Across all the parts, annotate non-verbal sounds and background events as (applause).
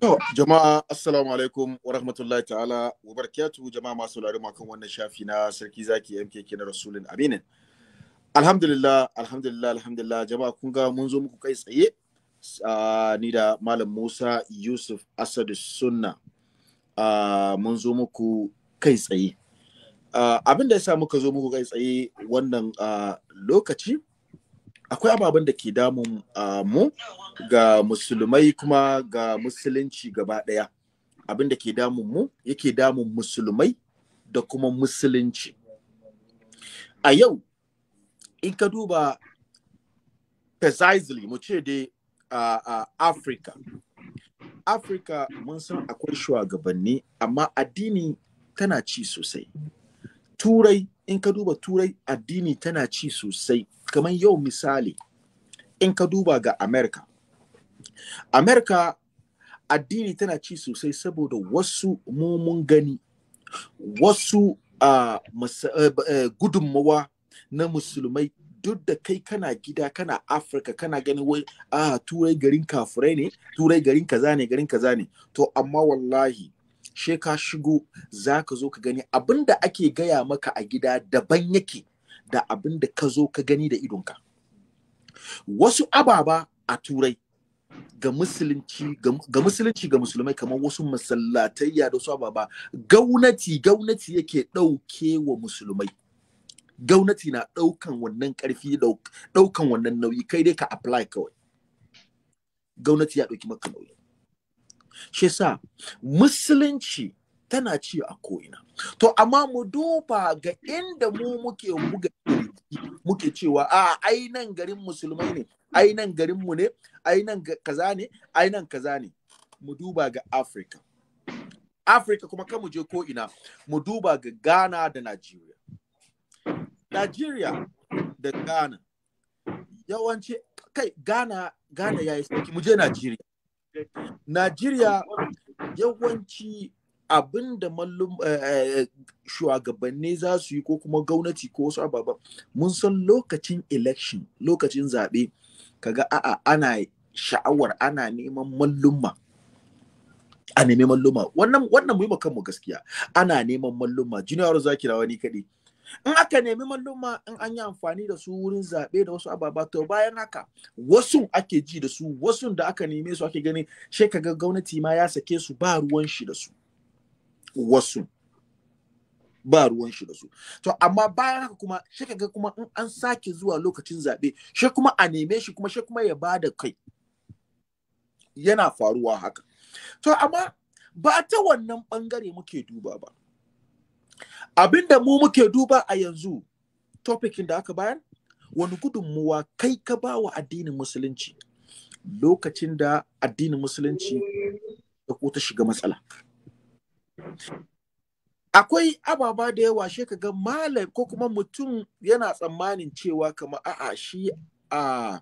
To, jama'a assalamu alaikum wa rahmatullahi ta'ala wa barakatuhu jama'a masu laru kan wannan shafi na sarki zaki MKK na Rasulun Aminin. Alhamdulillah, alhamdulillah, alhamdulillah jama'a kun ga mun zo muku kai tsaye ni da Malam Musa Yusuf Asadu Sunna mun zo muku kai tsaye. Abin da ya sa muka zo muku kai tsaye wannan lokaci akwai ababen da ke damun mu ga musulmai kuma ga musulunci gaba ɗaya abin da ke damun mu yake damun musulmai da kuma musulunci a yau in ka duba precisely mu ce dai a africa africa mun san akwai shugabanni amma addini tana ci sosai turai in ka duba turai addini tana ci sosai kamar yau misali in ka duba ga amerika amerika addini tana ci sosai saboda wasu mumun gani wasu uh, uh, gudunmawa na musulmai duk da kai kana gida kana afirka kana gani wai ah, turai garin kafurai ne turai garin kaza ne garin kaza ne to amma wallahi she ka shigo za ka zo ka gani abin da ake gaya maka a gida daban yake da abin da ka zo ka gani da idonka wasu ababa a turai ga musulunci ga musulunci ga musulmai kamar wasu ya da su ababa gaunati gaunati yake ɗauke wa musulmai gaunati na ɗaukan wannan ƙarfi ɗaukan wannan nauyi kai dai ka apply kawai gaunati ya ɗauki maka nauyi shi sa musulunci tana ci a ko'ina to amma mu duba ga inda mu muke buga muke cewa a ai nan garin musulmai ne ai nan garin mu ne ai nan kaza ne ai nan kaza ne mu duba ga Africa Africa kuma kan mu je ko'ina mu duba ga Ghana da Nigeria Nigeria da Ghana yawanci kai Ghana Ghana yayi saki mu je Nigeria Najeriya yawanci abin da mallum eh, eh, shugabanni za su yi ko kuma gwamnati ko wasu ababen mun san lokacin election lokacin zaɓe kaga a'a ana sha'awar ana neman mallumma a neman malluma wannan wannan mu yi kanmu gaskiya ana neman malluma junior zaki da wani kaɗai in aka nemi malluma in an yi amfani da su wurin zaɓe da wasu ababa to bayan haka wasu ake ji da su wasu da aka neme su ake gani sai kaga gwamnati ma ya sake su ba ruwan shi da su wasu ba ruwan shi da su to amma bayan haka kuma sai kaga kuma in an sake zuwa lokacin zaɓe sai kuma a neme shi kuma sai kuma ya ba da kai yana faruwa haka to amma ba ta wannan bangare muke duba ba abinda mu muke duba a yanzu topikin da aka bayar wani gudunmuwa kai ka ba wa addinin musulunci lokacin da addinin musulunci da ko ta shiga matsala akwai ababa da yawa shi ka ga malam ko kuma mutum yana tsammanin cewa kama a'a shi a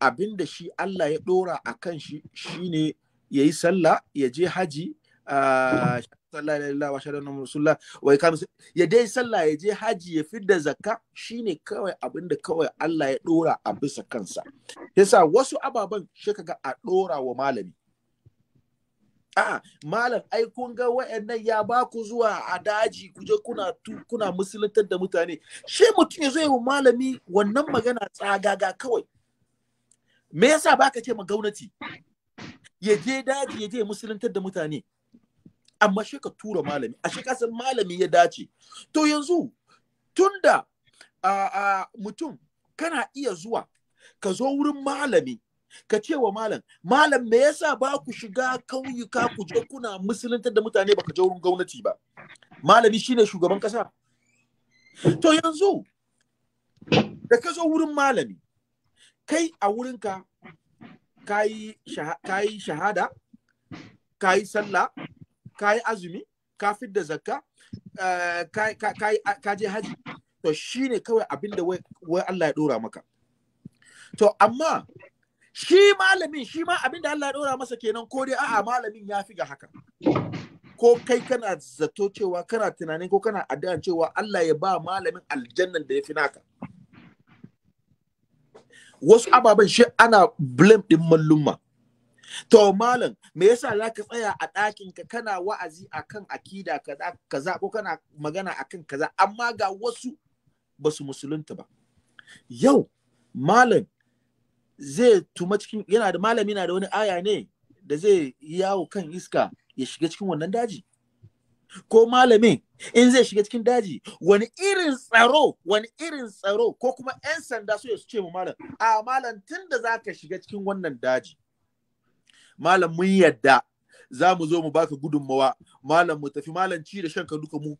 abin da shi Allah ya ɗora a kan shi shine ya yi sallah ya je haji la ilaha illallah wa da rasulullah ya dai sallah ya je haji ya fidda zakka shine kawai abinda kawai Allah ya dora a bisa kansa yasa wasu ababan shi kaga a dora wa malami a malam ai kun ga wayannan ya ba ku zuwa a daji ku je kuna tu, kuna musulutar da mutane shi mutum ya zo yi wa malami wannan magana tsagaga kawai me yasa baka ce ma gwamnati ya je daji ya je musulutar da mutane amma shi ka tura malami a shi kasan malami ya dace to yanzu tunda a mutum kana iya zuwa ka zo wurin malami ka ce wa malam malam me yasa ba ku shiga kauyuka ku je kuna musuluntar da mutane baka je wurin gwamnati ba malami shine shugaban kasa to yanzu da ka zo wurin malami kai a wurinka ka yi shahada ka sallah ka azumi ka fidda zakka eh, ka je haji to shine kawai abin da wai Allah ya dora maka to amma shi malamin shi ma abin da Allah ya dora masa kenan ko dai a'a malamin ya fi ga haka ko kai kana zato cewa kana tunanin ko kana addu'an cewa Allah ya ba malamin aljannan da ya fi naka wasu ababen shi ana blame din mallumma To malam, me yasa za ka tsaya a ɗakin ka kana wa'azi akan akida kaza kaza ko kana magana akan kaza amma ga wasu ba su musulunta ba. Yau malam zai tuma cikin yana da malami na da wani aya ne da zai yawo kan iska ya shiga cikin wannan daji. Ko malamin in zai shiga cikin daji wani irin tsaro wani irin tsaro ko kuma 'yan sanda su ce mu malam a malam tun da za ka shiga cikin wannan daji malam mun yadda za mu zo mu baka gudunmawa malam mu tafi malam ci da shan duka mu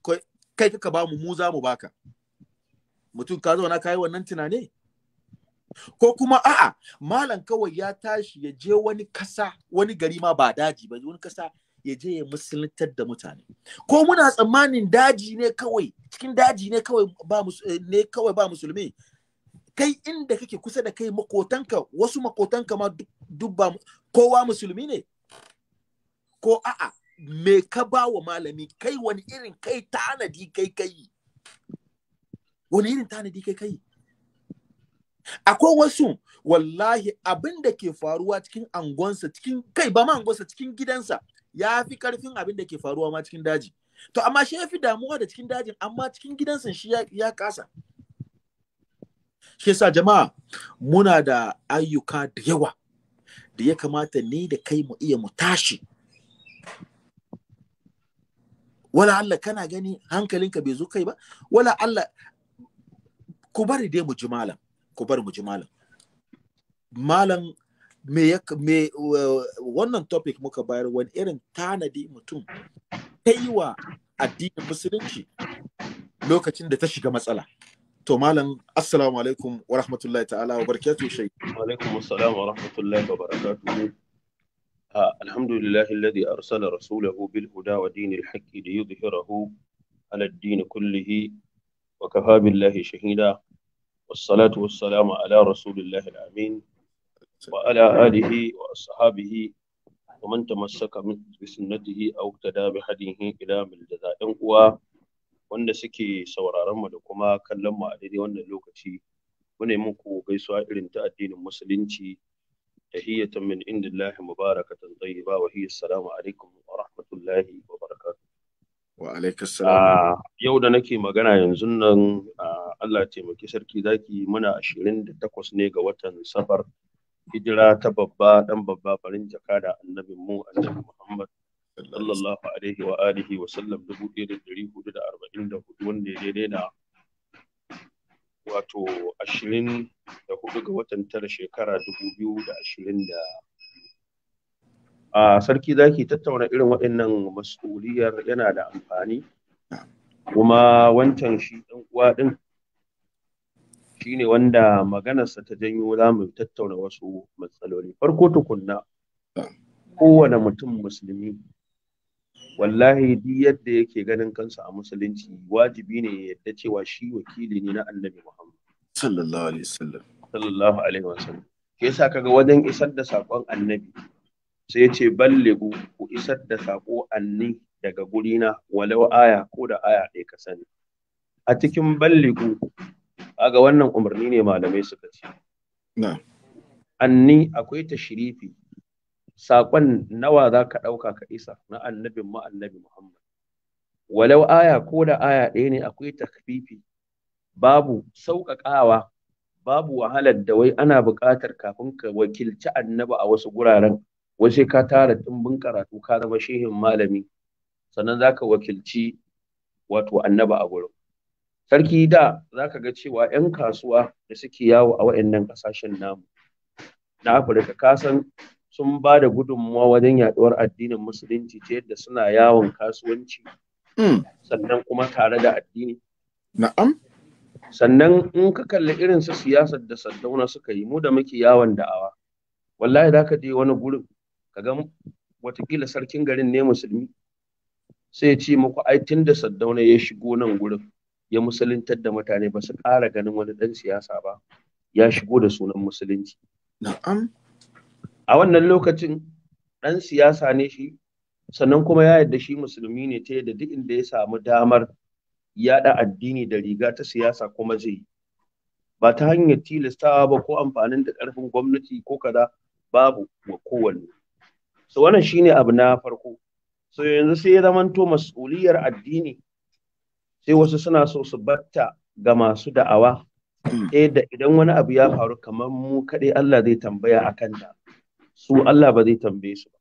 kai kaka ba mu mu za mu baka mutum ka zauna ka yi wannan tunane ko kuma a'a malam kawai ya tashi ya je wani kasa wani gari ma ba daji ba wani kasa ya je ya musuluntar da mutane ko muna tsammanin daji ne kawai cikin daji ne kawai ba eh, musulmi kai inda kake kusa da kai makotanka wasu makotanka ma dubba kowa musulmi ne ko a'a me ka ba wa malami kai wani irin kai tanadi kai kai wani irin tanadi kai kai akwai wasu wallahi abin da ke faruwa cikin angonsa cikin kai ba ma angonsa cikin gidansa ya fi karfin abin da ke faruwa ma cikin daji to amma shi ya fi damuwa da cikin dajin amma cikin gidansa shi ya kasa shi yasa jama'a muna da ayyuka da yawa da ya kamata ni da kai mu iya mu tashi wala Allah kana gani hankalinka bai zo kai ba wala Allah ku bari dai mu ji malam ku bari mu ji malam malam me ya me wannan topic muka bayar wani irin tanadi mutum kaiwa addinin musulunci lokacin da ta shiga matsala to malam assalamu alaikum wa rahmatullahi ta'ala wa barakatuhu shay alaikum wa rahmatullahi wa barakatuhu ah, alhamdulillah alladhi arsala rasulahu bil wa din al da li yudhhirahu ala al kullihi wa kafa billahi shahida was salatu was salam ala rasulillahi al amin wa ala alihi wa ashabihi wa man tamassaka bi sunnatihi aw tada bi hadihi ila mil jazaa'in uwa wanda suke sauraron mu da kuma kallon mu a daidai wannan lokaci muna muku gaisuwa irin ta addinin musulunci tahiyatan min indillahi mubarakatan tayyiba wa hiya assalamu alaikum wa rahmatullahi wa barakatuh wa alaikum assalam ah, yau da nake magana yanzu nan ah, Allah taimaki sarki zaki muna 28 ne ga watan safar hijira ta babba dan babba farin jakada da annabin mu annabi Muhammad sallallahu alaihi wa alihi wa sallam dubu ɗaya da ɗari hudu da arba'in da hudu wanda ya daidai da wato ashirin da hudu ga watan tara shekara dubu biyu da ashirin da a sarki zaki tattauna irin waɗannan mas'uliyar yana da amfani kuma wancan shi ɗan uwa ɗin shine wanda maganarsa ta janyo za mu tattauna wasu matsaloli farko tukunna kowane mutum musulmi wallahi duk yadda yake ganin kansa a musulunci wajibi ne ya yadda cewa shi wakili ne na annabi Muhammad sallallahu alaihi wasallam sallallahu alaihi wasallam ke yasa kaga wajen isar da sakon annabi sai ya ce ballegu ku isar da sako anni daga gurina walau aya ko da aya ɗaya ka sani a cikin ballegu kaga wannan umarni ne malamai suka ce anni akwai tashrifi saƙon nawa za ka ɗauka ka isa na annabin mu annabi Muhammad. Walau aya ko da aya ɗaya ne akwai takfifi babu sauƙaƙawa babu wahalar da wai ana buƙatar kafin ka wakilci annabi a wasu guraren wai ka tara ɗimbin karatu ka zama shehin malami sannan za ka wakilci wato annabi a gurin. Sarki da za ka ga cewa 'yan kasuwa da suke yawo a waɗannan ƙasashen namu na Afirka ka san sun ba da gudunmuwa wajen yaduwar addinin musulunci ta yadda suna yawon kasuwanci hmm. sannan kuma tare da addini na'am sannan in ka kalli irin su siyasar da saddauna suka yi mu da muke yawon da'awa wallahi za ka je wani gurin ka ga watakila sarkin garin ne musulmi sai ya ce muku ai tun da saddauna ya shigo nan gurin ya musuluntar da mutane ba su ƙara ganin wani ɗan siyasa ba ya shigo da sunan musulunci na'am a wannan lokacin ɗan siyasa ne shi sannan kuma ya yarda shi musulmi ne ta yadda duk inda ya samu damar yaɗa addini da riga ta siyasa kuma zai ba ta hanyar tilastawa ba ko amfanin da ƙarfin gwamnati ko kaza babu wa kowanne so wannan shine abu na farko so yanzu sai ya zamanto mas'uliyar addini sai wasu suna so su batta ga masu da'awa ta yadda idan wani abu ya faru kamar mu kaɗai Allah zai tambaya a kanta su Allah ba zai tambaye su ba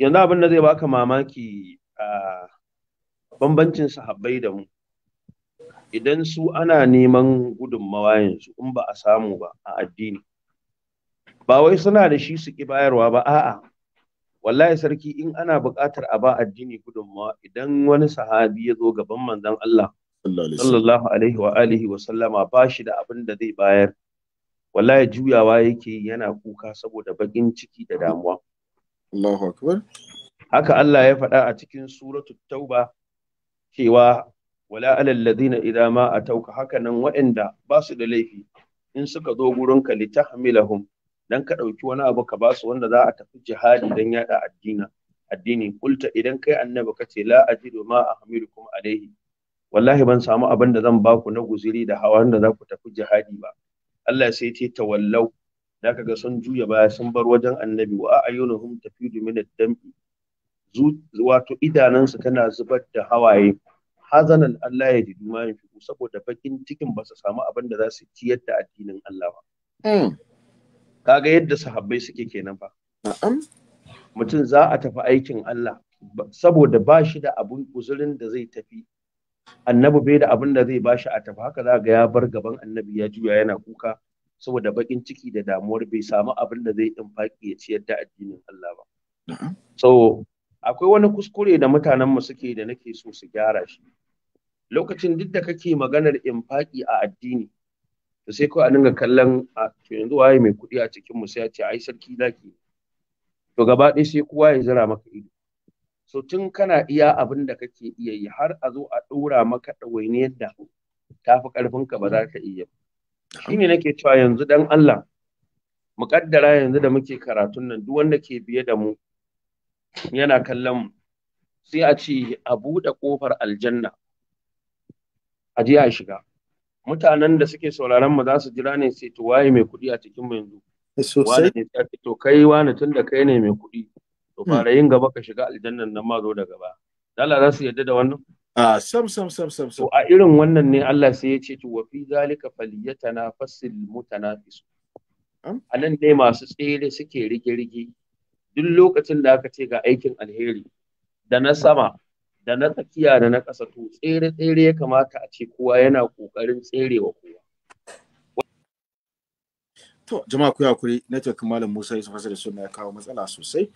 yanzu abin da zai baka mamaki a bambancin sahabbai da mu idan su ana neman gudunmawa yanzu in ba a samu ba a addini ba wai suna da shi su ki bayarwa ba a'a wallahi sarki in ana buƙatar a ba addini gudunmawa idan wani sahabi ya zo gaban manzon Allah sallallahu alaihi wa alihi wa sallama ba shi da abin da zai bayar wallahi juyawa yake yana kuka saboda bakin ciki da damuwa Allahu akbar haka Allah ya faɗa a cikin suratul tauba cewa wala alal ladina idza ma atauka haka nan waɗanda ba su da laifi in suka zo gurin gurinka litahmilahum dan ka ɗauki wani abu ka basu wanda za a tafi jihadi dan yada addina addini kulta idan kai annabi kace la ajidu ma ahmilukum alaihi wallahi ban samu abin da zan baku na guziri da hawa da za ku tafi jihadi ba Allah sai ce tawallau da ga sun juya baya sun bar wajen annabi wa ayyunuhum tafidu min ad dambi wato idanansu tana zubar da hawaye hazanan Allah ya ji ma yin saboda bakin cikin ba su samu abin da za su ci yadda addinin Allah ba hmm. kaga yadda sahabbai suke kenan ba mutum za a tafi aikin Allah saboda ba shi da abun uzurin da zai tafi annabi bai da abin da zai bashi a tafi haka za ga ya bar gaban annabi ya juya yana kuka saboda bakin ciki da damuwar bai samu abin da zai infaki ya ciyar da addinin Allah ba so akwai wani kuskure da mutanen mu suke da nake so su gyara shi lokacin duk da kake maganar infaki a addini to sai kawai a dinga kallon a ah, to yanzu waye mai kuɗi a cikin mu sai a ce ai sarki zaki to gaba ɗaya sai kowa ya jira maka ido so tun kana iya abin da kake iya yi har a zo a ɗora maka ɗawainiyar da ta fi ƙarfinka ba za ka iya shi ne nake cewa yanzu dan Allah mu yanzu da muke karatun nan duk wanda ke biye da mu yana kallon mu sai a ce a buɗe kofar aljanna a je a shiga mutanen da suke sauraron mu za su jira ne sai to waye mai kuɗi a cikin mu yanzu eh, wani ne to kai wani tun da kai ne mai kuɗi to fara yin gaba ka shiga aljannan nan ma zo da gaba. Allah za su yarda da wannan a sam sam sam sam to a irin wannan ne Allah sai ya ce to wa fi zalika fasil mutanafis a nan ne masu tsere suke rige-rige duk lokacin da aka ce ga aikin alheri da na sama da na tsakiya da na ƙasa to tsere-tsere ya kamata a ce kowa yana ƙoƙarin tserewa kowa. To jama'a ku kuri, network Malam Musa Yusuf Hassan da suna ya kawo matsala sosai.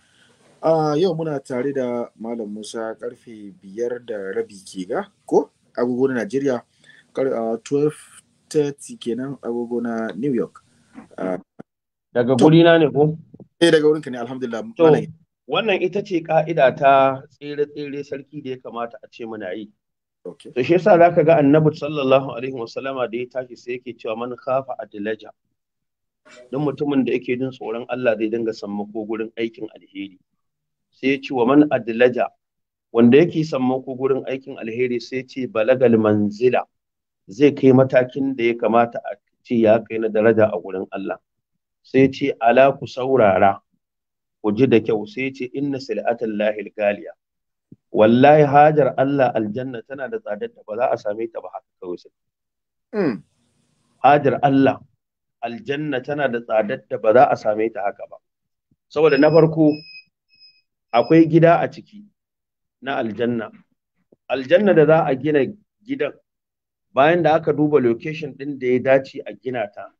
Uh, yau muna tare da Malam Musa karfe biyar da rabi ke ga ko agogo na Najeriya uh, 12:30 kenan agogo na New York. Uh, daga gurina ne ko? Eh daga wurinka ne alhamdulillah. So, wannan ita ce ka'ida ta tsere-tsere sarki da ya kamata a ce muna yi. Okay. To so, shi yasa ka ga Annabi sallallahu alaihi wasallama da ya tashi sai yake cewa man khafa adlaja. Don mutumin da yake jin tsoron Allah zai dinga sammako gurin aikin alheri. sai ya ce wa man adlaja wanda yake mako gurin aikin alheri sai ce balagal manzila zai kai matakin da ya kamata a ce ya kai na daraja a gurin Allah sai ce ala ku saurara ku ji da kyau sai ce inna sil'atan lahil galiya wallahi hajar Allah aljanna tana da tsadar da ba za a same ta ba haka kawai sai hmm. hajar Allah aljanna tana da tsadar da ba za a same ta haka ba saboda na farko akwai gida a ciki na aljanna aljanna da za a gina gidan bayan da aka duba location ɗin da ya dace a gina ta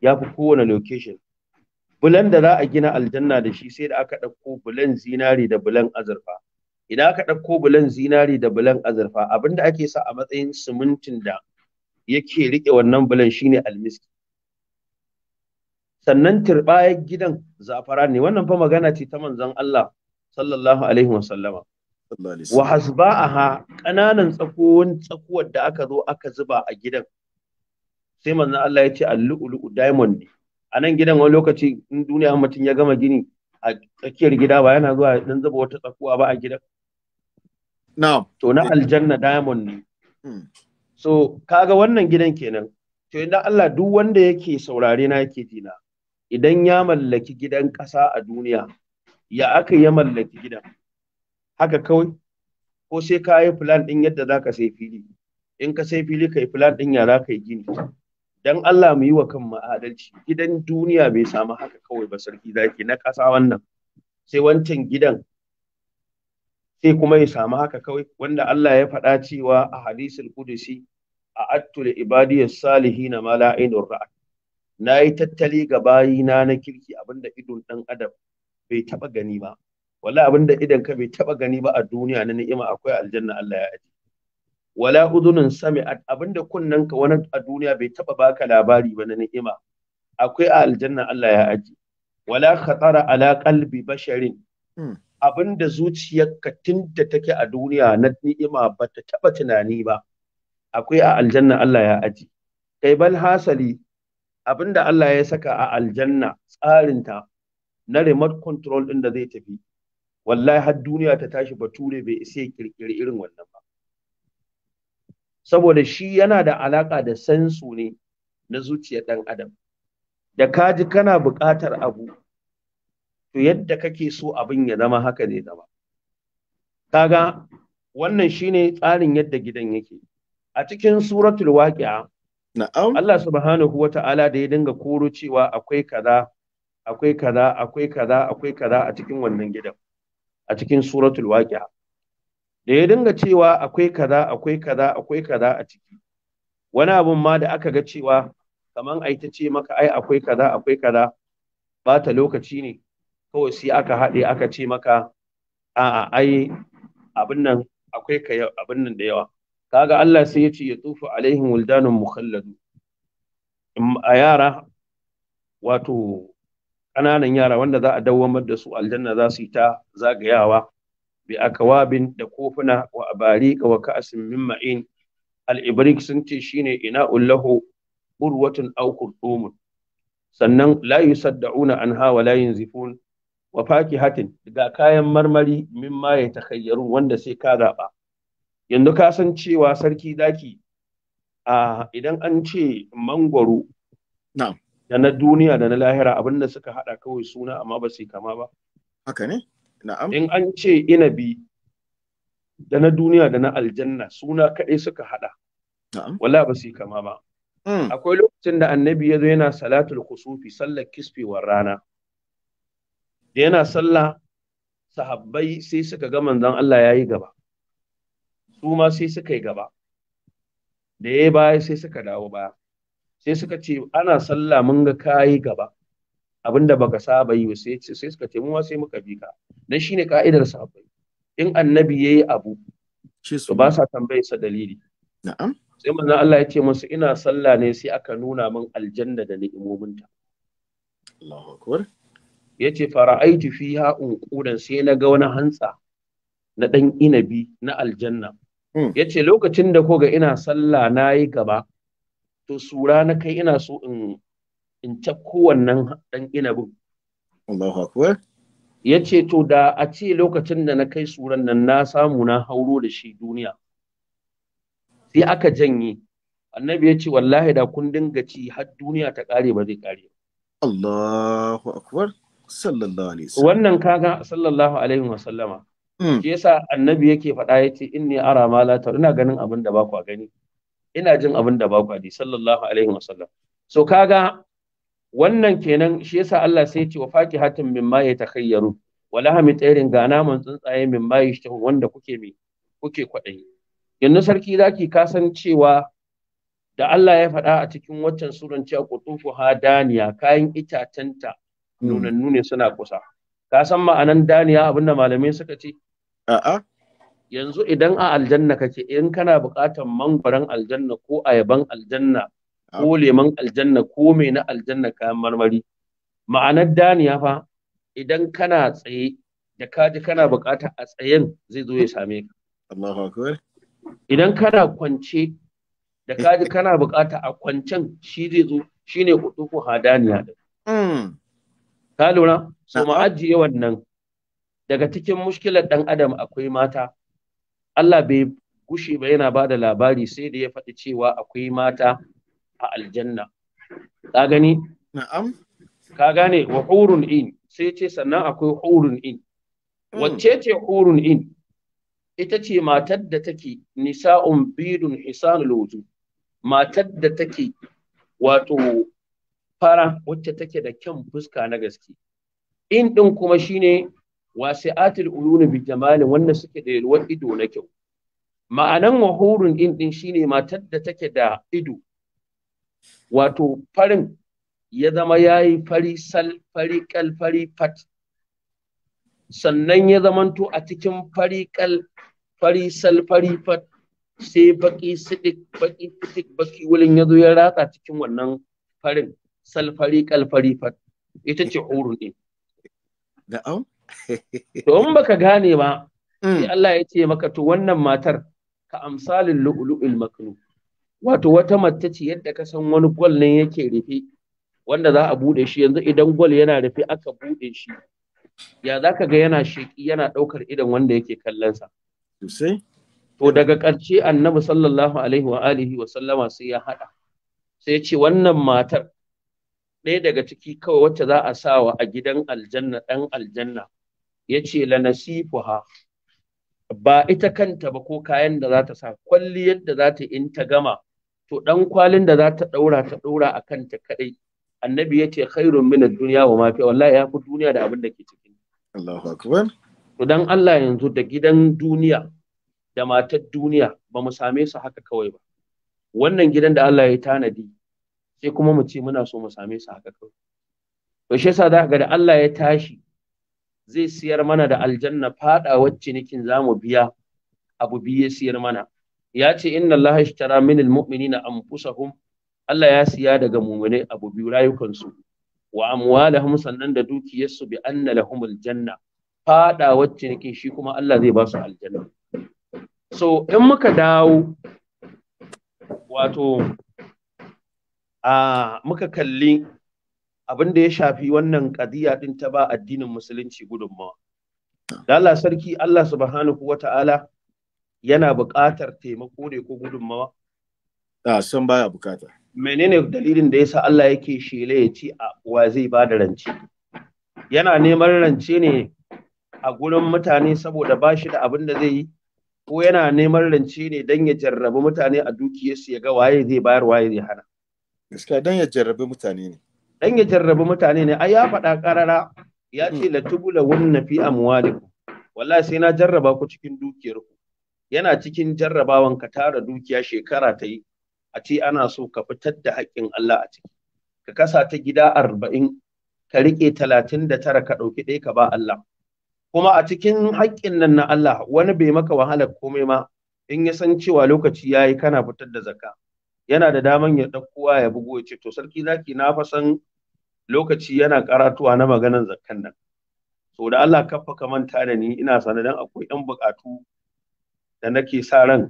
ya fi kowane location bulan da za a gina aljanna da shi sai da aka ɗauko bulan zinari da bulan azurfa idan aka ɗauko bulan zinari da bulan azurfa abin abinda ake sa a matsayin simintin da yake riƙe wannan bulan shine almiski sannan turɓayar gidan zafara ne wannan fa magana ce ta manzon Allah sallallahu alaihi wa sallama wa hasba'aha kananan tsakuwan tsakuwar da aka zo aka zuba a gidan sai manzo Allah ya ce al-lu'lu'u diamond ne a nan gidan wani lokaci in duniya mutum ya gama gini a tsakiyar gida ba yana zuwa dan zuba wata tsakuwa ba a gidan na'am to na aljanna diamond ne hmm. so kaga wannan gidan kenan to idan Allah duk wanda yake saurare na yake jina idan ya mallaki gidan ƙasa a duniya ya aka ya mallaki gidan haka kawai ko sai ka yi plan din yadda za ka sai fili in ka sai fili ka yi plan din ya za ka yi gini dan Allah mu yi wa kan adalci gidan duniya bai samu haka kawai ba sarki zaki na ƙasa wannan sai wancan gidan sai kuma ya samu haka kawai wanda Allah ya faɗa cewa a hadisul qudusi a attul li ibadiyas na ma ra'a na tattali ga bayina na kirki abinda idon dan adam bai taba gani ba wallahi abinda idan ka bai taba gani ba a duniya na ni'ima akwai aljanna Allah ya aji wala udunun sami'at abinda kunnen ka wani a duniya bai taba baka labari ba na ni'ima akwai a aljanna Allah ya aji wala khatara ala qalbi basharin hmm. abinda zuciyarka tunda take a duniya na ni'ima ba ta taba tunani ba akwai a aljanna Allah ya aji kai bal hasali abinda Allah ya saka a aljanna tsarinta na remote control ɗin da zai tafi wallahi har duniya ta tashi bature bai isa ya kirkiri irin wannan ba saboda shi yana da alaƙa da sansu ne na zuciyar ɗan adam da kaji kana buƙatar abu to yadda kake so abin ya zama haka zai zama kaga wannan shine tsarin yadda gidan yake a cikin suratul waqi'a na'am Allah subhanahu wata'ala da ya dinga koro cewa akwai kaza akwai kaza akwai kaza akwai kaza a cikin wannan gidan a cikin suratul waqi'a da ya dinga cewa akwai kaza akwai kaza akwai kaza a ciki wani abun ma da aka ga cewa kaman ai ta ce maka ai akwai kaza akwai kaza ba ta lokaci ne kawai sai aka haɗe aka ce maka a ai abin nan akwai kaya abin nan da yawa kaga Allah sai ya ce ya tufu alaihim wuldanun mukhalladu a yara wato ƙananan yara wanda za a dawwamar da su aljanna za su yi ta zagayawa bi akawabin da kofuna wa ka wa ka'asin min ma'in al-ibrik sun ce shine ina ullahu urwatun aw qurdumun sannan la yusaddauna anha wa la yunzifun wa fakihatin ga kayan marmari ma ya takayyaru wanda sai ka zaɓa. yanzu ka san cewa sarki daki a idan an ce mangwaro da na duniya da na lahira abinda suka hada kawai suna amma ba su kama ba haka ne na'am in an ce inabi da na duniya da na aljanna suna kaɗai suka hada na'am wala ba su kama ba hmm. akwai lokacin da annabi ya zo yana salatul kusufi sallar kisfewar rana da yana sallah sahabbai sai suka ga manzon Allah ya yi gaba su ma sai suka yi gaba da ya baya sai suka dawo baya sai suka ce ana sallah mun ga kayi gaba abinda baka saba yi sai sai suka ce mu sai muka bi ka dan shine ka'idar sahabbai in annabi yayi abu su ba sa tambaye sa dalili na'am sai manzon Allah ya ce musu ina sallah ne sai aka nuna min aljanna da ni'imominta Allahu akbar yace fara'aitu fiha unqudan sai na ga wani hantsa na dan inabi na aljanna hmm. yace lokacin da koga ina sallah nayi gaba to sura na kai ina so in in ta kowannen dan inabin Allahu akbar ya ce to da a ce lokacin da na kai suran nan na samu na hauro da shi duniya sai aka janye annabi ya ce wallahi da kun dinga ci har duniya ta kare ba zai kare Allahu akbar sallallahu alaihi wasallam wannan kaga sallallahu alaihi wasallama hmm. shi yasa annabi yake faɗa yace inni ara ma la ina ganin abin da ba ku gani ina jin abin da ba ku sallallahu alaihi wasallam so kaga wannan kenan shi yasa Allah sai ya ce wa ta mimma yatakhayyaru wa lahami tsairin ga naman tsuntsaye mimma yashtahu wanda kuke mi kuke yanzu sarki zaki kasan cewa da Allah ya faɗa a cikin waccan suran cewa qutufu da'niya kayan itatanta hmm. nunannu ne suna kusa ka san ma'anan daniya abinda malamai suka ce a'a yanzu idan a aljanna kake in kana buƙatar mangwaron aljanna ko ayaban aljanna ko leman aljanna ko mai na aljanna kayan marmari ma'anar daniya fa idan kana tsaye da kaji kana buƙata a tsayen zai zo ya same ka Allahu akbar idan kana kwance da kaji kana buƙata a kwancen shi zai zo shine ko hadaniya din hmm. ka lura so mu ajiye wannan daga cikin mushkilar ɗan adam akwai mata Allah bai gushe ba yana ba da labari sai da ya faɗi cewa akwai mata a aljanna. Ka gani? Na'am. Ka gane wa hurun in sai ce sannan akwai hurun in. Hmm. Wacce ce hurun in? Ita ce matar da take nisa'un bidun hisan wujuh. matar da take wato fara wacce take da kyan fuska na gaske in ɗin kuma shine wasi'atul uyuni bi jamalin wannan suke da yalwar ido na kyau ma'anan wahurun din din shine matar da take da ido wato farin ya zama yayi fari sal fari kal fari fat sannan ya zamanto a cikin fari kal fari sal fari fat sai baki sidik baki sidik baki wulin ya ya ratsa cikin wannan farin sal fari kal fari fat ita ce hurun din da'am to in baka gane ba sai mm. Allah ya ce maka to wannan matar ka amsalin lu'lu'il maknu wato wata mace ce yadda ka san wani gwal ne yake rufe wanda za a bude shi yanzu idan gwal yana rufe aka bude shi ya za ka ga yana sheki yana ɗaukar idan wanda yake kallon sa to daga karshe annabi sallallahu alaihi wa alihi wa sallama sai ya hada sai ya ce wannan matar ɗaya daga ciki kawai wacce za a sawa a gidan aljanna ɗan aljanna ya ce lanasifuha ba ita kanta ba ko kayan da za ta sa kwalliyar da za ta in ta gama to dan kwalin da za ta daura ta daura a kanta kadai annabi ya ce khairun min ad-dunya wa ma fi wallahi ya fi duniya da abin da ke cikin Allahu akbar to dan Allah yanzu da gidan duniya da matar duniya ba mu same su haka kawai ba wannan gidan da Allah ya tanadi sai kuma mu ce muna so mu same su haka kawai to shi yasa za ga da Allah ya tashi zai siyar mana da aljanna fada wacce nikin zamu biya abu biye siyar mana ya ce inna Allah ishtara na mu'minina anfusahum Allah ya siya daga mu'mine abu biyu rayukansu wa amwalahum sannan da dukiyarsu bi anna lahumul janna fada wacce nikin shi kuma Allah zai ba su aljanna so in muka dawo wato a muka kalli abin da ya shafi wannan kadiya din ta ba addinin musulunci gudunmawa. Lala sarki Allah subhanahu wa ta'ala yana buƙatar taimako ne ko gudunmawa? A san baya buƙata. Menene dalilin da yasa Allah yake shele ya ce a wa zai ba da rance? Yana neman rance ne a gurin mutane saboda ba shi da abin da zai yi? Ko yana neman rance ne don ya jarrabi mutane a dukiyarsu ya ga waye zai bayar waye zai hana? Gaskiya don ya jarrabi mutane ne. dan ya jarrabi mutane ne ai ya faɗa ƙarara ya ce la tubula wunna fi amwalikum wallahi sai na jarraba ku cikin dukiyarku yana cikin jarrabawan ka tara dukiya shekara ta yi a ce ana so ka fitar da haƙƙin Allah a ciki ka kasa ta gida arba'in ka rike talatin da tara ka ɗauki ɗaya ka ba Allah kuma a cikin haƙƙin nan na Allah wani bai maka wahalar komai ma in ya san cewa lokaci ya yi kana fitar da zakka yana da daman ya ɗaukowa ya bugo ya ce to sarki zaki na fa san lokaci yana karatuwa na maganan zakkan nan To da Allah kafa ka manta da ni ina sanar dan akwai yan bukatu da nake sa ran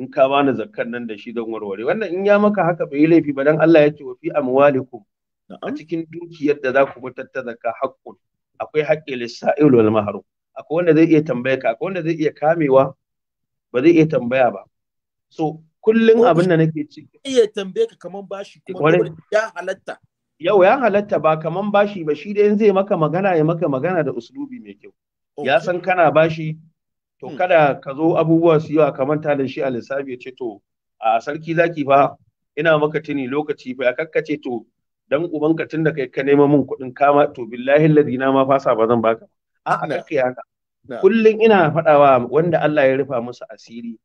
in ka bani zakkan nan da shi don warware wannan in ya maka haka bai laifi ba dan Allah yake wa fi amwalikum a cikin dukiyar da za ku fitar ta zakka haqqun akwai haqqi lisa'il wal mahrum akwai wanda zai iya tambaya ka akwai wanda zai iya kamewa ba zai iya tambaya ba so kullum abin da nake ci iya tambaye ka kaman bashi kuma ya halatta yau ya halatta ba kaman bashi ba shi dai zai maka magana ya maka magana da uslubi mai kyau ya san kana bashi to hmm. kada ka zo abubuwa su yawa kamar ta da shi a lissafi ya ce to a sarki zaki fa ina maka tuni lokaci ba ya kakkace to dan ubanka tun da kai ka nema min kuɗin kama to billahi ladina ma fasa ba zan baka a a ah, kakkiya haka kullum ina faɗawa wanda Allah ya rufa musu asiri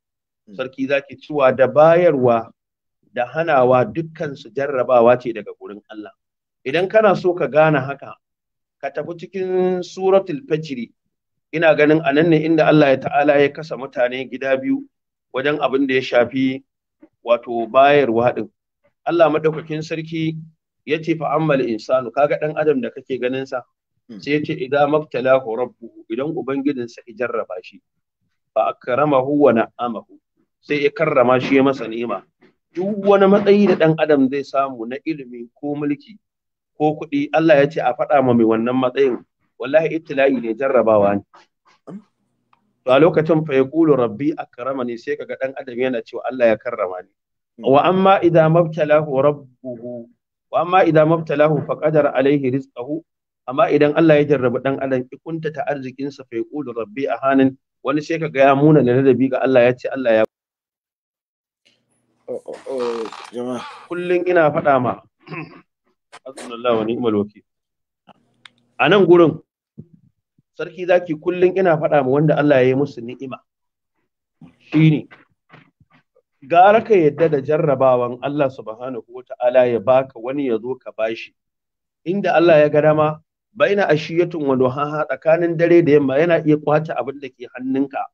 hmm. sarki zaki cewa da bayarwa da hanawa dukkan su jarrabawa ce daga gurin Allah idan kana so ka gane haka ka tafi cikin suratul fajri ina ganin anan ne inda Allah ya ta'ala ya kasa mutane gida biyu wajen abin da ya shafi wato bayarwa din Allah madaukakin sarki ya ce fa ammal insanu kaga dan adam da kake ganin sa hmm. sai ya ce idan mabtalahu rabbuhu idan ubangijinsa ya jarraba shi fa akramahu wa na'amahu sai ya karrama shi ya masa ni'ima duk wani matsayi da dan adam zai samu na ilimi ko mulki ko kuɗi Allah ya ce a faɗa ma mai wannan matsayin wallahi ibtila'i ne jarrabawa ne to a lokacin fa yaqulu rabbi akramani sai kaga dan adam yana cewa Allah ya karrama ni wa amma idza mabtalahu rabbuhu wa amma idza mabtalahu faqadara alaihi rizqahu amma idan Allah ya jarrabi dan adam ikunta ta arzikin sa fa yaqulu rabbi ahanan wani sai kaga ya muna da ladabi ga Allah ya ce Allah ya oh, oh, oh, jama'a kullun ina faɗa ma hasbunallahu a nan gurin sarki zaki kullum ina faɗa ma wanda Allah ya yi musu ni'ima shine gara ka yadda da jarrabawan Allah subhanahu wa ta'ala ya baka wani ya zo ka bashi inda Allah ya ga dama baina ashiyatun wa duhaha tsakanin dare da yamma yana iya kwace abin da ke hannunka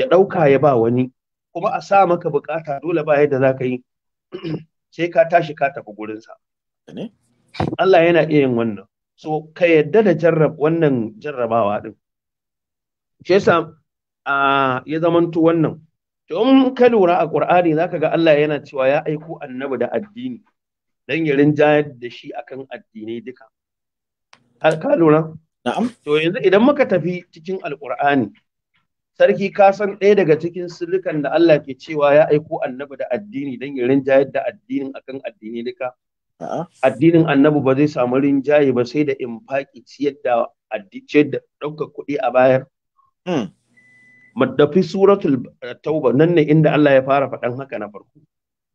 ya ɗauka ya ba wani kuma a sa maka bukata dole ba yadda za ka yi (clears throat) sai ka tashi ka tafi gurinsa. Allah yana iya yin wannan so ka yadda da jarrab wannan jarrabawa din shi yasa a ya zamanto wannan to in ka lura a Qur'ani zaka ga Allah yana cewa ya aiko annabi da addini dan ya rinjayar da shi akan addinai duka ka lura na'am to yanzu idan muka tafi cikin alqur'ani sarki ka san ɗaya daga cikin sirrukan da Allah ke cewa ya aiko annabi da addini don ya rinjayar da addinin akan addinai duka addinin annabi ba zai samu rinjaye ba sai da infaki ciyar da ciyar da ɗaukar kuɗi a bayar hmm. maddafi suratul tauba nan ne inda Allah ya fara faɗan haka na farko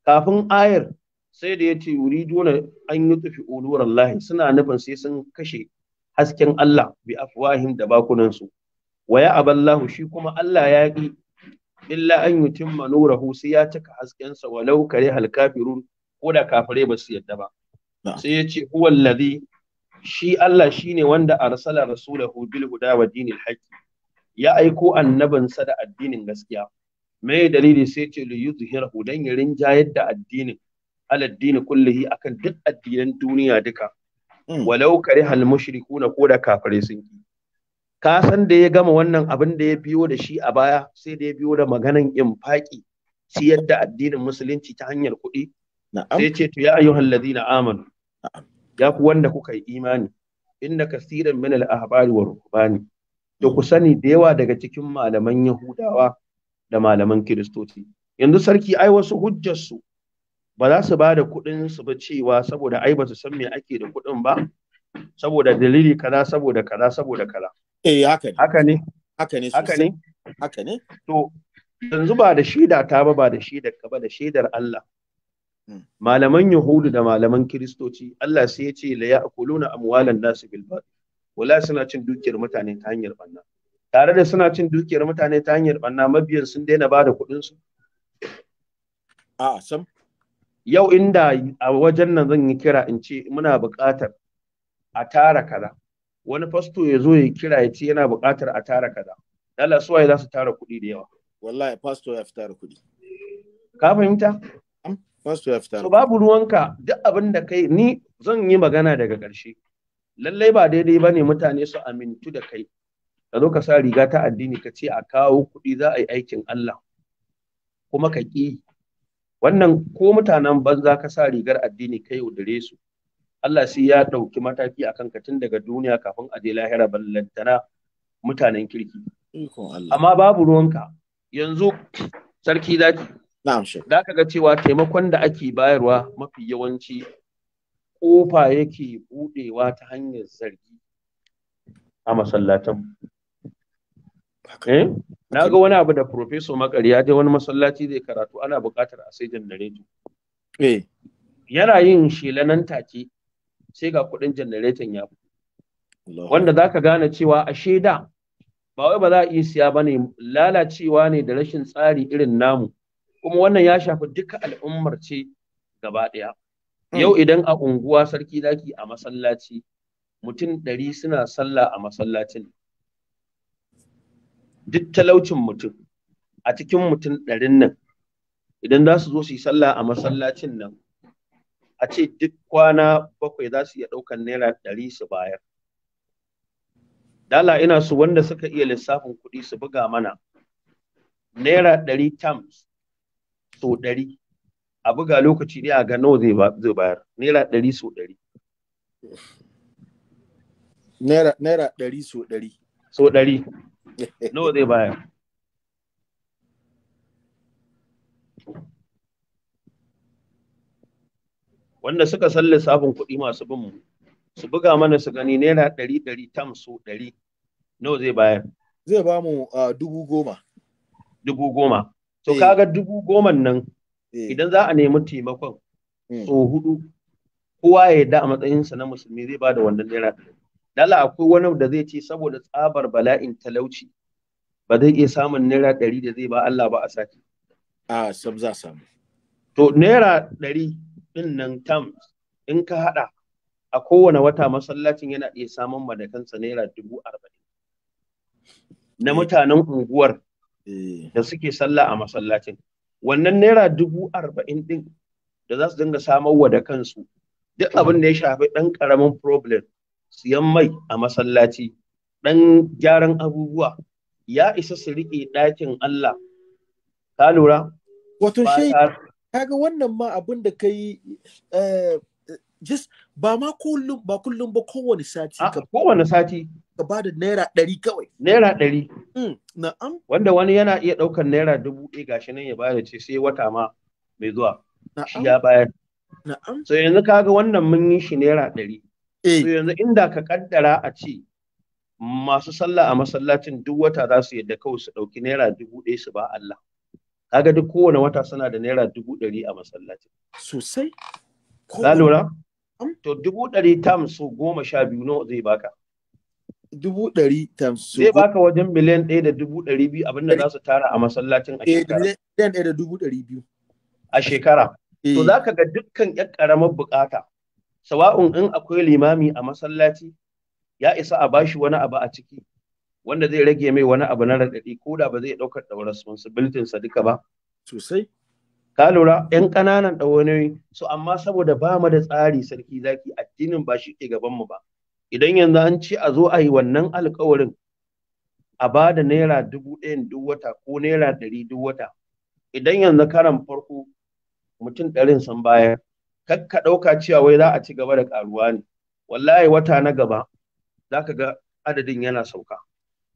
kafin ayar sai da ya ce dole an yi tufi uluwar suna nufin sai sun kashe hasken Allah bi afwahim da bakunansu waya aballahu shi kuma Allah ya ƙi illa an yutimma nurahu sai ya cika haskensa walau kare halkafirun ko da kafirai ba su yadda ba sai ya ce huwa shi Allah shine wanda arsala rasulahu bil huda wa dinil haqq ya aiko annabinsa da addinin gaskiya me dalili sai ce li yuzhirahu dan ya rinjayar da addinin aladdini kullihi akan duk addinan duniya duka hmm. walau karihal mushrikuna ko da kafirai sun ki ka san da ya gama wannan abin da ya biyo da shi a baya sai da ya biyo da maganan infaki siyar da addinin musulunci ta hanyar kuɗi sai ce ya ayyuhal ladina amanu ya ku wanda kuka yi imani inna kasiran min al-ahbari wa ruhbani to ku sani da yawa daga cikin malaman yahudawa da malaman kiristoci yanzu sarki ai wasu hujjarsu ba za su ba da kuɗin su ba cewa saboda ai ba su san me ake da kuɗin ba saboda dalili kaza saboda kaza saboda kaza eh haka ne haka ne haka ne haka ne haka ne to yanzu ba da shaida ta ba ba da shaidar ka ba da shaidar Allah malaman yahudu da malaman kiristoci Allah sai ya ce la ya'kuluna amwalan nas bil batil wala suna cin dukiyar mutane ta hanyar banna tare da suna cin dukiyar mutane ta hanyar banna mabiyan sun daina bada kuɗin su a sam yau inda a wajen nan zan yi kira in ce muna buƙatar a tara kaza wani fasto ya zo ya kira ya ce yana buƙatar a tara kaza Allah suwaye za su tara kuɗi da yawa wallahi fasto ya fi tara kuɗi ka fahimta So babu ruwanka duk abin da kai ni zan yi magana daga ƙarshe. Lallai ba daidai ba ne mutane su amintu da kai. Ka zo ka sa riga ta addini ka ce a kawo kuɗi za a yi aikin Allah. Kuma ka ƙi. Wannan ko mutanen banza ka sa rigar addini ka yaudare su. Allah sai ya ɗauki mataki akan kanka tun daga duniya kafin a je lahira ballantana mutanen kirki. Amma babu ruwanka yanzu sarki zaki Za ka ga cewa taimakon da ake bayarwa mafi yawanci kofa yake buɗewa ta hanyar zargi a masallatan. Eh? Na ga wani abu da Professor Makar ya je wani masallaci zai karatu ana buƙatar a sai janareto. Eh. Yana yin shela nan take sai ga kuɗin janareton ya Wanda za ka gane cewa a sheda ba wai ba za a iya siya ba ne lalacewa ne da rashin tsari irin namu. kuma wannan ya shafi duka al'ummar ce gaba ɗaya hmm. yau idan a unguwa sarki zaki a masallaci mutum ɗari suna sallah a masallacin duk talaucin mutum a cikin mutum ɗarin nan idan za su zo su yi sallah a masallacin nan a ce duk kwana bakwai za su iya ɗaukar naira ɗari su bayar dala ina su wanda suka iya lissafin kuɗi su buga mana naira ɗari tams so ɗari a buga lokaci ɗaya ga nawa zai bayar naira ɗari sau ɗari naira ɗari sau ɗari so ɗari nawa zai bayar wanda suka san lissafin kuɗi masu bin mu su buga mana su gani naira ɗari ɗari tam sau ɗari nawa zai bayar zai ba mu ah, dubu goma dubu goma to eh. kaga dubu goma nan eh. idan za a nemi taimakon hmm. so hudu kowa ya yarda a matsayinsa na musulmi zai ba da wannan naira dala akwai wani da zai ce saboda tsabar bala'in talauci ba zai iya samun naira ɗari da zai ba Allah ba a sati. A sab za samu. To naira ɗari ɗin nan tam in ka haɗa a kowane wata masallacin yana iya samun madakansa naira dubu arba'in. Na eh. mutanen unguwar Eh. da suke sallah a masallacin wannan naira dubu arba'in din da za su dinga samar wa da kansu duk abin da ya shafi ɗan ƙaramin problem siyan mai a masallaci ɗan gyaran abubuwa ya isa su riƙe ɗakin Allah ka lura wato shi kaga wannan ma abin da ka eh, just ba ma kullum ba kullum ba kowane sati kowane sati ka ba da naira ɗari kawai. Naira ɗari. Mm, na'am. Wanda wani yana iya ɗaukar naira dubu ɗaya gashi nan ya bayar ce sai wata ma mai zuwa. Shi ya bayar. Na'am. So yanzu kaga wannan mun yi shi naira ɗari. Eh. So yanzu inda ka kaddara a ce masu sallah a masallacin duk wata za su yadda kawai su ɗauki naira dubu ɗaya su ba Allah. Kaga duk kowane wata suna da naira dubu ɗari a masallacin. Sosai. Ka lura? To dubu ɗari tam so goma sha biyu nawa zai baka. dubu ɗari tamsu. zai baka wajen miliyan ɗaya da dubu ɗari biyu abinda za su tara a masallacin a eh, shekara miliyan ɗaya da dubu ɗari biyu a shekara to eh. za ka ga dukkan ƴan ƙaramar buƙata sawa'un in akwai limami a masallaci ya isa a bashi wani abu a ciki wanda zai rage mai wani abu na raɗaɗi ko da ba zai ɗaukar da responsibility sa duka ba sosai ka lura Yan ƙananan ɗawanoyi su. amma saboda ba mu da tsari sarki zaki addinin ba shi ke gaban mu ba idan yanzu an ce a zo a yi wannan alkawarin a ba da naira dubu ɗayan duk wata ko naira ɗari duk wata idan yanzu karan farko mutum ɗarin sun bayar kakka ɗauka cewa wai za a ci gaba da ƙaruwa ne wallahi wata na gaba za ka ga adadin yana sauka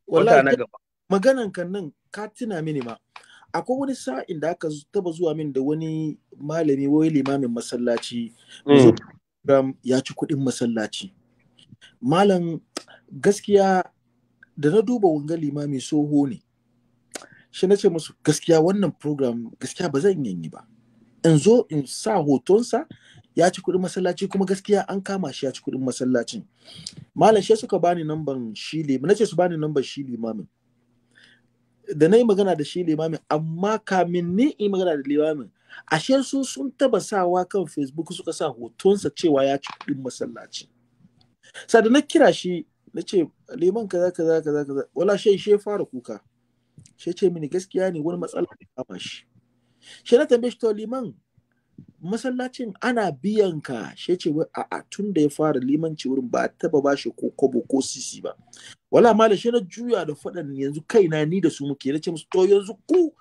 wata na gaba maganan kan nan ka tuna mini ma akwai wani sa'in da aka taba zuwa min da wani malami wai limamin masallaci mm. ya ci kuɗin masallaci malam gaskiya da na duba wanga limami soho ne shi na ce musu gaskiya wannan program gaskiya ba zan yi ba in zo in sa hotonsa ya ci kuɗin masallaci kuma gaskiya an kama shi ya ci kuɗin masallacin malam shi suka bani namban shi na ce su bani namban shi limamin da na yi magana da shi limamin amma kamin ni yi magana da limamin ashe su sun taba sawa kan facebook suka sa hotonsa cewa ya ci kuɗin masallaci sai na kira shi na ce liman kaza kaza kaza kaza wala shai she fara kuka she ce mini gaskiya ne wani matsala da kama shi she na tambaye shi to liman masallacin ana biyan ka she ce wai a tun da ya fara ci wurin ba taba ba shi ko kobo ko sisi ba wala malam she na juya da faɗan yanzu kaina ni da su muke na ce musu to yanzu ku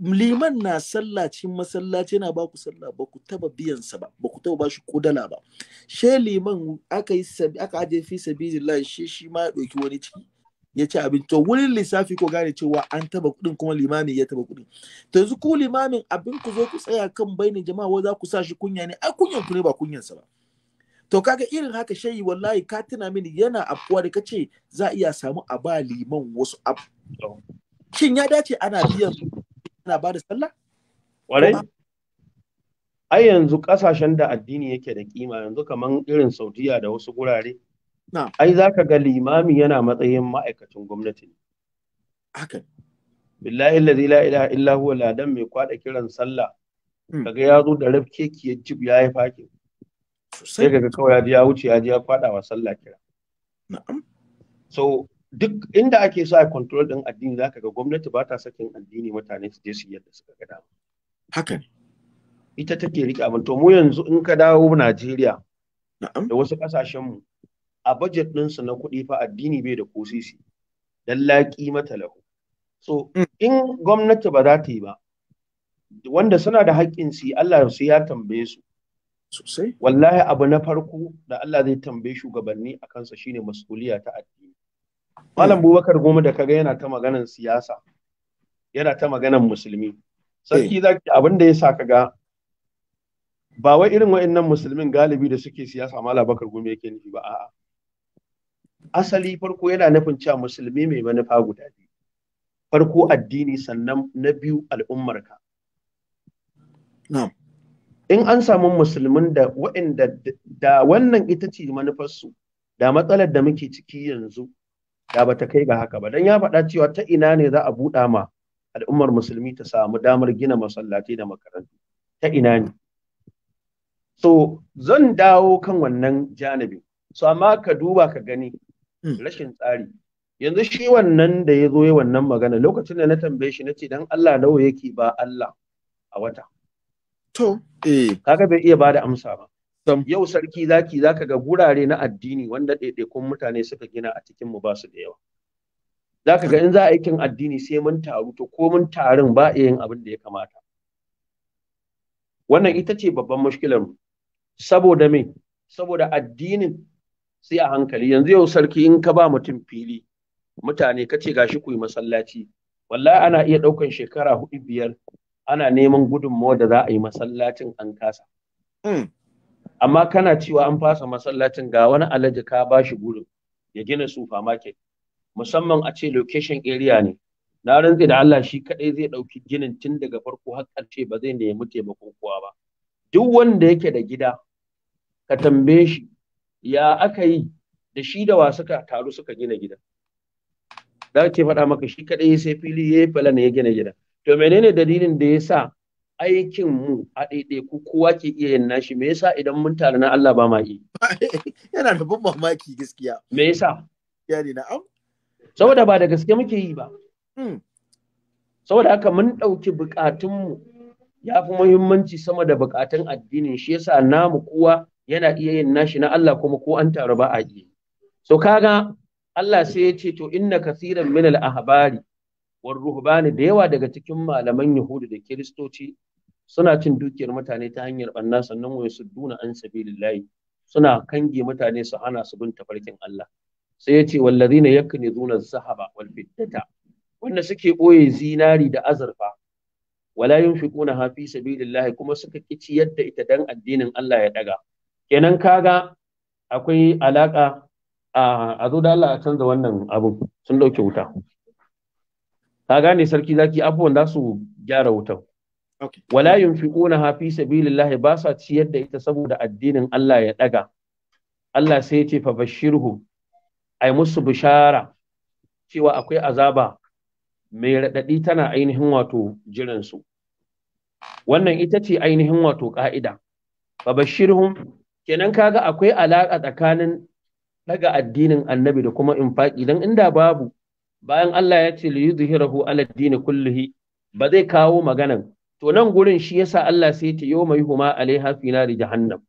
liman na sallah cikin masallaci yana baku sallah ba ku taba biyan sa ba ba ku taba shi kudala ba she liman aka yi aka aje fi sabilillah shi shi ma doki wani ciki ya ci abin to wurin lissafi ko gane cewa an taba kudin kuma limami ya taba kudin to yanzu ku limamin abin ku zo ku tsaya kan bainin jama'a wa za ku sa shi kunya ne ai kunyan ku ne ba kunyan sa ba to kaga irin haka shayi wallahi ka tuna mini yana afuwa da kace za iya samu a ba liman wasu abu shin ya dace ana biyan ana ba da sallah ƙwarai ai yanzu ƙasashen da addini yake da kima yanzu kamar irin saudiya da wasu gurare ai za ka ga limami yana matsayin ma'aikacin gwamnati ne haka billahi allazi la ilaha illa huwa ladan mai kwada kiran sallah hmm. kaga ya zo da keki ya jib ya yi fakin sai kaga kawai ya ji ya wuce ya ji ya kwada wa sallah kira na'am so duk inda ake so a control din addini zaka ga gwamnati ba ta sakin addini mutane su je su yadda suka ga dama haka ita take rike abin to mu yanzu in ka dawo Najeriya da wasu kasashen mu a budget su na kuɗi fa addini bai da kosisi dan laƙi mata lahu so mm. in gwamnati ba za ta yi ba wanda suna da haƙƙin su Allah su ya tambaye su sosai wallahi abu na farko da Allah zai tambaye shugabanni a kansa shine mas'uliya ta addini Malam Bubakar Goma da kaga yana ta maganan siyasa, yana ta maganan musulmi. Sarki eh. zaki abin da ya sa kaga ba wai irin wa'annan musulmin galibi da suke siyasa Malam Bakar Goma yake nufi ba a'a. Asali farko yana nufin cewa musulmi mai manufa guda biyu. Farko addini sannan na biyu al'ummarka. Na'am. In an samu musulmin da wa'inda da wannan ita ce manufarsu da matsalar da muke ciki yanzu da ba ta kai ga haka ba dan ya faɗa cewa ta ina ne za a buɗa ma al'ummar musulmi ta samu damar gina masallatai da makarantu ta ina ne so zan dawo kan wannan janibi so amma ka duba ka gani hmm. rashin tsari yanzu shi wannan da ya zo ya wannan magana lokacin da na tambaye shi na ce dan Allah nawa yake ba Allah a wata to eh kaga bai iya bada amsa ba Yau sarki zaki zaka ga gurare na addini wanda ɗaiɗaikun mutane suka gina a cikin mu ba su da yawa. Zaka ga in za a yi kin addini sai mun taru to ko mun tarin ba a yin abin da ya kamata. Wannan ita ce babban mushkilar mu. Saboda me? Saboda addinin sai a hankali yanzu yau sarki in ka ba mutum fili mutane ka ce gashi ku yi masallaci wallahi ana iya ɗaukan shekara hudu biyar ana neman gudunmawa da za a yi masallacin an kasa. Hmm. amma kana cewa an fasa masallacin ga wani alaji ka ba shi gurin ya gina market. musamman a ce location area ne na rantsi da Allah shi kadai zai dauki ginin tun daga farko har ƙarshe ba zai nemi taimakon kowa ba duk wanda yake da gida ka tambaye shi ya aka yi da shi da wa suka taru suka gina gida da ke faɗa maka shi kadai sai fili ya yi ya gina gida to menene dalilin da ya sa aikin mu a ɗaiɗai ku kowa ke iya yin nashi me yasa idan mun tare na Allah ba ma yi (laughs) yana da babban mamaki gaskiya me yasa ya na'am saboda ba da gaske muke yi ba hmm. saboda haka mun ɗauki buƙatunmu ya fi muhimmanci sama da buƙatun addinin shi yasa namu kowa yana iya yin nashi na Allah kuma ko an taru ba a yi so kaga Allah sai ya ce to inna kasiran minal al ahbari wani ruhubani da yawa daga cikin malaman yahudu da kiristoci suna cin dukiyar mutane ta hanyar banna sannan wa duna an sabilillahi suna kange mutane su hana su bin tafarkin Allah sai yace wallazina yaknizuna zahaba wal fiddata wanda suke boye zinari da azurfa wala yunfiquna ha fi sabilillahi kuma suka kici yadda ita dan addinin Allah ya daga kenan kaga akwai alaka a zo da Allah a canza wannan abu sun dauke wuta ka gane sarki zaki abubuwan za su gyara wutan wala yunfiquna ha fi sabilillahi ba sa ciyar da ita saboda addinin Allah ya daga Allah sai ya ce fa bashirhu ai musu bishara cewa akwai azaba mai raɗaɗi tana ainihin wato jiransu. wannan ita ce ainihin wato ƙa'ida. fa bashirhum kenan kaga akwai alaƙa tsakanin ɗaga addinin annabi da kuma infaki dan inda babu bayan Allah ya ce liyudhhirahu ala dini kullihi ba zai kawo maganan to nan gurin shi yasa Allah sai ya ce yawma yuhuma alaiha fi nari jahannam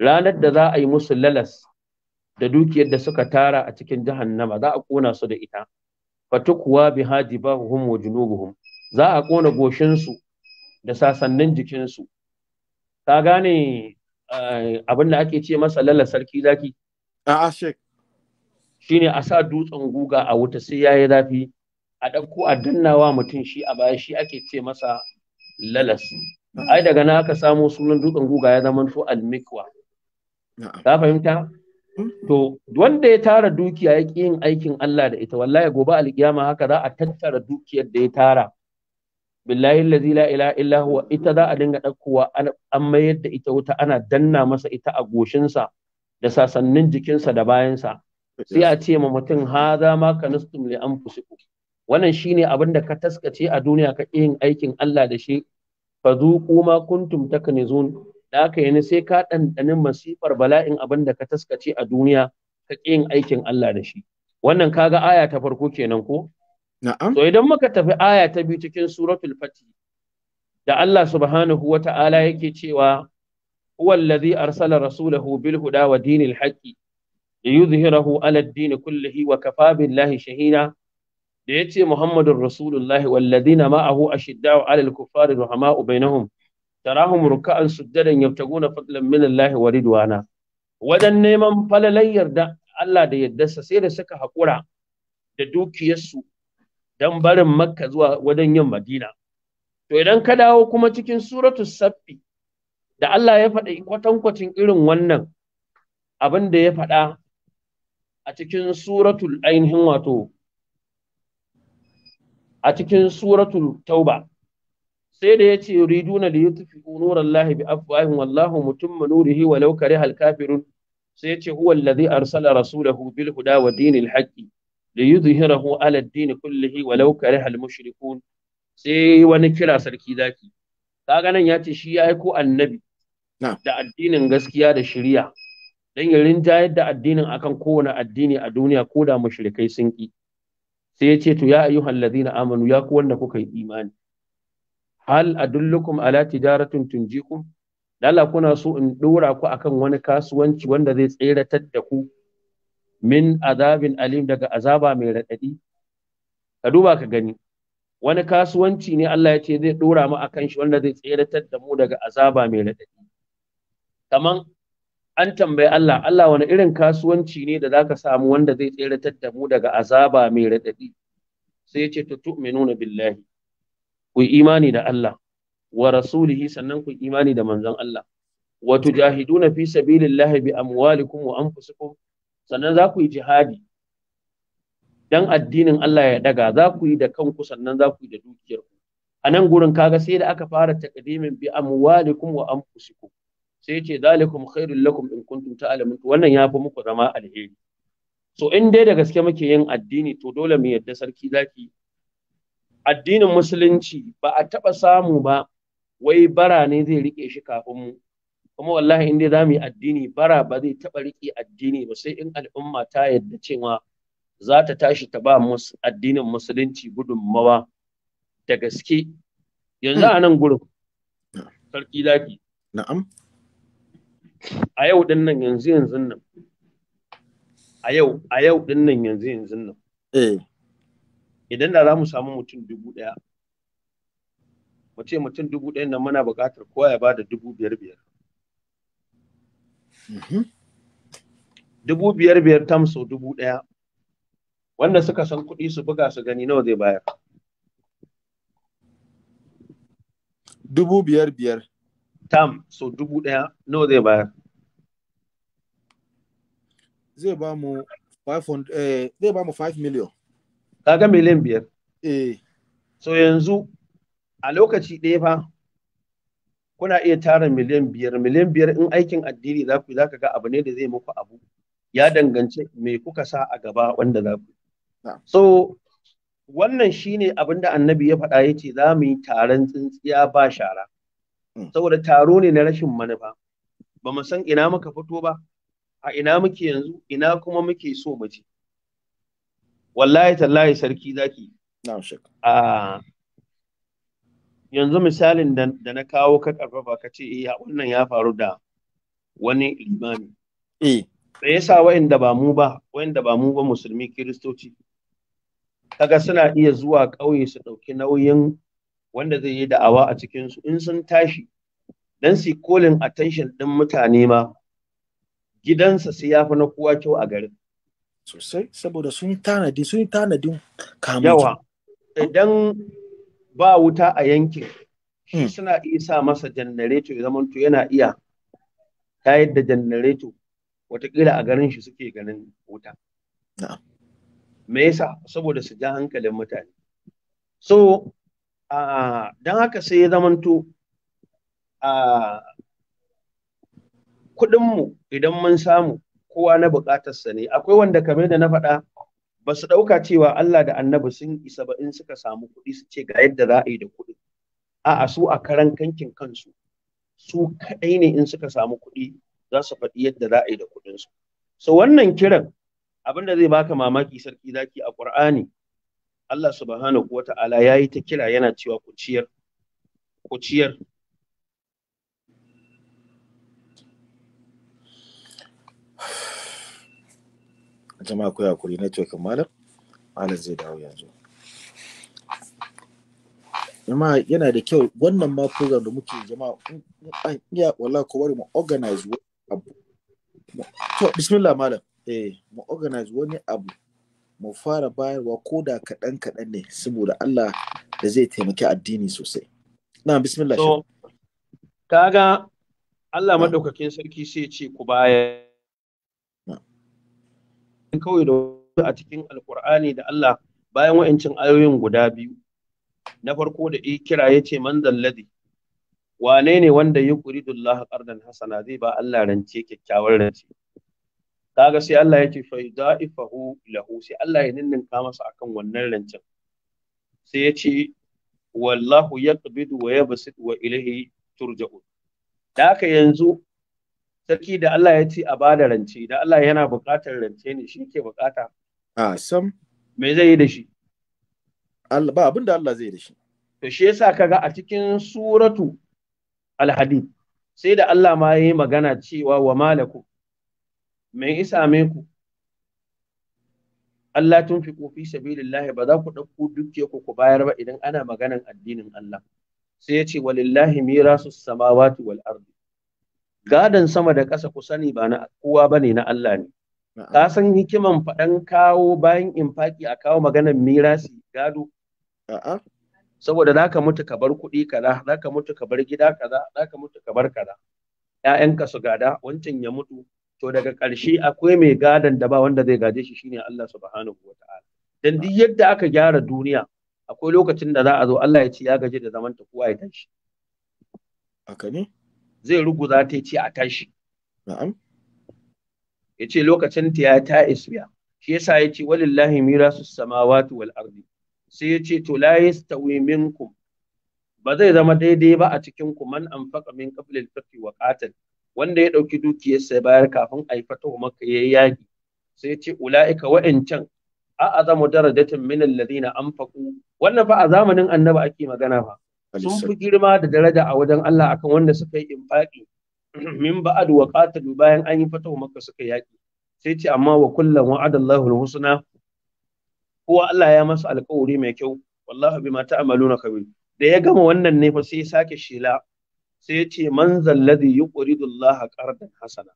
ranar da za a yi musu lalas da dukiyar da suka tara a cikin jahannama za a kona su da ita fatukuwa biha jibahuhum wa junubuhum za a kona goshin su da sasannin jikin su ka gane eh, abin da ake ce masa lalas sarki zaki a'a sheikh shine a sa dutsen guga a wuta sai yayi zafi a ɗauko a dannawa mutum shi a baya shi ake ce masa lalas ai daga na aka samo sunan dutsen guga ya zama to almikwa ka fahimta hmm. to wanda ya tara dukiya ya yin aikin Allah da ita wallahi gobe alkiyama haka za a tattara dukiyar da ya tara billahi allazi la ilaha illa huwa ita za a dinga ɗaukowa an mayar da ita wuta ana danna masa ita a goshinsa da sasannin jikinsa da bayansa sai a ce ma mutum haza ma kanastum li anfusikum wannan shine abin da ka taskace a duniya ka yin aikin Allah da shi fa zuqu ma kuntum taknizun da haka yana sai ka ɗanɗani masifar bala'in abin da ka taskace a duniya ka yin aikin Allah da shi wannan kaga aya ta farko kenan ko na'am to idan muka tafi aya ta biyu cikin suratul fatih da Allah subhanahu wata'ala yake cewa huwa allazi arsala rasulahu bil huda wa dinil haqqi liyuzhirahu ala ad-din kullihi wa kafa billahi shahida da yace muhammadur rasulullahi walladina ma'ahu ashidda'u 'ala al-kuffari rahama'u bainahum tarahum ruk'an sujadan yabtaguna fadlan min Allah wa ridwana wajen neman falalan yarda Allah da sa sai da suka haƙura da dukiyarsu don barin makka zuwa wajen yin madina to idan ka dawo kuma cikin suratu saffi da Allah ya faɗi kwatankwacin irin wannan abin da ya faɗa a cikin suratul ainihin wato a cikin suratul tauba sai da ya ce yuriduna da yutfi'u nurallahi bi afwahihim wallahu mutimmu nurihi walau karihal halkafirun, sai ya ce huwa alladhi arsala rasulahu bil huda wa dinil haqqi liyudhhirahu ala ad kullihi walau karihal mushrikun sai wani kira sarki zaki kaga nan ya ce shi ya aiko annabi da addinin gaskiya da shari'a dan ya rinjayar da addinin akan kowane addini a duniya ko da mushrikai sun ki sai ya ce to ya ayyuhal ladina amanu ya ku wanda kuka yi imani hal adullukum ala tijaratun tunjikum lalla kuna so in dora ku akan wani kasuwanci wanda zai tseratar da ku min azabin alim daga azaba mai raɗaɗi ka duba ka gani wani kasuwanci ne Allah ya ce zai ɗora mu akan shi wanda zai tseratar da mu daga azaba mai raɗaɗi kaman an tambayi Allah Allah wani irin kasuwanci ne da zaka samu wanda zai tseratar da mu daga azaba mai raɗaɗi sai ya ce ta tu'minuna billahi ku imani da Allah wa rasulihi sannan ku imani da manzon Allah wa tujahiduna fi sabilillahi bi amwalikum wa anfusikum sannan za ku yi jihadi dan addinin Allah ya daga za ku yi da kanku sannan za ku yi da dukiyarku a nan gurin kaga sai da aka fara takadimin bi amwalikum wa anfusikum sai ce zalikum khairul lakum in kuntum ta'lamun wannan ya fi muku zama alheri so in dai da gaske muke yin addini to dole mu yadda sarki zaki addinin musulunci ba a taba samu ba wai bara ne zai rike shi kafin mu kuma wallahi in dai za mu yi addini bara ba zai taba rike addini ba sai in al'umma ta yadda cewa za ta tashi ta ba addinin musulunci gudunmawa da gaske yanzu a nan gurin sarki zaki na'am a yau din nan yanzu yanzu nan a yau a yau din nan yanzu yanzu nan eh. idan da za mu samu mutum dubu ɗaya mu ce mutum dubu ɗaya nan muna buƙatar kowa ya bada dubu biyar biyar mhm. dubu biyar biyar tam sau dubu ɗaya wanda suka san kuɗi su buga su gani nawa zai bayar dubu biyar biyar tam so dubu daya nawa zai bayar zai ba mu eh, zai ba mu 5 million kaga miliyan biyar eh so yanzu a lokaci ɗaya fa kuna iya tara miliyan biyar miliyan biyar in aikin addini za ku za ka ga abu ne da zai muku abu ya danganci me kuka sa a gaba wanda za ku so wannan shine abin da annabi ya faɗa ya ce za mu yi taron tsintsiya ba shara Mm. saboda taro ne na rashin manufa ba mu san ina muka fito ba a ina muke yanzu ina kuma muke so mu je wallahi tallahi sarki zaki a yanzu misalin da na kawo ka karfafa ka ce eh wannan ya faru da wani limami da eh. yasa wa'inda ba mu ba wa'inda ba mu ba musulmi kiristoci kaga suna iya zuwa ƙauye su ɗauki nauyin wanda zai yi da'awa a cikinsu in sun tashi dan su kolin attention ɗin mutane ma gidansa sai ya fi na kowa kyau a garin. Sosai, saboda sun tanadi sun tanadin kamun. Yawa, idan ba wuta a yankin, shi hmm. suna iya sa masa janareto ya zamanto yana iya ta yadda janareto watakila a garin shi suke ganin wuta. Me yasa saboda su ja hankalin mutane. So, don haka sai ya zamanto kuɗinmu idan mun samu kowa na buƙatarsa ne akwai wanda kamar da na faɗa ba su ɗauka cewa Allah da annabi sun isa ba in suka samu kuɗi su ce ga yadda za a yi da kuɗi a'a su a karan kankin kansu su kaɗai ne in suka samu kuɗi za su faɗi yadda za a yi da kuɗinsu so wannan kiran abin da zai baka mamaki sarki zaki a ƙur'ani Allah subhanahu wa ta'ala ya yi ta kira yana cewa ku ciyar ku ciyar jama'a ku hakuri network malam malam zai dawo yanzu jama'a yana da kyau wannan ma program da muke jama'a an iya wallahi ko bari mu organize abu to bismillah malam eh mu organize wani abu mu fara bayarwa ko da kaɗan kaɗan ne saboda Allah da zai taimaki addini sosai na bismillah so, kaga Allah madaukakin sarki sai ce ku bayar kawai da a cikin alkur'ani da Allah bayan wa'incin ayoyin guda biyu na farko da ikira kira ya ce man zalladi wane ne wanda ya ƙuri dullaha ƙardan hasana zai ba Allah rance kyakkyawar rance kaga sai Allah ya ce fa da'ifahu lahu sai Allah ya ninninka masa akan wannan rancen sai ya ce wallahu yaqbidu wa yabsit wa ilayhi turja'un da haka yanzu sarki da Allah ya ce a bada rance da Allah yana buƙatar rance ne shi ke buƙata a sam me zai yi da shi Allah ba abinda Allah zai yi da shi to shi yasa kaga a cikin suratu al-hadid sai da Allah ma yayi magana cewa wa malakum me ya same ku Allah tun fi kofi sabilillahi ba za ku ɗauko duk ku ku bayar ba idan ana maganar addinin Allah sai ya ce walillahi mirasu samawati wal ardi Gadon sama da ƙasa ku sani ba na kowa bane na Allah ne ka san hikiman faɗan kawo bayan infaki a kawo maganan mirasi gado a'a saboda za ka mutu ka bar kuɗi kaza za ka mutu ka bar gida kaza za ka mutu ka bar kaza ƴaƴanka su gada wancan ya mutu to daga ƙarshe akwai mai gadon da ba wanda zai gaje shi shine Allah subhanahu ta'ala dan duk yadda aka gyara duniya akwai lokacin da za a zo Allah ya ce ya gaje da zaman ta kowa ya tashi haka ne zai ruguza ta ce a tashi na'am ya ce lokacin ta ya ta isya shi yasa ya ce walillahi mirasu samawati wal ardi sai ya ce to la yastawi minkum ba zai zama daidai ba a cikin ku man anfaqa min qabl al wa qatil wanda ya ɗauki dukiyarsa sai bayar kafin a yi fatahu maka ya yaki sai ce ula'ika wa'ancan a azamu darajatin min alladhina anfaqu wannan fa a zamanin annabi ake magana fa sun fi girma da daraja a wajen Allah akan wanda suka yi infaqi (clears throat) min ba'ad wa qatalu bayan an yi fatahu maka suka yaki sai ce amma wa kullum wa'adallahu alhusna kowa Allah ya masa alƙawari mai kyau wallahu bima ta'maluna kabir da ya gama wannan ne fa sai ya sake shela sai ya ce man yi yuqridu Allah qardan hasana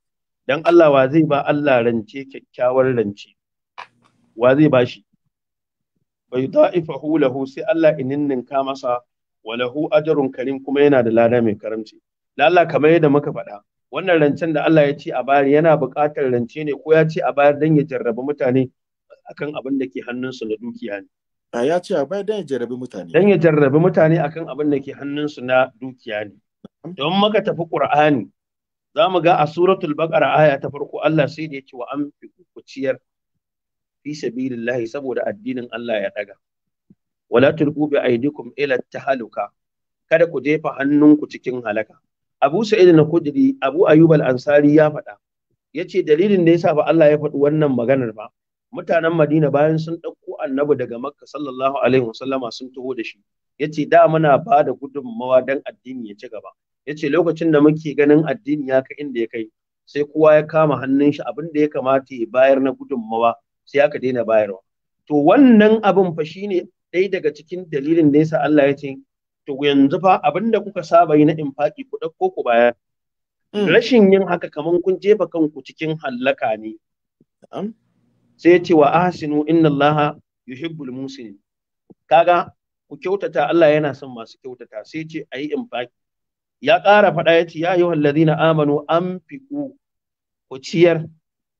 Don Allah wa zai ba Allah rance kyakkyawar rance wa zai ba shi bai da'ifahu lahu sai Allah ininnin ka masa lahu ajrun karim kuma yana da lada mai karamci da Allah kamar yadda muka faɗa wannan rancen da Allah ya ce a bayar yana buƙatar rance ne ko ya ce a bayar dan ya jarrabi mutane akan abin da ke hannunsu na dukiya ne a ya ce a bayar dan ya jarrabi mutane dan ya jarrabi mutane akan abin da ke hannunsu na dukiya ne don maka tafi ƙur'ani za mu ga a suratul baqara aya ta farko Allah sai da ya ce wa an fi ku ciyar fi sabilillahi saboda addinin Allah ya daga wala tulqu bi aydikum ila tahaluka kada ku jefa hannunku cikin halaka Abu Sa'id al-Khudri Abu Ayyub al-Ansari ya faɗa yace dalilin da yasa ba Allah ya faɗi wannan maganar ba mutanen Madina bayan sun ɗauko annabi daga Makka sallallahu alaihi wasallama sun taho da shi yace da muna ba da gudunmawa dan addini ya ci gaba yace lokacin da muke ganin addini ya kai inda ya kai sai kowa ya kama hannun shi abin da ya kamata ya bayar na gudunmawa sai aka daina bayarwa to wannan abin fa shine ɗaya daga cikin dalilin da yasa Allah ya ce to yanzu fa abin da kuka saba yi na infaki ku ɗauko ku bayar mm. rashin yin haka kaman kun jefa kanku cikin hallaka ne sai ce wa ahsinu inna Allah yuhibbul musinin kaga ku kyautata Allah yana son masu kyautata sai ce ayi infaki ya ƙara faɗa ya ce ya yi wallazina amanu an fiku ku ciyar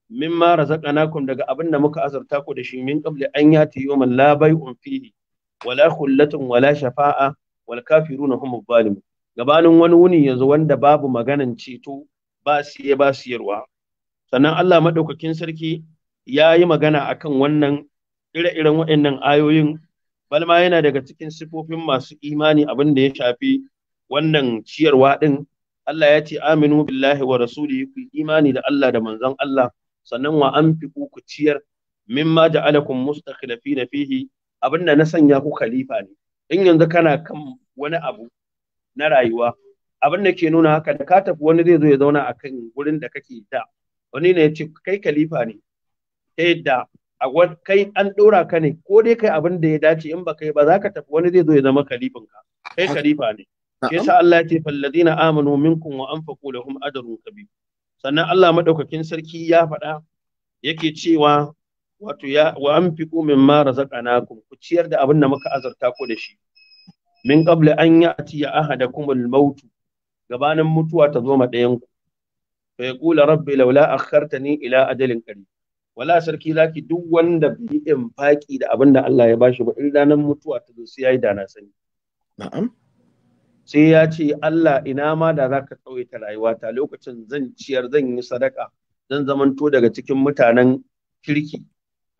mara razaqnakum daga abin da muka azurta ku da shi min qabli an yati yawman la bay'un fihi wala kullatin wala shafa'a wal na hum balimu. gabanin wani wuni yanzu wanda babu maganan ceto ba siye ba siyarwa sannan Allah maɗaukakin sarki ya yi magana a kan wannan ire-iren waɗannan ayoyin balma yana daga cikin sifofin masu imani abin da ya shafi wannan ciyarwa din Allah ya ce aminu billahi wa rasuli ku imani da Allah da manzon Allah sannan wa fi ku ciyar mimma ja'alakum mustakhlifina fihi abinda na sanya ku khalifa ne in yanzu kana kan wani abu na rayuwa abin da ke nuna haka da ka tafi wani zai zo ya zauna akan gurin da kake da wani ne ya ce kai khalifa ne ta yadda a kai an ɗora ka ne ko dai kai abin da ya dace in ba kai ba za ka tafi wani zai zo ya zama khalifin ka kai khalifa ne shi yasa Allah ya ce falladina amanu minkum wa anfaqu lahum ajrun kabir sannan Allah madaukakin sarki ya faɗa yake cewa wato ya wa anfiqu mimma razaqnakum ku ciyar da abin da muka azarta ku da shi min qabla an ya'ti ya ahadakum al-maut gabanin mutuwa ta zo ma ɗayan ku fa yaqulu rabbi laula akhartani ila ajalin qarib wala sarki zaki duk wanda bi in faki da abin da Allah ya bashi ba in ranar mutuwa ta zo sai yayi dana sani na'am sai ya ce Allah ina ma da za ka tsawaita rayuwata lokacin zan ciyar zan yi sadaka zan zamanto daga cikin mutanen kirki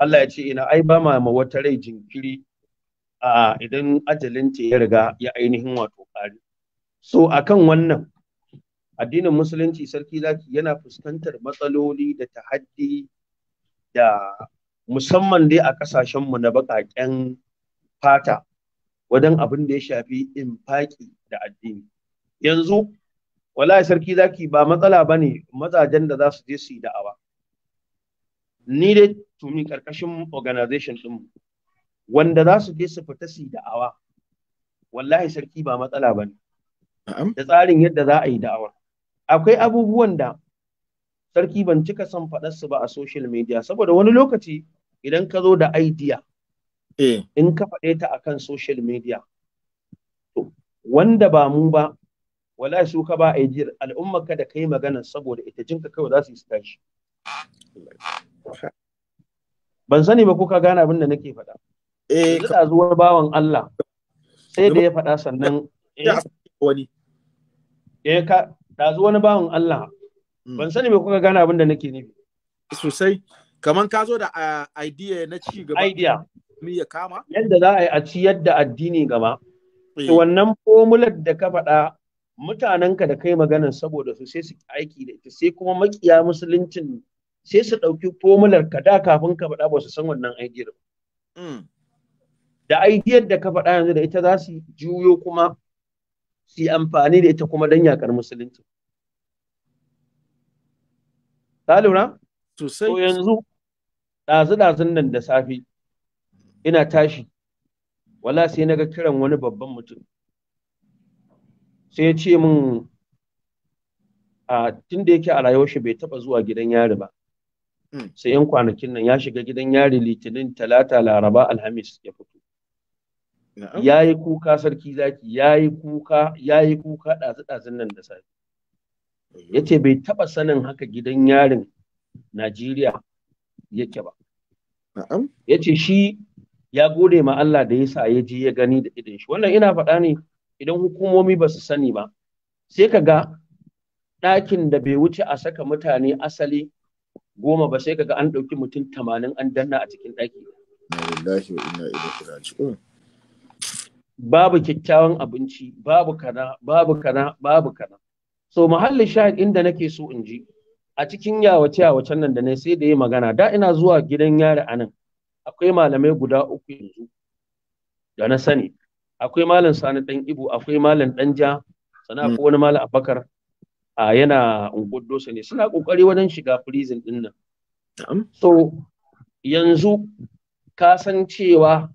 Allah ya ce ina ai ba ma wata rai jinkiri a idan ta ya riga ya ainihin wato ƙari so akan wannan addinin musulunci sarki zaki yana fuskantar matsaloli da tahaddi da musamman dai a mu na baƙaƙen fata wajen abin da ya shafi infaki da addini yanzu wallahi sarki zaki ba matsala ba ne mazajen da za su je su yi da'awa ni dai tuni karkashin organization ɗinmu wanda za su je su fita su yi da'awa wallahi sarki ba matsala ba ne da tsarin yadda za a yi da'awa. akwai abubuwan da sarki ban cika son faɗar su ba a social media saboda wani lokaci idan ka zo da idea Eh. in ka faɗe ta kan social media to wanda ba mu ba wala su ka ba a yi al'ummar ka da kai magana saboda ita jinka kawai za su yi su tashi ban sani ba ko ka gane abin da nake faɗa eh ka zuwa bawan Allah sai da ya faɗa sannan eh. wani eh ka zuwa wani bawan Allah hmm. ban sani ba ko ka gane abin da nake nufi sosai kamar ka zo da ah, idea na ci gaba idea mutum ya kama yadda za a yi a ciyar da addini gama, to eh. wannan fomular da ka faɗa mutanenka da kai maganar saboda su sai su aiki da ita sai kuma makiya musuluncin sai su ɗauki fomular ka da kafin ka faɗa ba su san wannan aidiyar ba. Hmm. Da aidiyar da ka faɗa yanzu da ita za su juyo kuma su yi amfani da ita kuma don yakar musulunci. Ta lura? Sosai. yanzu ɗazu-ɗazun nan da safe ina tashi wala sai na ga kiran wani babban mutum sai ya ce min a tun da yake a rayuwar shi bai taba zuwa gidan yari ba hmm. sai yan kwanakin nan ya shiga gidan yari litinin talata laraba alhamis ya fito ya yi kuka sarki zaki ya yi kuka ya kuka ɗazu-ɗazun nan da safe ya ce bai taɓa sanin haka gidan yarin najeriya yake ba ya ce shi ya gode ma Allah da ya sa ya je ya gani da idan shi wannan ina faɗa ne idan hukumomi ba su sani ba sai ka ga ɗakin da bai wuce a saka mutane asali goma ba sai ka ga an ɗauki mutum tamanin an danna a cikin ɗaki babu kyakkyawan abinci babu kana babu kana babu kana so muhallin shahid inda nake so in ji a cikin yawace yawacen nan da ne sai da yi magana da ina zuwa gidan yari anan akwai malamai guda uku yanzu da na sani akwai malam sani dan ibu akwai malam dan ja sannan akwai mm. wani malam abakar a yana unguwar ne suna kokari wajen shiga prison din nan so yanzu ka san cewa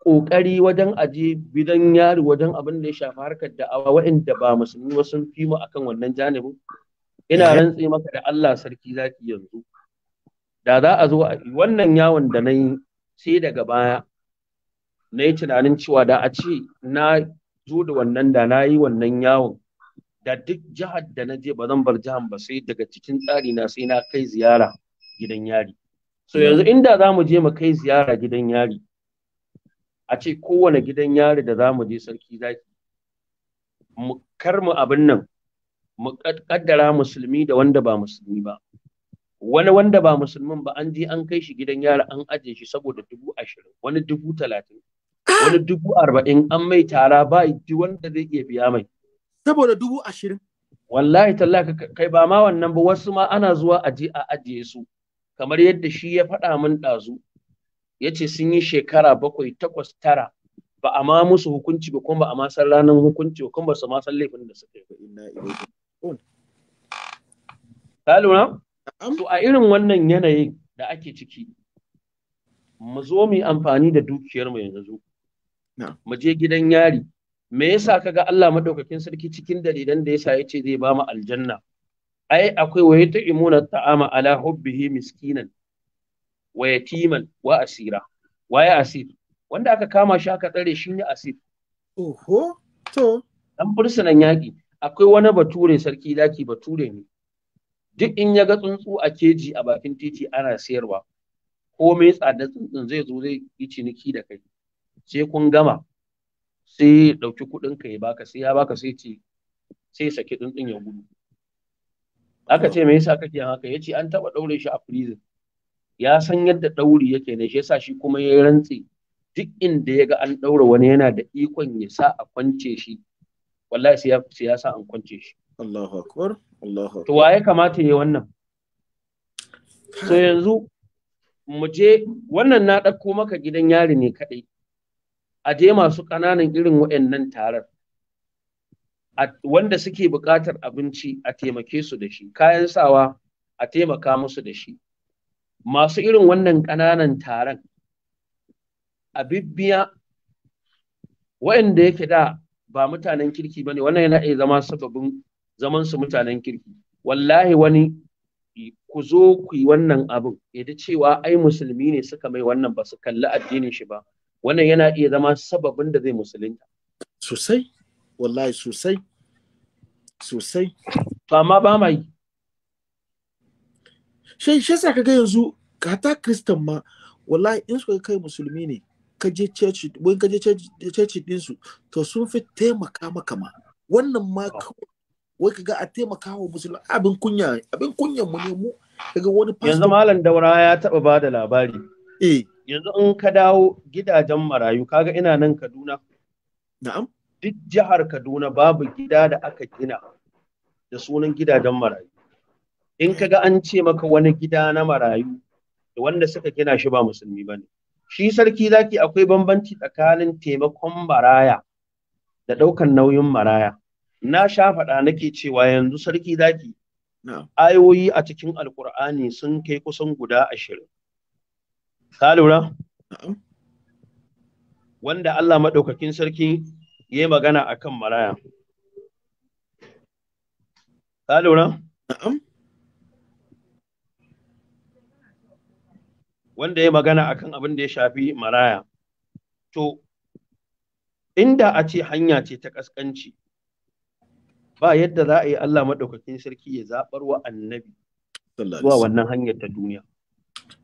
kokari wajen aje bidan yari wajen abin da ya shafi harkar awa, waɗanda ba musulmi ba sun fi mu akan wannan janibin ina eh. rantse maka da Allah sarki zaki yanzu da za a zo wannan yawon da na yi sai daga baya na yi tunanin cewa da a ce na zo da wannan da na yi wannan yawon da duk jihar da na je ba zan bar jihar ba sai daga cikin tsari na sai na kai ziyara gidan yari so yanzu inda za mu je mu kai ziyara gidan yari a ce kowane gidan yari da za mu je sarki zaki mu kar mu abin nan mu kaddara musulmi da wanda ba musulmi ba wani wanda ba musulmin ba an je an kai shi gidan yara an ajiye shi saboda dubu ashirin wani dubu talatin wani dubu arba'in an mai tara ba ji wanda zai iya biya mai saboda dubu ashirin wallahi tallahi kai ba ma wannan ba wasu ma ana zuwa a je a ajiye su kamar yadda shi ya faɗa min ɗazu ya ce sun yi shekara bakwai takwas tara ba a ma musu hukunci ba kuma ba a ma san ranar hukunci ba kuma ba su ma san laifin da suka yi. ba, Ka lura? To a irin wannan yanayin da ake ciki, mu zo mu yi amfani da dukiyarmu yanzu. Mu je gidan yari. Me yasa ka ga Allah madaukakin sarki cikin dalilan da yasa yace zai ba mu aljanna? Ai akwai wa yut'imuna ta'ama ala hubbihi miskinan wa yatiman wa asira. Waye asir? Wanda aka kama shi aka tsare shi ne asir. Oho, to. Dan fursunan yaƙi. Akwai wani bature sarki zaki bature ne. duk in ya ga tsuntsu a keji a bakin titi ana sayarwa ko mai tsada tsuntsun zai zo zai yi ciniki da kai sai kun gama sai ya ɗauki kuɗin ka ya baka sai ya baka sai ce sai saki tsuntsun ya gudu aka ce me yasa kake haka yace an taba daure shi a prison ya san yadda Dauri yake ne shi yasa shi kuma ya rantse duk inda ya ga an ɗaura wani yana da ikon ya sa a kwance shi wallahi sai ya sa an kwance shi Allahu akbar to wa ya kamata yi wannan so yanzu muje wannan na ɗauko maka gidan yari ne kaɗai a je masu ƙananan irin waɗannan tarar wanda suke buƙatar abinci a taimake su da shi kayan sawa a taimaka musu da shi masu irin wannan ƙananan taron a bibbiya waɗanda yake da ba mutanen kirki ba ne wannan yana iya zama sababin zaman su mutanen kirki wallahi wani ku zo ku yi wannan abin yadda cewa ai musulmi ne suka mai wannan ba su kalli addinin shi ba wannan yana iya zama sababin da zai musulunta sosai wallahi sosai sosai ba ma ba ma yi shi shi yasa kaga yanzu hata kristan ma wallahi in suka kai musulmi ne ka je church wai ka je church din su to sun fi taimaka maka ma wannan ma wai kaga a taimaka wa musulmi abin kunya abin kunya mu ne mu kaga wani pastor yanzu malam daura ya taba bada labari eh yanzu in ka dawo gidajen marayu kaga ina nan Kaduna na'am duk jihar Kaduna babu gida da aka gina da sunan gidajen marayu in kaga an ce maka wani gida na marayu da wanda suka gina shi ba musulmi bane shi sarki zaki akwai bambanci tsakanin taimakon maraya da ɗaukan nauyin maraya na sha faɗa nake cewa yanzu sarki zaki ayoyi a cikin alkur'ani sun kai kusan guda ashirin ka lura wanda Allah maɗaukakin sarki ya yi magana a kan maraya ka lura wanda ya magana akan abin da ya shafi maraya to inda a ce hanya ce ta ƙasƙanci ba yadda za a yi Allah maɗaukakin sarki ya zaɓar wa annabi zuwa wannan hanyar ta duniya.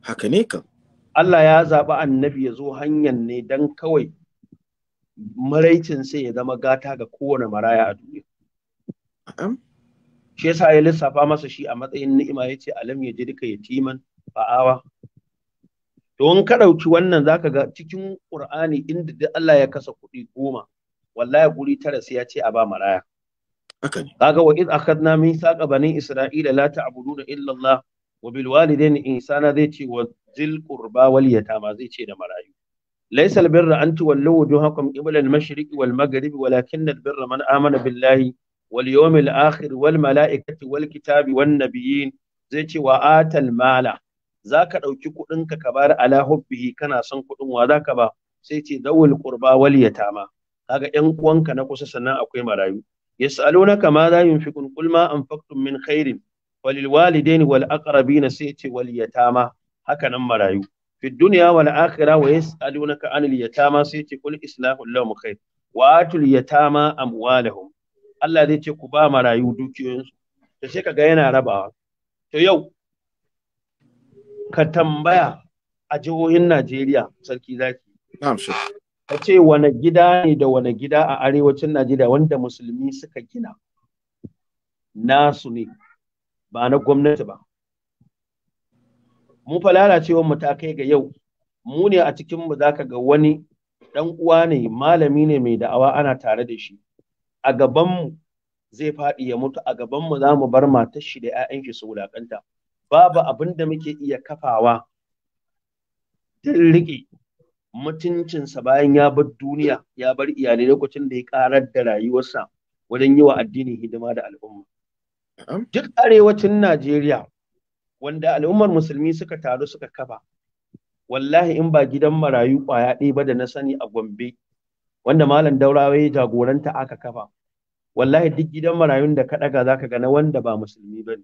Haka ne kan. Allah ya zaɓi annabi ya zo hanyar ne don kawai maraicin sai ya zama gata ga kowane maraya a duniya. Shi yasa ya lissafa masa shi a matsayin ni'ima ya ce alam ya ji duka yatiman fa'awa. To in ka ɗauki wannan zaka ga cikin Ƙur'ani inda Allah ya kasa kuɗi goma wallahi guri tara sai ya ce a ba maraya. haka ne kaga wa id akhadna min bani isra'ila la ta'buduna illa Allah wa bil walidayni ihsana zai ce wa zil qurba wal yatama zai ce da marayu laysa al birra an tuwallu wujuhakum qibla al mashriq wal maghrib walakin al birra man amana billahi wal yawmil akhir wal mala'ikati wal kitabi wan nabiyyin zai ce wa atal mala zaka dauki kudin ka ka bar ala hubbihi kana son kudin wa zaka ba sai ce dawul qurba wal yatama kaga yan uwanka na kusa sannan akwai marayu yas'alunaka ma za yunfiqun qul ma anfaqtum min khairin walil walidain wal aqrabina sai ce wal yatama haka nan marayu fi dunya wal akhirah wa yas'alunaka anil yatama sai ce qul islahu lahum khair wa atul yatama amwalahum Allah zai ce ku ba marayu dukiyoyinsu to sai kaga yana rabawa to yau ka tambaya a jihohin Najeriya sarki zaki na'am shi ka ce wane gida ne da wane gida a arewacin Najeriya wanda musulmi suka gina nasu ne ba na gwamnati ba. Mu fa mu ta kai ga yau, mu ne a cikin mu zaka ga wani ɗan uwa ne malami ne mai da'awa ana tare da shi. A gabanmu zai faɗi ya mutu a gaban mu za mu bar matar shi da 'ya'yan shi su wulakanta. Babu abin da muke iya kafawa. Din riƙe mutuncinsa bayan ya bar duniya ya bar iyali lokacin da ya karar da rayuwarsa wajen yi wa addini hidima da al'umma. Duk arewacin Najeriya wanda al'ummar musulmi suka taru suka kafa wallahi in ba gidan marayu kwaya ɗaya ba da na sani a Gombe wanda Malam Daurawa ya jagoranta aka kafa wallahi duk gidan marayun da ka ɗaga zaka ga na wanda ba musulmi ba ne.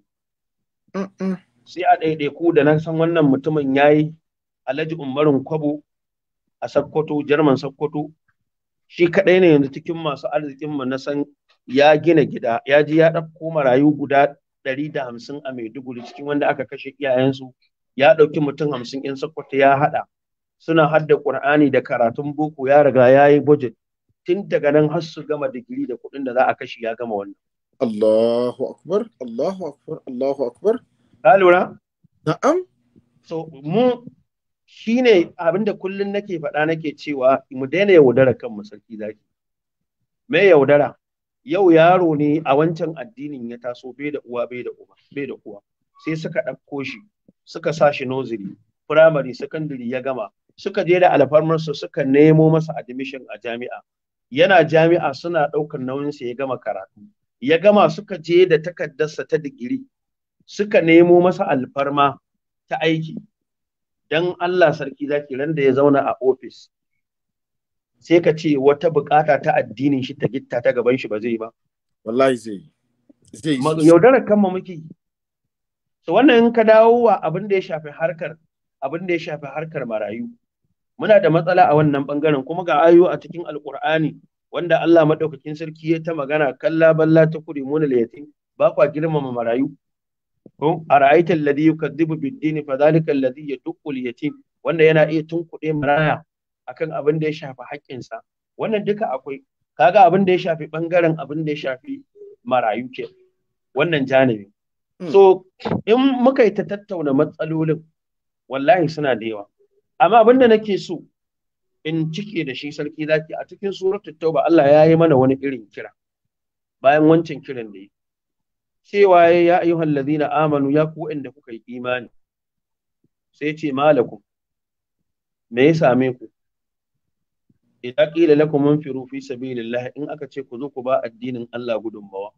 Sai a ɗaiɗaiku da na san wannan mutumin yayi Alhaji Umarun Kwabo a Sokoto Jerman Sokoto shi kaɗai ne yanzu cikin masu arzikin mu na san ya gina gida ya ji ya ɗauko marayu guda ɗari da hamsin a Maiduguri cikin wanda aka kashe iyayensu ya ɗauki mutum hamsin in Sokoto ya haɗa suna hadda Ƙur'ani da karatun boko ya riga ya yi budget tun daga nan har su gama digiri da kuɗin da za a kashe ya gama wannan. Allahu akbar, Allahu akbar, Allahu akbar. Ka lura? Na'am. So mu Shi shine abinda kullun nake faɗa nake cewa mu daina yaudara kan sarki zaki me yaudara yau yaro ne a wancan addinin ya taso bai da uwa bai da uba bai da uwa sai suka ɗauko shi suka sa shi nursery primary secondary ya gama suka je da alfarmarsa suka nemo masa admission a jami'a yana jami'a suna ɗaukar nauyinsa ya gama karatu ya gama suka je da takardarsa ta digiri suka nemo masa alfarma ta aiki dan Allah sarki zaki ran da ya zauna a ofis sai ka ce wata bukata ta addinin shi ta gitta ta gaban shi ba zai ba wallahi zai zai yaudarar kanmu muke so wannan in ka dawo wa abin da ya shafi harkar abin da ya shafi harkar marayu muna da matsala a wannan bangaren kuma ga ayo a cikin alkur'ani wanda Allah madaukakin sarki ya ta magana kalla balla ta kuri muna layatin ba kwa girmama marayu ko ara'aita alladhi yukaddibu bid-din fa dhalika alladhi yadukku al-yatim wanda yana iya tunkuɗe maraya akan abin da ya shafi haƙƙinsa wannan duka akwai kaga abin da ya shafi bangaren abin da ya shafi marayu ke wannan janibi hmm. in muka ta tattauna matsalolin wallahi suna da yawa amma abin da nake so in cike da shi sarki zaki a cikin suratul tauba Allah ya yi mana wani irin kira bayan wancan kiran da yi cewa ya ayyuhal ladina amanu ya ku inda kuka yi imani sai ce malakum me ya same ku idan qila lakum munfiru fi sabilillah in aka ce ku zo ku ba addinin Allah gudunmawa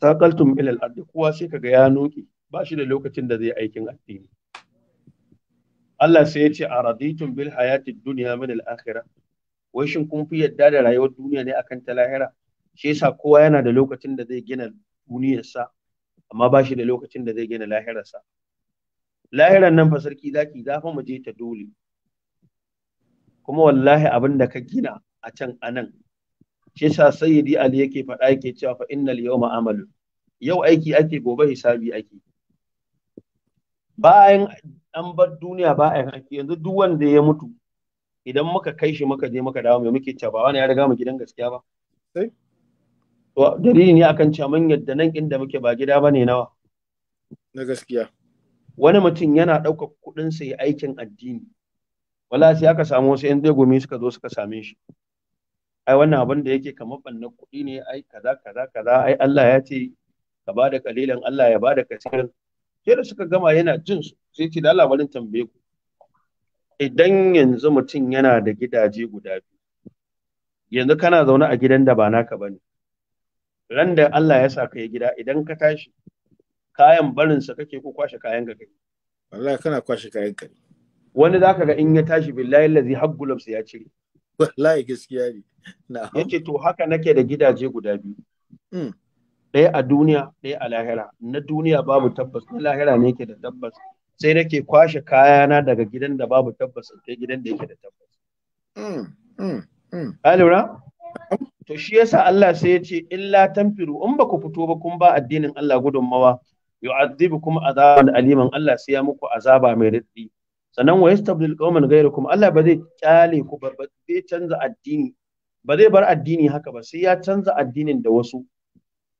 taqaltum ila al-ard kowa sai kaga ya noki ba shi da lokacin da zai aikin addini Allah sai ya ce araditum bil hayatid dunya min al-akhirah wai shin kun fi yadda da rayuwar duniya ne akan ta lahira shi yasa kowa yana da lokacin da zai gina duniyarsa amma ba shi da lokacin da zai gina lahirarsa lahirar nan fa sarki zaki za fa mu je ta dole kuma wallahi abin da ka gina a can anan shi yasa sayyidi ali yake faɗa yake cewa fa innal yawma amalu yau aiki ake gobe hisabi ake bayan an bar duniya bayan ake yanzu duk wanda ya mutu idan muka kai shi muka je muka dawo mai muke cewa ba wani ya riga mu gidan gaskiya ba dalili ne akan cewa mun yadda nan inda muke ba gida bane nawa na gaskiya wani mutum yana ɗaukar kuɗin sa yi aikin addini wala sai aka samu wasu 'yan dagumi suka zo suka same shi ai wannan abin da yake kamar banna kuɗi ne ai kaza kaza kaza ai Allah ya ce ka bada kalilan Allah ya bada kasirin sai da suka gama yana jin su sai ce da Allah barin tambaye ku idan yanzu mutum yana da gidaje guda biyu yanzu kana zaune a gidan da ba naka bane ran da Allah ya sa ka yi gida idan ka tashi kayan barinsa kake ko kwashe kayan ka kai wallahi kana kwashe kayan ka wani zaka ga in ya tashi billahi allazi haggulabsa ya cire wallahi gaskiya ne yace to haka nake da gidaje guda biyu hmm. ɗaya a duniya ɗaya a lahira na duniya babu tabbas na lahira ne yake da tabbas sai nake kwashe kayana daga gidan da babu tabbas kai gidan da yake da tabbas mm. lura to shi yasa Allah sai ya ce illa tanfiru in ba ku fito ba kun ba addinin Allah gudunmawa kuma azaban aliman Allah sai ya muku azaba mai daɗi sannan wa yastabdil qauman ghayrukum Allah ba zai kyale ku ba zai canza addini ba zai bar addini haka ba sai ya canza addinin da wasu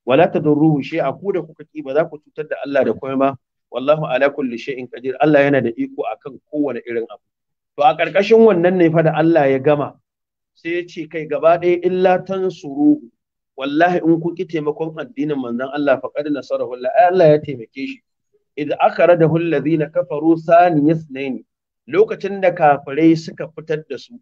wala tadurruhu shay'a ku da kuka ki ba za ku cutar da Allah da komai ba wallahu ala kulli shay'in qadir Allah yana da iko akan kowane irin abu to a ƙarƙashin wannan ne fa da Allah ya gama sai ya ce kai gaba ɗaya illa tansuruhu wallahi in ki taimakon addinin manzon Allah faqad nasarahu Allah ai Allah ya taimake shi idza akhrajahu alladhina kafaru sani yasnaini lokacin da kafirai suka fitar da su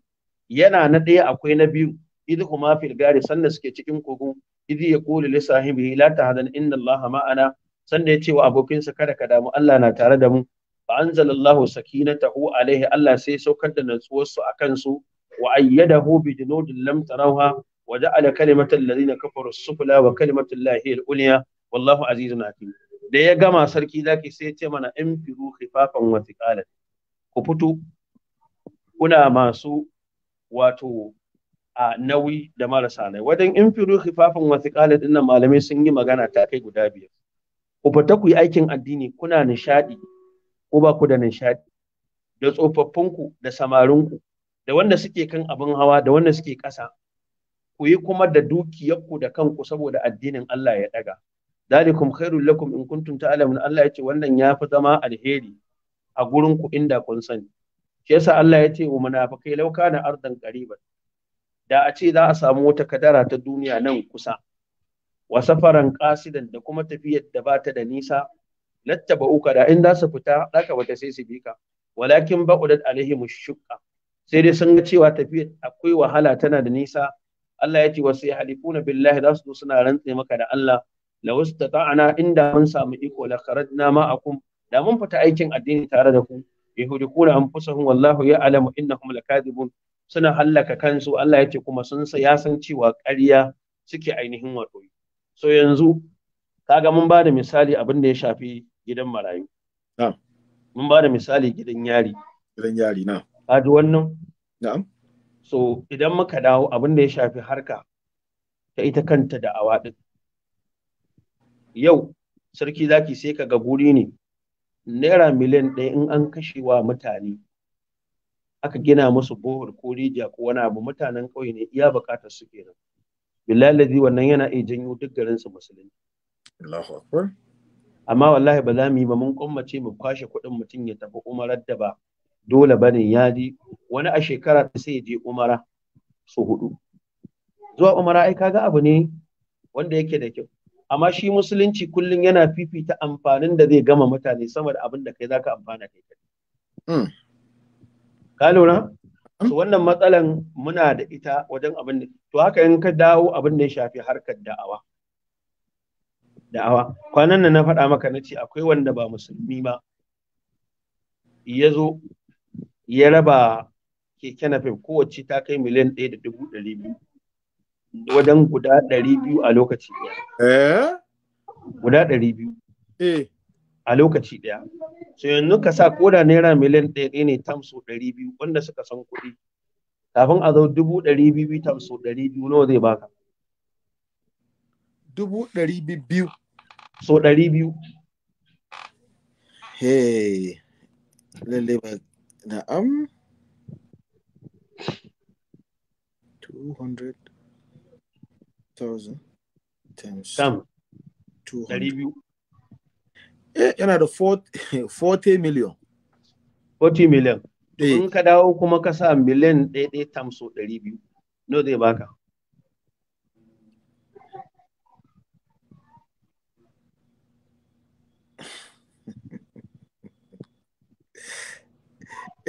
yana na ɗaya akwai na biyu idh huma fil gari sanda suke cikin kogo idh yaqulu li sahibihi la tahzan inna Allah ma'ana sanda ya ce wa abokinsa kada ka damu Allah na tare da mu fa anzalallahu sakinatahu alaihi Allah sai saukar da natsuwarsu akan su وأيده بجنود لم تروها وجعل كلمة الذين كفروا السفلى وكلمة الله هي العليا والله عزيز حكيم da ya gama sarki zaki sai ce mana in firu khifafan wa ku fito kuna masu wato a nauyi da marasa nai. wajen in firu khifafan wa thiqalan dinnan malamai sun yi magana ta kai guda biyar ku fita ku yi aikin addini kuna nishadi ko ba ku da nishadi da tsofaffinku da samarinku da wanda suke kan abin hawa da wanda suke ƙasa ku yi kuma da dukiyarku da kanku saboda addinin Allah ya daga dalikum khairul lakum in kuntum ta'lamun Allah ya ce wannan ya fi zama alheri a gurin ku inda kun sani shi yasa Allah ya ce wa munafikai law kana ardan qariban da a ce za a samu wata kadara ta duniya nan kusa wa safaran qasidan da kuma tafiyar da ba ta da nisa lattaba uka da in za su fita daka wata sai su bika walakin ba'udat mu shuqqa sai dai sun ga cewa tafiya akwai wahala tana da nisa Allah ya ce wasu ya na billahi za su zo suna rantse maka da Allah la ta'ana inda mun samu iko la a ma'akum da mun fita aikin addini tare da ku an fusa hun wallahu kuma la kadibun suna hallaka kansu Allah ya ce kuma sun ya san cewa ƙarya suke ainihin wato so yanzu kaga mun bada misali abin da ya shafi gidan marayu mun bada misali gidan yari gidan yari na ka wannan na'am so idan muka dawo abin da ya shafi harka ta ita kanta da awa yau sarki zaki sai ka ga guri ne naira miliyan ɗaya in an kashe wa mutane aka gina musu bohol ko rijiya ko wani abu mutanen ƙauye ne iya buƙatar su kenan billahi wannan yana iya janyo duk garin su musulmi Allahu akbar amma wallahi ba za mu yi ba mun kwammace mu kwashe kuɗin mutum ya tafi umarar da ba dole bane ya ji wani a shekara sai ya je umara su hudu zuwa umara ai kaga abu ne wanda yake da kyau amma shi musulunci kullum yana fifita amfanin da zai gama mutane sama da abin da kai zaka amfana kai kai hmm. ka lura hmm. so wannan matsalan muna da ita wajen abin da to haka in ka dawo abin da ya shafi harkar da'awa da'awa kwanan nan na faɗa maka na ce akwai wanda ba musulmi ba ya zo ya raba keke nafin kowace ta kai miliyan ɗaya da dubu ɗari biyu wajen guda ɗari biyu a lokaci ɗaya. Eh? Guda ɗari biyu. Eh. A lokaci ɗaya. So yanzu ka sa koda naira miliyan ɗaya ɗaya ne tamso ɗari biyu wanda suka san kuɗi. Kafin a zo dubu ɗari biyu tamso ɗari biyu nawa zai baka. Dubu ɗari biyu. So ɗari biyu. Hey, lalle ba Na'am? 200,000 times. Sam. 200. Eh, yana da 40 million. 40 million. Eh. In ka dawo kuma ka sa miliyan ɗaya ɗaya tamso ɗari biyu. No zai baka.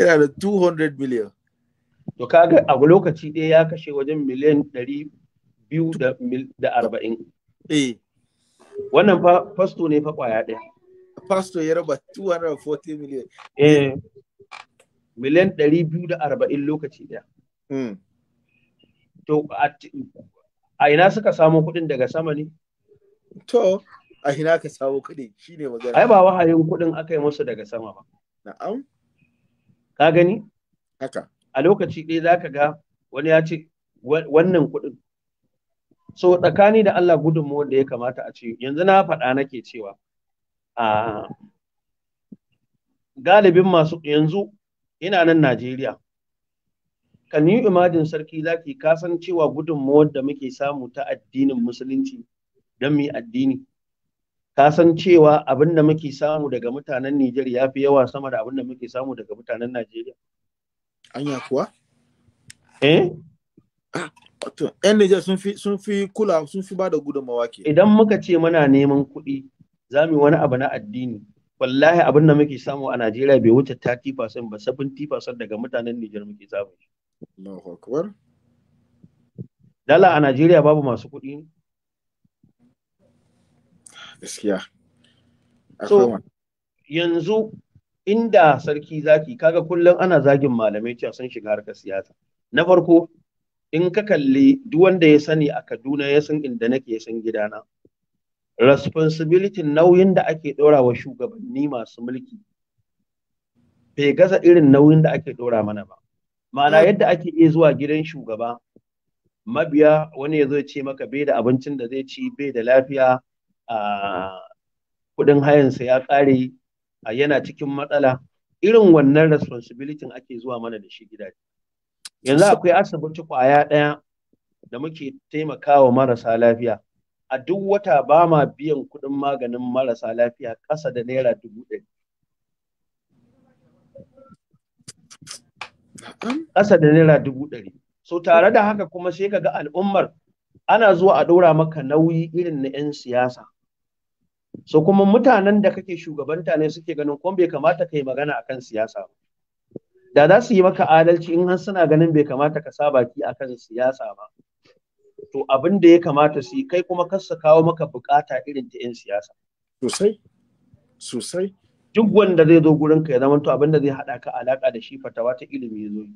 yana da 200 million. to kaga a lokaci ɗaya ya kashe wajen miliyan 240 eh wannan fa fasto ne fa kwaya ɗaya fasto ya raba 240 miliyan eh miliyan 240 lokaci ɗaya hmm. to a ina suka samo kuɗin daga sama ne to a ina ka samo kuɗin shine magana ai ba wahayin kuɗin aka yi musu daga sama ba na'am ka gani haka a lokaci ɗaya zaka ga wani ya ce wannan kuɗin so tsakani da Allah gudunmu da ya kamata a ce yanzu na faɗa nake cewa a galibin masu yanzu ina nan Najeriya can you imagine sarki zaki ka san cewa gudunmu wanda muke samu ta addinin musulunci don mu yi addini ka san cewa abin da muke samu daga mutanen Nijar ya fi yawa sama da abin da muke samu daga mutanen Najeriya? Anya kuwa? Eh? Wato, ‘yan Nijar sun fi kula sun fi ba da gudunmawa ke. Idan muka ce muna neman kuɗi, za mu yi wani abu na addini. Wallahi abin da muke samu a Najeriya bai wuce 30% ba 70% daga mutanen Nijar muke samu. Allahu Akbar. Dala a Najeriya babu masu kuɗi ne? gaskiya so yanzu inda sarki zaki kaga kullum ana zagin malamai cewa sun shiga harkar siyasa na farko in ka kalli duk wanda ya sani a Kaduna ya san inda nake ya san gidana responsibility nauyin da ake ɗora wa shugabanni masu mulki bai gaza irin nauyin da ake ɗora mana ba ma'ana yadda ake iya zuwa gidan shugaba mabiya wani ya zo ce maka bai da abincin da zai ci bai da lafiya kuɗin hayansa ya ƙare a yana cikin matsala irin wannan responsibility ake zuwa mana da shi gidaje yanzu akwai asibiti kwaya ɗaya da muke taimakawa marasa lafiya a duk wata ba ma biyan kuɗin maganin marasa lafiya ƙasa da naira dubu ɗari ƙasa da naira dubu ɗari so tare da haka kuma sai ka ga al'ummar ana zuwa a ɗora maka nauyi irin na 'yan siyasa so kuma mutanen da kake shugabanta ne suke ganin kuma bai kamata ka yi magana akan siyasa ba da za su yi maka adalci in har suna ganin bai kamata ka sa baki akan siyasa ba to abin da ya kamata su kai kuma kar su kawo maka bukata irin ta 'yan siyasa sosai sosai duk wanda zai zo gurin ka ya zama to abin da zai haɗa ka alaka da shi fatawa ta ilimi ya zo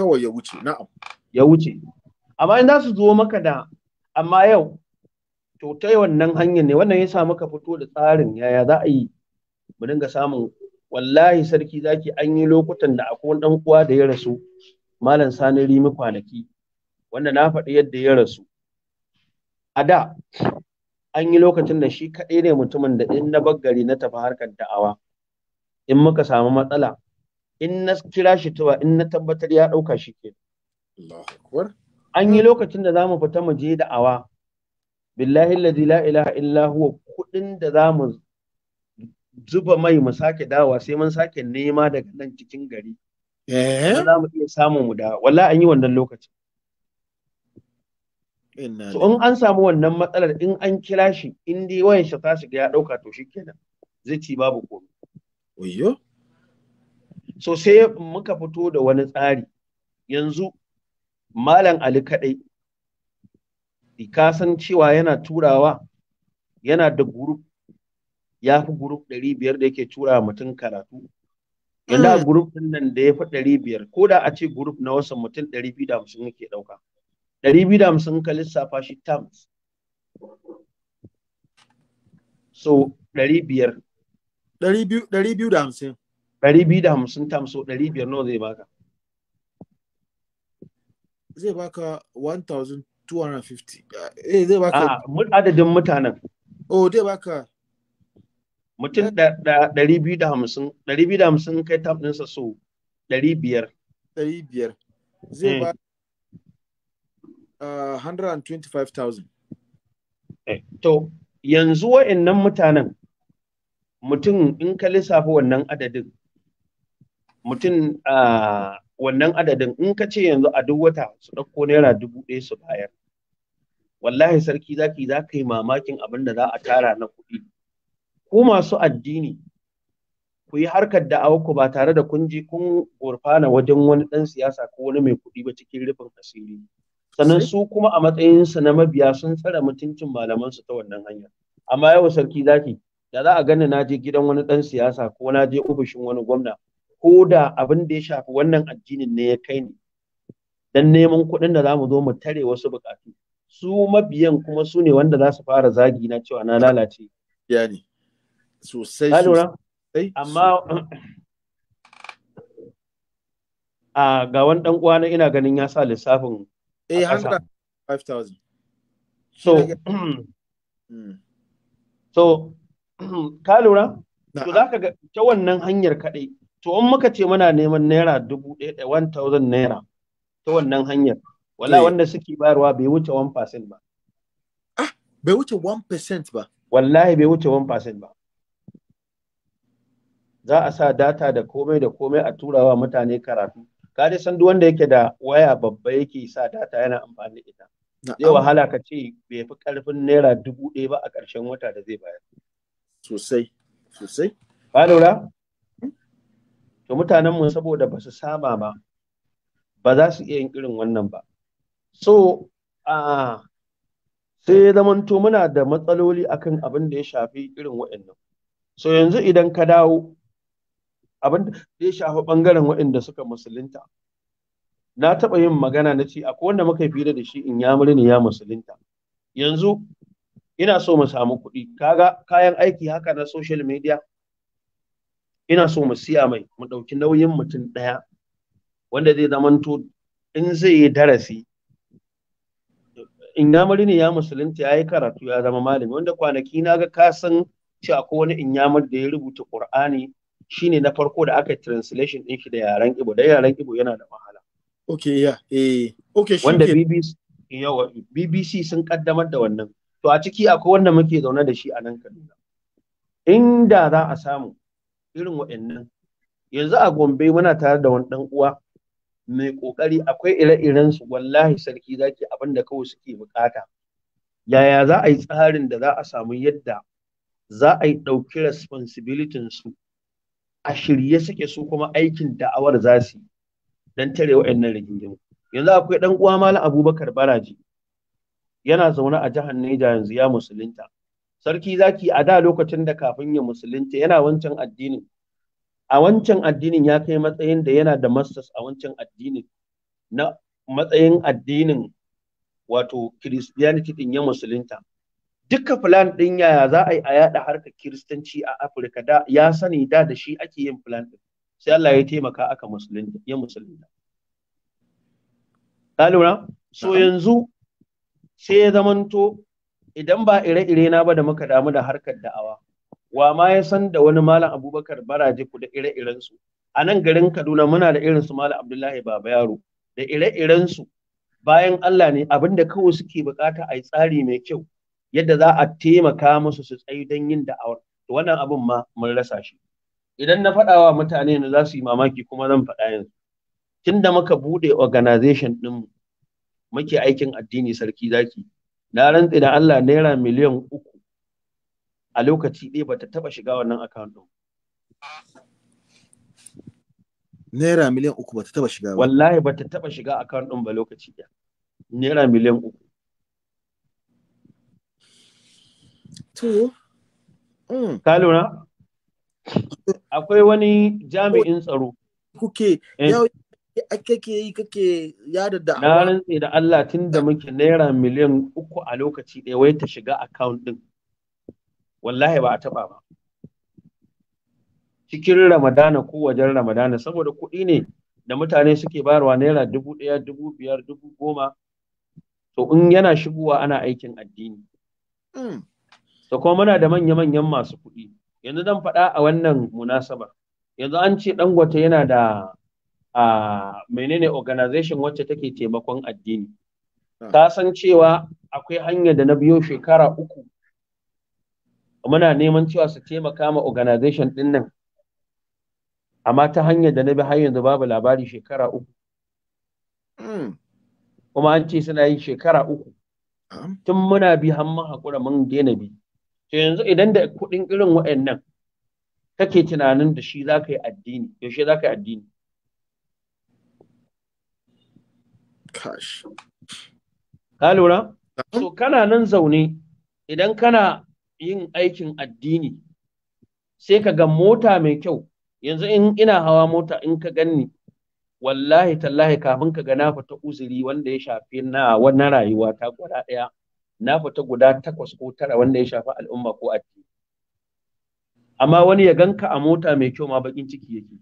kawai ya wuce na'am ya wuce amma in za su zo maka da amma yau to ta wannan hanyar ne wannan ya sa muka fito da tsarin yaya za a yi mu dinga samun wallahi sarki zaki an yi lokutan da akwai dan uwa da ya rasu malam sani rimi kwanaki wanda na faɗi yadda ya rasu a da an yi lokacin da shi kaɗai ne mutumin da in na baggari na tafi harkar da'awa in muka samu matsala in na kira shi tuba in na tabbatar ya ɗauka shi ke an yi lokacin da za mu fita mu je da'awa billahi alladhi la ilaha illa huwa kudin da zamu zuba mai mu sake dawa sai mun sake nema daga nan cikin gari eh za mu iya samu mu da wallahi an yi wannan lokacin So in an samu wannan matsalar in an kira shi in dai wayan shi ta shiga ya dauka to shikenan zai ci babu komai. Oyo. So sai muka fito da wani tsari yanzu Malam Ali kadai tallafi ka san cewa yana turawa yana da group ya fi group ɗari biyar da yake tura mutum karatu yanzu a hmm. group ɗin nan da ya fi ɗari biyar ko da a ce group na wasu mutum ɗari biyu da hamsin yake ɗauka ɗari biyu da hamsin ka lissafa shi terms so ɗari biyar ɗari biyu da hamsin ɗari biyu da hamsin terms so ɗari biyar nawa zai baka zai baka 1000 250 eh zai baka adadin mutanen oh zai baka mutum 250 250 kai tab ɗinsa so 500 500 zai hmm. ba 125,000 ah, eh, to yanzu wa'annan mutanen mutum in ka lissafa wannan adadin mutum ah, wannan adadin in ka ce yanzu a duk wata su ɗauko naira dubu ɗaya su bayar wallahi sarki zaki za ka yi mamakin abin da za a tara na kuɗi ku masu addini ku yi harkar da'awa ku ba tare da kun je kun gurfana wajen wani ɗan siyasa ko wani mai kuɗi ba cikin rufin asiri sannan su kuma a matsayinsu na mabiya sun tsare mutuncin malamansu ta wannan hanya amma yau sarki zaki da za a gani na je gidan wani ɗan siyasa ko na je ofishin wani gwamna ko da abin da ya shafi wannan addinin ne ya kai ni dan neman kuɗin da za mu zo mu tare wasu buƙatu su mabiyan kuma su ne wanda za su fara zagi na cewa na lalace yani sosai sosai amma (clears throat) a ga wani dan uwa na ina ganin ya sa lissafin eh 5000 so (clears throat) hmm. so (clears throat) ka lura to zaka ga ta wannan hanyar kaɗai to in muka ce muna neman naira dubu ɗaya thousand naira ta wannan hanyar wala eh. wanda suke bayarwa bai wuce 1% ba ah bai wuce 1% ba wallahi bai wuce 1% ba za a sa data da komai da komai a turawa mutane karatu ka dai san duk wanda yake da waya babba yake sa data yana amfani da ita zai wahala ka ce bai fi karfin naira dubu ɗaya ba a ƙarshen wata da zai bayar sosai sosai ba lura to mutanen mu saboda ba su saba ba ba za su iya yin irin wannan ba so a sai zamanto muna da matsaloli akan abin da ya shafi irin waɗannan so yanzu idan ka dawo abin da ya shafi bangaren waɗanda suka musulunta na taɓa yin magana na ce akwai wanda muka fi da shi in ya murni ya musulunta yanzu ina so mu samu kuɗi kaga kayan aiki haka na social media ina so mu siya mai mu ɗauki nauyin mutum ɗaya wanda zai zamanto in zai yi darasi inyamuri ne ya musulunta ya yi karatu ya zama malami wanda kwanaki na ga kasan cewa ko wani inyamur da ya rubuta qur'ani shine na farko da aka yi translation ɗin shi da yaren ibo da yaren ibo yana da wahala okay ya eh okay shi wanda BBC yawa BBC sun kaddamar da wannan to a ciki akwai wanda muke zaune da shi a nan Kaduna inda za a samu irin waɗannan yanzu a gombe muna tare da wani ɗan uwa mai ƙoƙari akwai ire-iren su wallahi sarki zaki abin da kawai suke buƙata yaya za a yi tsarin da za a samu yadda za a yi ɗauki responsibilitin su a shirye suke su kuma aikin da'awar za su yi don tare waɗannan rigingimu yanzu akwai ɗan uwa malam abubakar baraji yana zaune a jihar Neja yanzu ya musulunta sarki zaki a da lokacin da kafin ya musulunta yana wancan addinin a wancan addinin ya kai matsayin da yana da masters a wancan addinin na matsayin addinin wato Christianity din ya musulunta duka plan din yaya za a yi a yada harkar kiristanci a Afirka da ya sani da da shi ake yin plan din sai Allah ya taimaka aka musulunta ya musulunta ka lura so yanzu sai ya zamanto idan ba ire-ire na ba da muka damu da harkar da'awa wa ma ya san da wani malam abubakar baraje ku da ire-irensu a nan garin kaduna muna da irin su malam abdullahi baba yaro da ire-irensu bayan allah ne abin da kawai suke bukata a yi tsari mai kyau yadda za a taimaka musu su tsayi don yin da'awar Da wannan abin ma mun rasa shi idan na faɗa wa mutane na za su yi mamaki kuma zan faɗa yanzu Tunda muka buɗe organization ɗinmu muke aikin addini sarki zaki na rantse da Allah naira miliyan uku a lokaci ɗaya ba ta taɓa shiga wannan account ɗin. Naira miliyan uku ba ta taɓa shiga Wallahi ba ta taɓa shiga account ɗin ba lokaci ɗaya. Naira miliyan uku. To. Mm. Ka lura? (laughs) Akwai wani jami'in tsaro. Kuke, eh. yau kake yi kake ya da na rantse da Allah tun da muke naira miliyan uku a lokaci ɗaya wai ta shiga account ɗin wallahi ba a taɓa ba cikin ramadana ko wajen ramadana saboda kuɗi ne da mutane suke barwa naira dubu ɗaya dubu biyar dubu goma to in yana shigowa ana aikin addini hmm. to kuma muna da manya-manyan masu kuɗi yanzu zan faɗa a wannan munasabar yanzu an ce dangote yana da a menene organization wacce take taimakon addini ah. ka san cewa akwai hanyar da na biyo shekara uku muna neman cewa su taimaka ma organization din nan amma ta hanyar da na bi har yanzu babu labari shekara uku hmm. kuma an ce suna yin shekara uku ah. tun muna bi har mun haƙura mun daina bi to yanzu idan da kuɗin irin waɗannan kake tunanin da shi yaushe za ka yi addini Kash. Ka lura? So kana nan zaune idan kana yin aikin addini sai ka ga mota mai kyau yanzu in ina hawa mota in ka ganni wallahi tallahi kafin ka ga na fita uzuri wanda ya shafi na wannan rayuwa ta gwada ɗaya na fita guda takwas ko tara wanda ya shafi al'umma ko addini amma wani ya ganka a mota mai kyau ma bakin ciki yake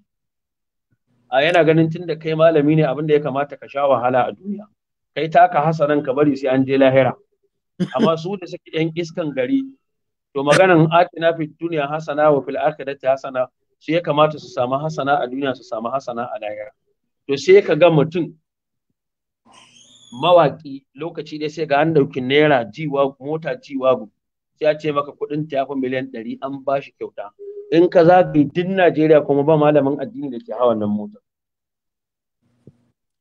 a yana ganin tun da kai malami ne abin da ya kamata ka sha wahala a duniya kai taka hasanan ka bari sai an je lahira amma su da suke yan iskan gari to maganan atina fi duniya hasana wa fil akhirati hasana su ya kamata su samu hasana a duniya su samu hasana a lahira to sai ka ga mutum mawaki lokaci dai sai ga an dauki naira jiwa mota jiwa sai ya ce maka kudin ta yafi miliyan 100 an bashi kyauta in ka yi duk Najeriya kuma ba malamin addini da ke hawa nan mota.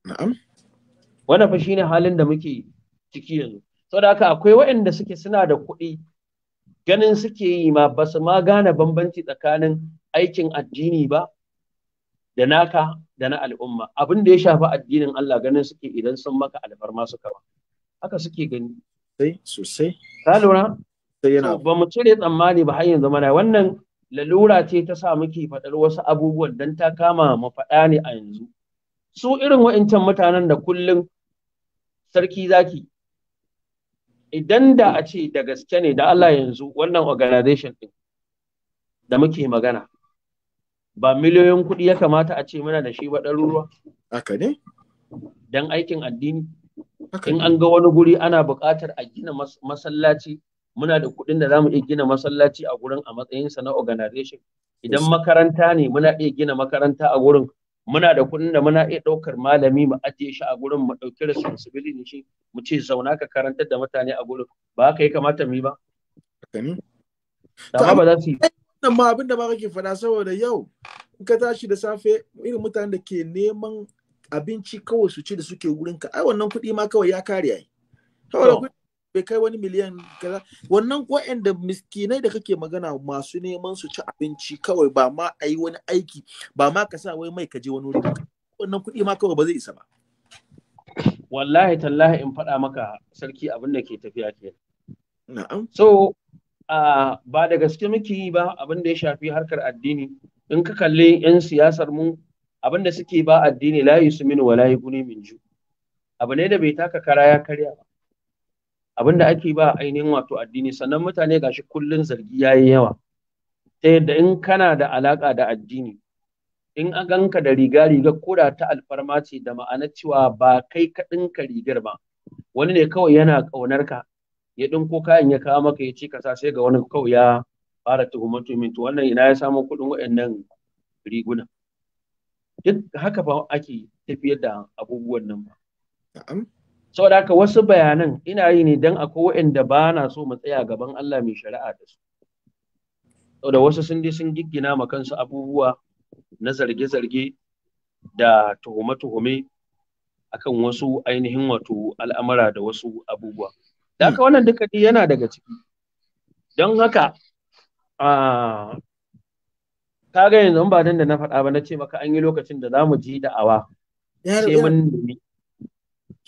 Na'am. Wannan fa shine halin da muke ciki yanzu. Saboda haka akwai waɗanda suke suna da kuɗi ganin suke yi ma ba su ma gane bambanci tsakanin aikin addini ba da naka da na al'umma abin da ya shafi addinin Allah ganin suke idan sun maka alfarma suka ba haka suke gani sosai ka lura ba mu cire tsammani ba har yanzu mana wannan lalura ce ta sa muke faɗar wasu abubuwan don ta kama mu faɗa ne a yanzu su irin wa'incan mutanen da kullun sarki zaki idan da a ce da gaske ne da Allah yanzu wannan organization ɗin da muke magana ba miliyoyin kuɗi ya kamata a ce muna da shi ba ɗaruruwa haka ne don aikin addini in an ga wani guri ana buƙatar a gina masallaci muna da kuɗin da zamu iya gina masallaci a gurin a matsayinsa na organization idan makaranta ne muna iya gina makaranta a gurin muna da kuɗin da muna iya ɗaukar malami mu ajiye shi a gurin mu ɗauki responsibility shi mu ce zauna ka karantar da mutane a gurin ba haka ya kamata mu yi ba amma ba za su yi wannan ma abin da ba kake faɗa saboda yau in ka tashi da safe irin mutanen da ke neman abinci kawai su ci da suke gurin ka ai wannan kuɗi ma kawai ya kare ai saboda kuɗi bai kai wani miliyan kaza wannan waɗanda miskinai da kake magana masu neman su ci abinci kawai ba ma a yi wani aiki ba ma ka sa wai mai ka je wani wuri wannan kuɗi ma kawai ba zai isa ba wallahi tallahi in faɗa maka sarki abin da ke tafiya ke na'am so uh, ba da gaske muke yi ba abin da ya shafi harkar addini in ka kalli 'yan siyasar mu abin da suke ba addini la yusminu wala la guni min ju abu ne da bai taka kara ya karya ba Abin da ake ba ainihin wato addini sannan mutane gashi kullun zargi yayi yawa ta yadda in kana da alaka da addini in a ganka da riga riga da ta alfarma ce da ma'ana cewa ba kai ka ɗinka rigar ba wani ne kawai yana ƙaunar ka ya ɗinko kayan ya kawo maka ya ce ka sa sai ga wani kawai ya fara tuhumatu min to wannan ina ya samo kuɗin waɗannan riguna duk haka ba ake tafiyar da abubuwan nan ba saboda haka wasu bayanan ina yi ne don akwai waɗanda ba na so mu tsaya gaban Allah mai shari'a da su saboda wasu sun je sun giggina ma kansu abubuwa na zarge-zarge da tuhume-tuhume akan wasu ainihin wato al'amara da wasu abubuwa da haka wannan duka yana daga ciki don haka ka ga yanzu ba da na faɗa ba na ce maka an yi lokacin da za mu ji da'awa sai mun nemi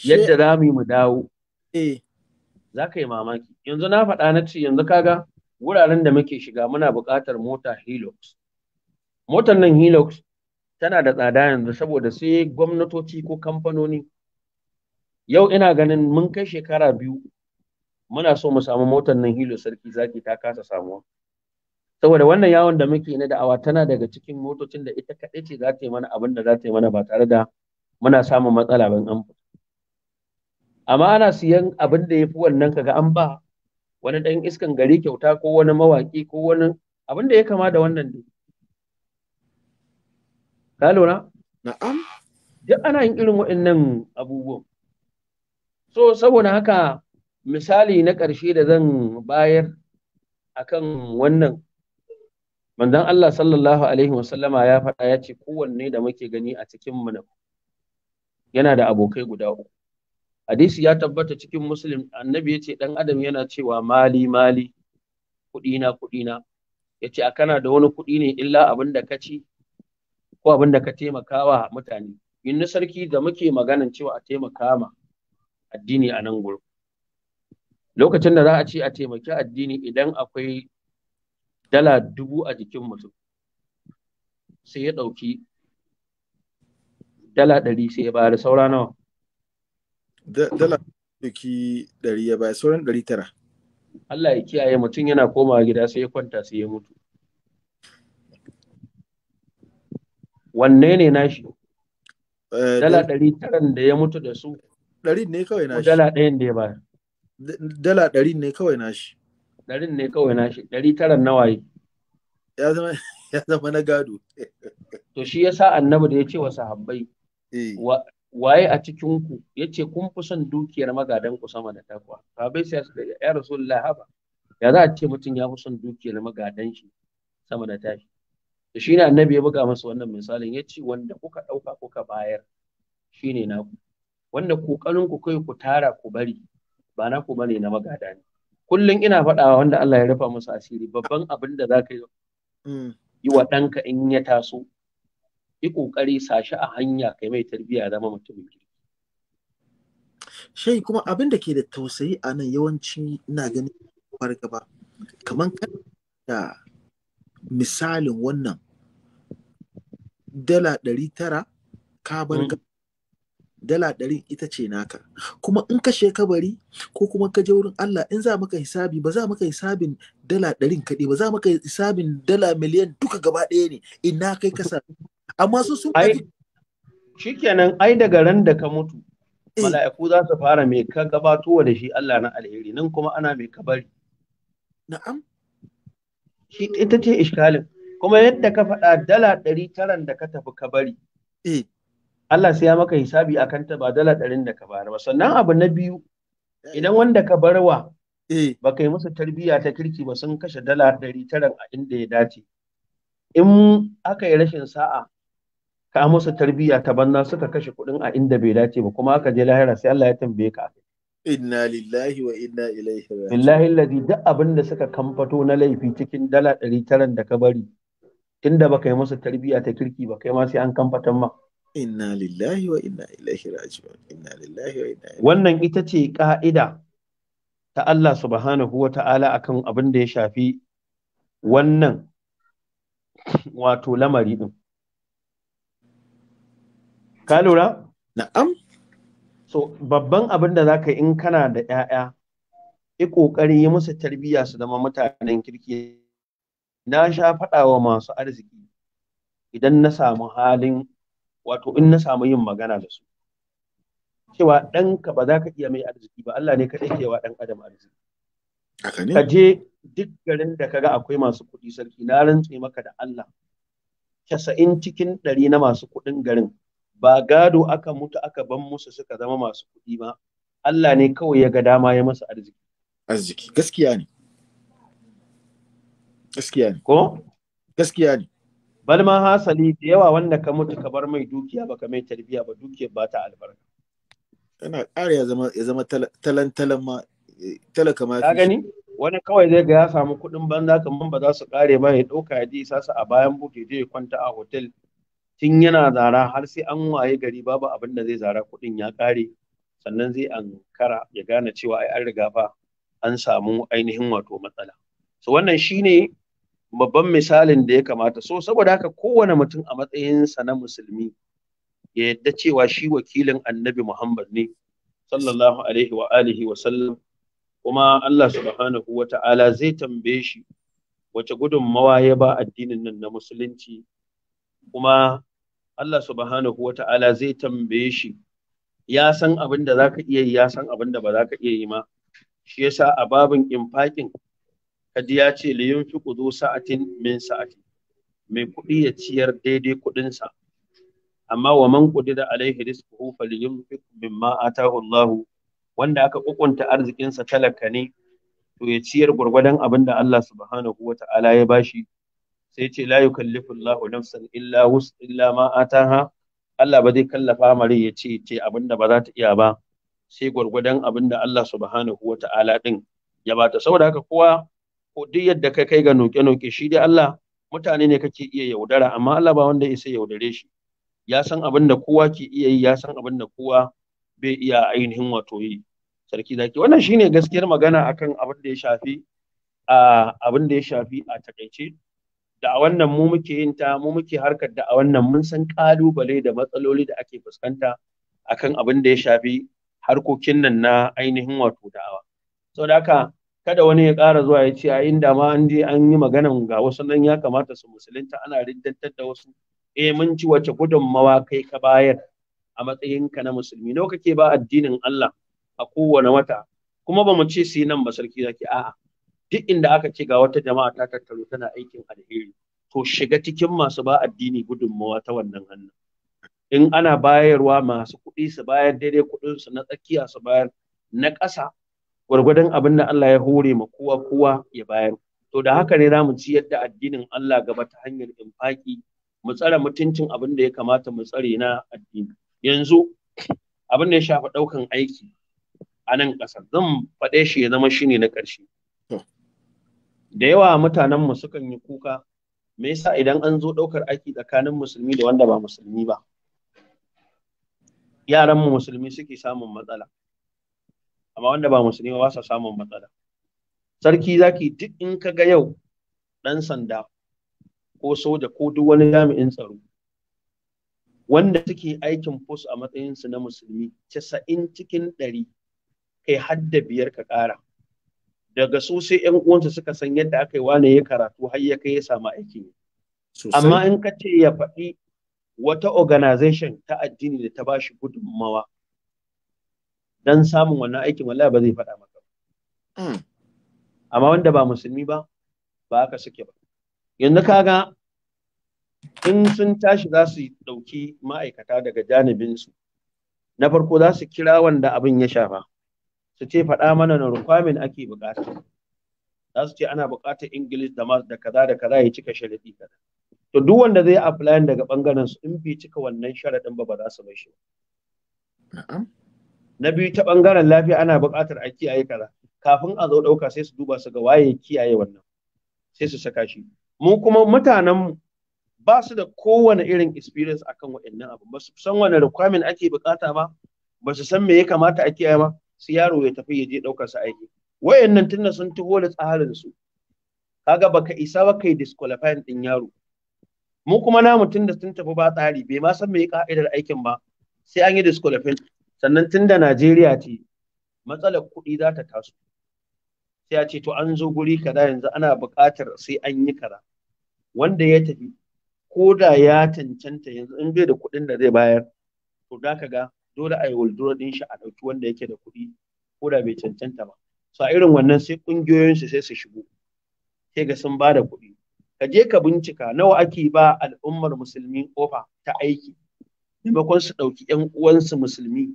yadda za mu yi mu dawo eh. za ka yi mamaki yanzu na faɗa na ce yanzu kaga wuraren da muke shiga muna buƙatar mota hilux motar nan hilux tana da tsada yanzu saboda sai gwamnatoci ko kamfanoni yau ina ganin mun kai shekara biyu muna so mu samu motar nan Hilux, sarki zaki ta kasa samuwa saboda wannan yawon da muke na da'awa tana daga cikin motocin da ita kaɗai ce za ta yi mana abin da za ta yi mana ba tare da muna samun matsala ban an amma ana siyan abin da ya fi wannan kaga an ba wani ɗan iskan gari kyauta ko wani mawaƙi ko wani abin da ya kama da wannan ne ka lura na'am duk ana yin irin waɗannan abubuwan so saboda haka misali na ƙarshe da zan bayar akan wannan manzon Allah sallallahu alaihi wasallama ya faɗa ya ce kowanne da muke gani a cikin mu yana da abokai guda uku hadisi ya tabbata cikin muslim annabi ya ce dan adam yana cewa mali mali kudi na. ya ce a kana da wani kuɗi ne illa abin da ka ci ko abin da ka taimaka wa mutane in sarki da muke maganan cewa a taimaka ma addini a nan gurin lokacin da za a ce a taimaki addini idan akwai dala dubu a jikin mutum sai ya ɗauki dala ɗari sai ya bayar saura nawa dala ki ɗari ya baya sauran ɗari tara Allah ya kiyaye mutum yana komawa gida sai ya kwanta sai ya mutu wanne ne nashi eh, dala ɗari taran da ya mutu da su ɗari ne kawai nashi dala ɗayan da ya baya dala ɗari ne kawai nashi ɗarin ne kawai nashi ɗari taran nawa yi ya zama (laughs) ya zama na gado to shi yasa annabi da ya ce wa sahabbai eh. waye hmm. a cikin ku yace kun fi son dukiyar magadan ku sama da takwa bai sai su ce ya rasulullah haba ya za a ce mutum ya fi son dukiyar magadan shi sama da tashi to shine annabi ya buga masa wannan misalin yace wanda kuka dauka kuka bayar shine naku wanda kokarin ku kai ku tara ku bari ba naku bane na magada ne kullum ina faɗawa wanda Allah ya rufa masu asiri babban abin da zaka yi hmm. yi wa ɗanka in ya taso yi ƙoƙari sashi a hanya kai mai tarbiyya zama mutum kirki. Shai kuma abin da ke da tausayi a nan yawanci ina ganin fargaba kamar kan da misalin wannan dala ɗari tara ka bar mm. dala ɗari ita ce naka kuma in ka kabari ko kuma ka je wurin Allah in za maka hisabi ba za maka hisabin dala ɗarin kaɗai ba za maka hisabin dala miliyan duka gaba ɗaya ne ina kai ka samu amma su sun ai shikenan ai daga ran da ka mutu eh. mala'iku za su fara mai ka gabato da shi Allah na alheri nan kuma ana mai kabari na'am shi ita ce iskalin kuma yadda ka faɗa dala ɗari taran da ka tafi kabari eh Allah sai ya maka hisabi a kanta ba dala ɗarin da ka bari ba sannan abu na biyu idan wanda ka barwa eh. ba kai musu tarbiyya ta kirki ba sun kashe dala ɗari taran a inda ya dace in aka yi rashin sa'a ka musu tarbiyya ta banna suka kashe kuɗin a inda bai dace ba kuma aka je lahira sai Allah ya tambaye ka inna lillahi wa inna ilaihi raji'un billahi alladhi duk abin da suka kamfato na laifi cikin dala 900 da ka bari tunda baka yi musu tarbiyya ta kirki ba kai ma sai an kamfatan ma inna lillahi wa inna ilaihi raji'un inna lillahi wa inna ilaihi wannan ita ce ka'ida ta Allah subhanahu wa ta'ala akan abin da ya shafi wannan wato lamari din Ka lura? Na'am. So babban abin da za zaka in kana da ‘ya'ya, yi ƙoƙari yi musu tarbiyya su zama mutanen kirki. Na sha faɗawa masu arziki idan na samu halin wato in na samu yin magana da su. Cewa ɗanka ba za ka iya mai arziki ba, Allah ne kaɗai ke wa ɗan adam arziki. Ka je duk garin da ka ga akwai masu kuɗi sarki na rantse maka da Allah. Casa'in cikin ɗari na masu kuɗin garin ba gado aka mutu aka ban musu suka zama masu kuɗi ba Allah ne kawai ya ga dama ya masa arziki arziki gaskiya ne gaskiya ne ko gaskiya ne bal ma hasali da yawa wanda ka mutu ka bar mai dukiya baka mai tarbiya ba dukiya ba ta albarka yana ƙara ya zama ya zama talan talan ma eh, talaka ma ka gani wani kawai zai ga ya samu kuɗin banza kaman ba za su ƙare ba ya ɗauka ya je isa su a bayan buke je ya kwanta a hotel tun yana zara har sai an waye gari babu abin da zai zara kuɗin ya ƙare sannan zai ankara ya gane cewa ai an riga fa an samu ainihin wato matsala so wannan shine babban misalin da ya kamata so saboda haka kowane mutum a matsayinsa na musulmi ya yadda cewa shi wakilin annabi Muhammad ne sallallahu alaihi wa alihi wa sallam kuma Allah subhanahu wa ta'ala zai tambaye shi wace gudunmawa ya ba addinin nan na musulunci kuma Allah subhanahu wa ta'ala zai tambaye shi ya san abin da zaka iya yi ya san abin da ba zaka iya yi ma shi yasa a babin infakin kaji ya ce li fi zu sa'atin min sa'ati mai kuɗi ya ciyar daidai kuɗinsa amma wa man da alaihi rizquhu falyunfiq mimma atahu Allah wanda aka ƙuƙunta arzikinsa talaka ne to ya ciyar gwargwadon abin da Allah subhanahu wa ta'ala ya bashi sai ce la yukallifu Allahu nafsan illa wus illa ma ataha Allah ba zai kallafa mare ya ce ce abinda ba za ta iya ba sai gwargwadon abinda Allah subhanahu wata'ala din ya bata saboda haka kowa ko duk yadda ka kai ga noke-noke shi dai Allah mutane ne kake iya yaudara amma Allah ba wanda isa yaudare shi ya san abinda kowa ke iya yi ya san abinda kowa bai iya ainihin wato yi sarki zaki wannan shine gaskiyar magana akan abin da ya shafi a abin da ya shafi a takaice da a wannan mu muke yin ta mu muke harkar da a wannan mun san kalubale da matsaloli da ake fuskanta akan abin da ya shafi harkokin nan na ainihin wato da'awa da haka kada wani ya ƙara zuwa ya ce a inda ma an je an yi maganan ga wasu nan ya kamata su musulunta ana riddantar da wasu eh mun ci wace gudunmawa kai ka bayar a matsayinka na musulmi nawa kake ba addinin Allah a kowane wata kuma ba mu ce sai nan ba sarki zaki a'a duk inda aka ce ga wata jama'a ta tattaro tana aikin alheri to shiga cikin masu ba addini gudunmawa ta wannan hannun in ana bayarwa masu kuɗi su bayar daidai kuɗin su na tsakiya su bayar na ƙasa gwargwadon abin da Allah ya hore ma kowa kowa ya bayar to da haka ne zamu ci yadda addinin Allah gaba ta hanyar infaki mu tsare mutuncin abin da ya kamata mu tsare na addini yanzu abin da ya shafi ɗaukan aiki a nan ƙasar zan faɗe shi ya zama shine na ƙarshe da yawa mutanen mu sukan yi kuka me yasa idan an zo ɗaukar aiki tsakanin musulmi da wanda ba musulmi ba yaran mu musulmi suke samun matsala amma wanda ba musulmi ba sa samun matsala sarki zaki duk in ka ga yau ɗan sanda ko soja ko duk wani jami'in tsaro wanda suke aikin post a matsayinsu na musulmi casa'in cikin ɗari kai hadda biyar ka ƙara daga su sai yan uwansa suka san yadda aka yi wane ya karatu har ya kai ya samu aiki ne. amma in ka ce ya faɗi wata organization ta addini da ta bashi gudunmawa don samun wannan aikin wallahi ba zai faɗa maka hmm. amma wanda ba musulmi ba ba haka suke ba yanzu kaga in sun tashi za su ɗauki ma'aikata daga janibinsu na farko za su kira wanda abin ya shafa su ce faɗa mana na requirement ake buƙata. za su ce ana buƙatar English da math da kaza da kaza ya cika sharadi kaza to duk wanda zai apply daga bangaren su in bai cika wannan sharadin ba ba za su mai shi na biyu ta bangaren lafiya ana buƙatar a kiyaye kaza kafin a zo ɗauka sai su duba su ga waye kiyaye wannan sai su saka shi mu kuma mutanen ba su da kowane irin experience akan waɗannan abu ba su san wani requirement ake buƙata ba ba su san me ya kamata a kiyaye ba su yaro ya tafi ya je ɗaukar sa aiki wayannan tunda sun taho da tsarin su kaga baka isa ba kai disqualifying din yaro mu kuma na namu da sun tafi ba tsari bai ma san me ka'idar aikin ba sai an yi disqualifying sannan tunda Najeriya ce matsalar kuɗi za ta taso sai a ce to an zo guri kaza yanzu ana buƙatar sai an yi kara. wanda ya tafi ko da ya cancanta yanzu in bai da kuɗin da zai bayar to da ka dole a yi wulduro din shi a ɗauki wanda yake da kuɗi ko da bai cancanta ba so a irin wannan sai ƙungiyoyinsu sai su shigo sai ga sun ba da kuɗi ka je ka bincika nawa ake ba al'ummar musulmi kofa ta aiki maimakon su ɗauki ƴan uwansu musulmi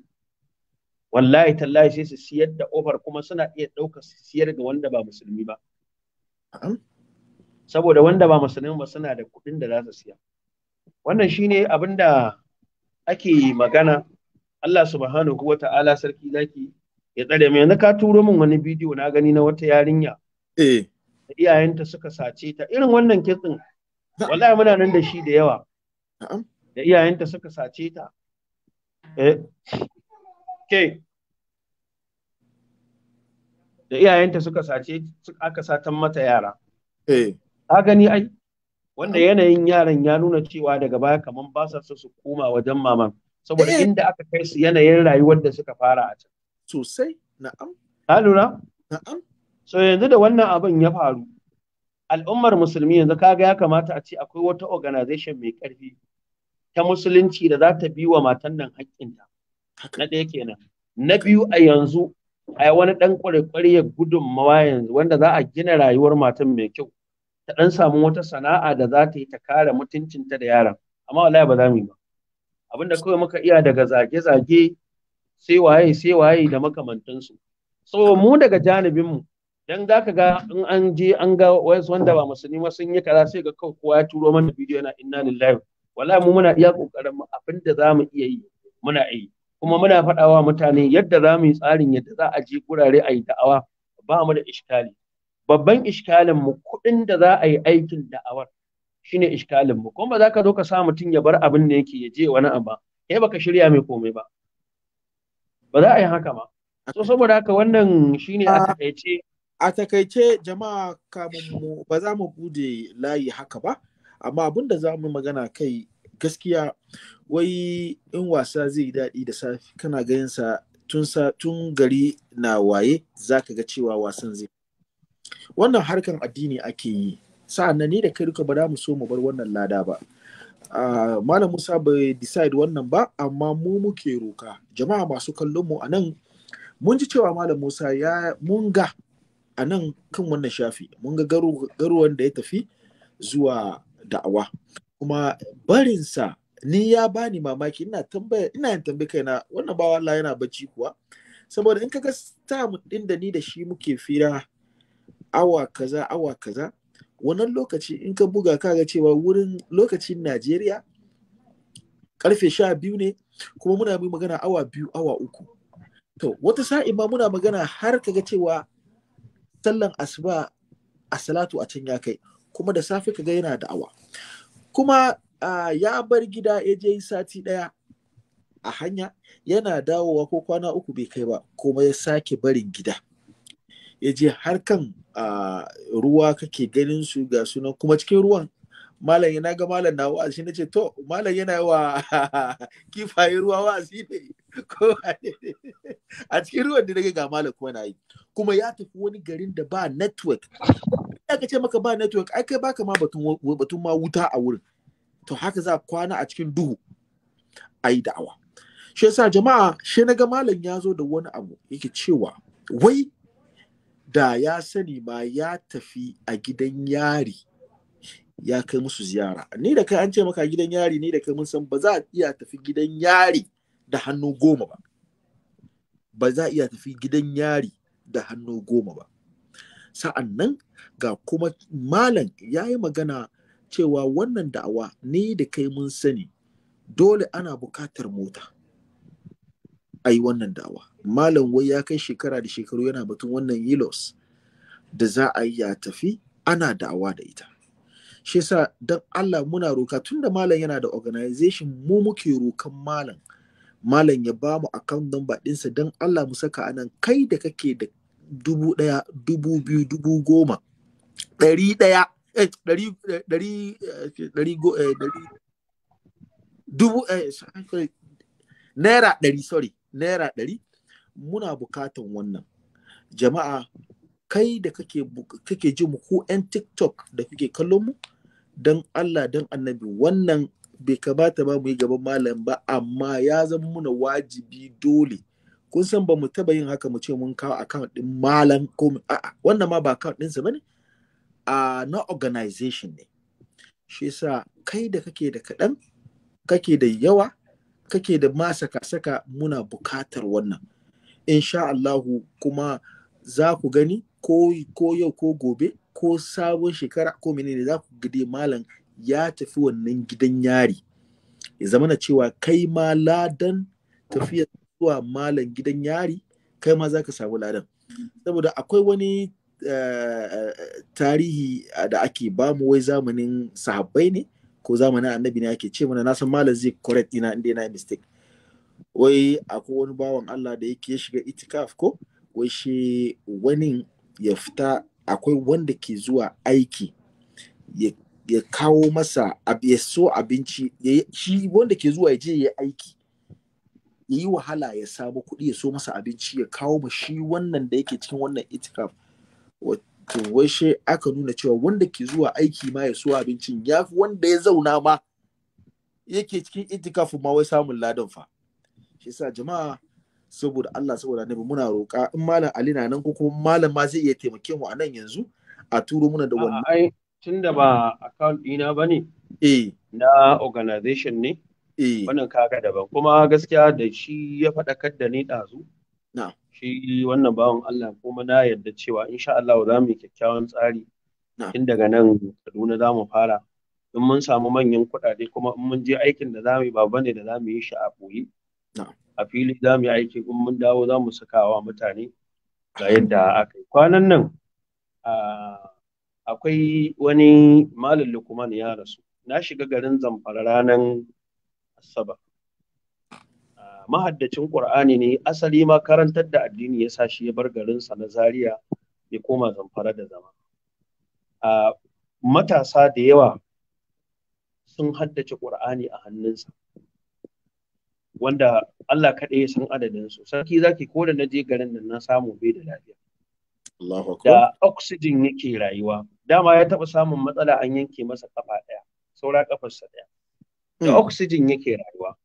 wallahi tallahi sai su siyar da ofar kuma suna iya ɗaukar su siyar ga wanda ba musulmi ba saboda wanda ba musulmi ba suna da kuɗin da za su siya wannan shine abin da ake magana Allah subhanahu wa ta'ala sarki zaki ya tsare mai na ka turo min wani bidiyo na gani na wata yarinya eh iyayenta suka sace ta irin wannan kitsin wallahi muna nan da shi da yawa da iyayenta suka sace ta eh ke da iyayenta suka sace aka satan mata yara eh ka gani ai wanda yanayin yaran ya nuna cewa daga baya kaman ba sa so su koma wajen maman saboda eh. inda aka kai su yanayin rayuwar da suka fara a can sosai na'am lura na'am so yanzu da wannan abin ya faru al'ummar musulmi yanzu kaga ya kamata a ce akwai wata organization mai ƙarfi ta musulunci da za ta bi wa matan nan haƙƙinta na ɗaya kenan na biyu a yanzu a wani ɗan ƙwarƙwari ya gudunmawa yanzu wanda za a gina rayuwar matan mai kyau ta ɗan samu wata sana'a da za ta yi ta kare mutuncinta da yaran amma wallahi ba za mu yi ba abinda kawai muka iya daga zage-zage sai waye sai waye da makamantansu so mu daga janibin mu dan ka ga in an je an ga wasu wanda ba musulmi ma sun yi kaza sai ga kawai kowa ya turo mana bidiyo yana inna lillahi wallahi mu muna iya kokarin mu abinda zamu iya yi muna yi kuma muna faɗawa mutane yadda za mu yi tsarin yadda za a je gurare ayi da'awa ba mu da iskali babban iskalin mu kuɗin da za a yi aikin da'awar shine iskalin mu kuma za ka zo ka sa mutum ya bar abin da yake ya je wani abu kai baka shirya mai komai ba ba za a yi haka ba so saboda haka wannan shine a takaice a takaice jama'a kamun mu ba za mu bude layi haka ba amma abin da za mu magana kai gaskiya wai in wasa zai yi daɗi da safi kana ganin sa tun sa tun gari na waye za ga cewa wasan zai wannan harkan addini ake yi sa'an nan ni da kai duka ba za mu so mu bar wannan lada ba ah, Malam Musa bai decide wannan ba, amma mu muke roka. Jama'a masu kallon mu a nan, mun ji cewa Malam Musa ya mun ga a nan kan wannan shafi, mun ga garuwan da ya tafi zuwa da'awa. Kuma barinsa ni ya bani mamaki ina tambaya ina yin tambaya kaina wannan bawa Allah yana bacci kuwa. Saboda in ka ga stam din da ni da shi muke fira awa kaza awa kaza wannan lokaci in ka buga kaga cewa wurin lokacin najeriya karfe sha biyu ne kuma muna mai magana awa biyu awa uku to wata sa'in ma muna magana har kaga cewa sallan asuba a salatu a can ya kai kuma da safe kaga yana da awa kuma ya bar gida ya je sati ɗaya a hanya yana dawowa ko kwana uku bai kai ba kuma ya sake barin gida ya je har kan a ruwa kake ganin su ga suna? kuma cikin ruwan malam yana ga malam na wa'azi na ce to malam yana wa (laughs) kifaye ruwa wa'azi ne (laughs) ko a cikin ruwan da nake ga malam kuma na yi kuma ya tafi wani garin da ba network aka ce maka ba network ai kai baka ma batun ma wuta a wurin to haka za kwana a cikin duhu ai da'awa shi yasa jama'a shi na ga malam ya zo da wani abu yake cewa wai da ya sani ma ya tafi a gidan yari ya kai musu ziyara ni da kai an ce maka gidan yari ni da kai mun san ba za a iya tafi gidan yari da hannu goma ba ba za a iya tafi gidan yari da hannu goma ba sa'an nan ga kuma malam ya yi magana cewa wannan da'awa ni da kai mun sani dole ana buƙatar mota a yi wannan dawa malam wai ya kai shekara da shekaru yana batun wannan yilos da za a yi ya tafi ana dawa da ita shi yasa don Allah muna roka tunda malam yana da organization mu muke rokan malam malam ya ba mu account number ɗinsa don Allah mu saka anan kai da kake da dubu ɗaya dubu biyu dubu goma ɗari ɗaya eh, ɗari ɗari eh, eh, dubu naira ɗari sorry naira ɗari muna bukatan wannan jama'a kai da kake ji mu ko 'yan tiktok da kuke kallon mu don allah don annabi wannan bai kamata ba mu yi gaban malam ba amma ya zama muna wajibi dole kun san ba mu taba yin haka mu ce mun kawo account din malam ko a'a wannan ma ba account ɗinsa bane a na organization ne shi yasa kai da kake da kaɗan kake da yawa kake da ka saka muna bukatar wannan insha Allahu kuma za ku gani ko yau ko gobe ko sabon shekara ko menene za ku gade malam ya tafi wannan gidan yari ya zama na cewa kai ma ladan tafiya zuwa malam gidan yari kai ma za ka samu ladan saboda akwai wani eh, eh, tarihi da ake bamu wai zamanin sahabbai ne ko zamanin annabi ne ake ce mana na san malam zai correct ina inda yana mistake wai akwai wani bawan Allah da yake ya shiga itikaf ko wai shi wani ya fita akwai wanda ke zuwa aiki ya kawo masa ya so abinci shi wanda ke zuwa ya je ya aiki ya yi wahala ya samu kuɗi ya so masa abinci ya kawo ma shi wannan da yake cikin wannan itikaf to wai she aka nuna cewa wanda ke zuwa aiki ma ya so abincin ya fi wanda ya zauna ma yake cikin itikafin ma wai samun ladan fa shi yasa jama'a saboda Allah saboda annabi muna roƙa in malam Ali na nan ko kuma malam ma zai iya taimake mu a nan yanzu a turo muna da wannan ai tunda ba account ɗina bane eh na organization ne eh wannan kaga daban kuma gaskiya da shi ya faɗakar da ni ɗazu na'am shi wannan bawan Allah kuma na yarda cewa insha Allah za mu yi kyakkyawan tsari tun daga nan Kaduna za mu fara in mun samu manyan kuɗaɗe kuma in mun je aikin da za mu yi ba bane da za mu yi shi a ɓoye a fili za mu yi aiki in mun dawo za mu sakawa mutane ga yadda aka yi kwanan nan akwai wani malam lukuman ya rasu na shiga garin zamfara ranar asabar mahaddacin ƙur'ani ne asali ma karantar da addini ya sa shi ya bar garinsa na Zaria ya koma zamfara da zama. A matasa da yawa sun haddace ƙur'ani a hannunsa. Wanda Allah kaɗai ya san adadinsu. Sarki zaki ko da na garin nan na samu bai da lafiya. Da oxygen yake rayuwa. Dama ya taɓa samun matsala an yanke masa kafa ɗaya, saura kafarsa ɗaya. Da hmm. oxygen yake rayuwa.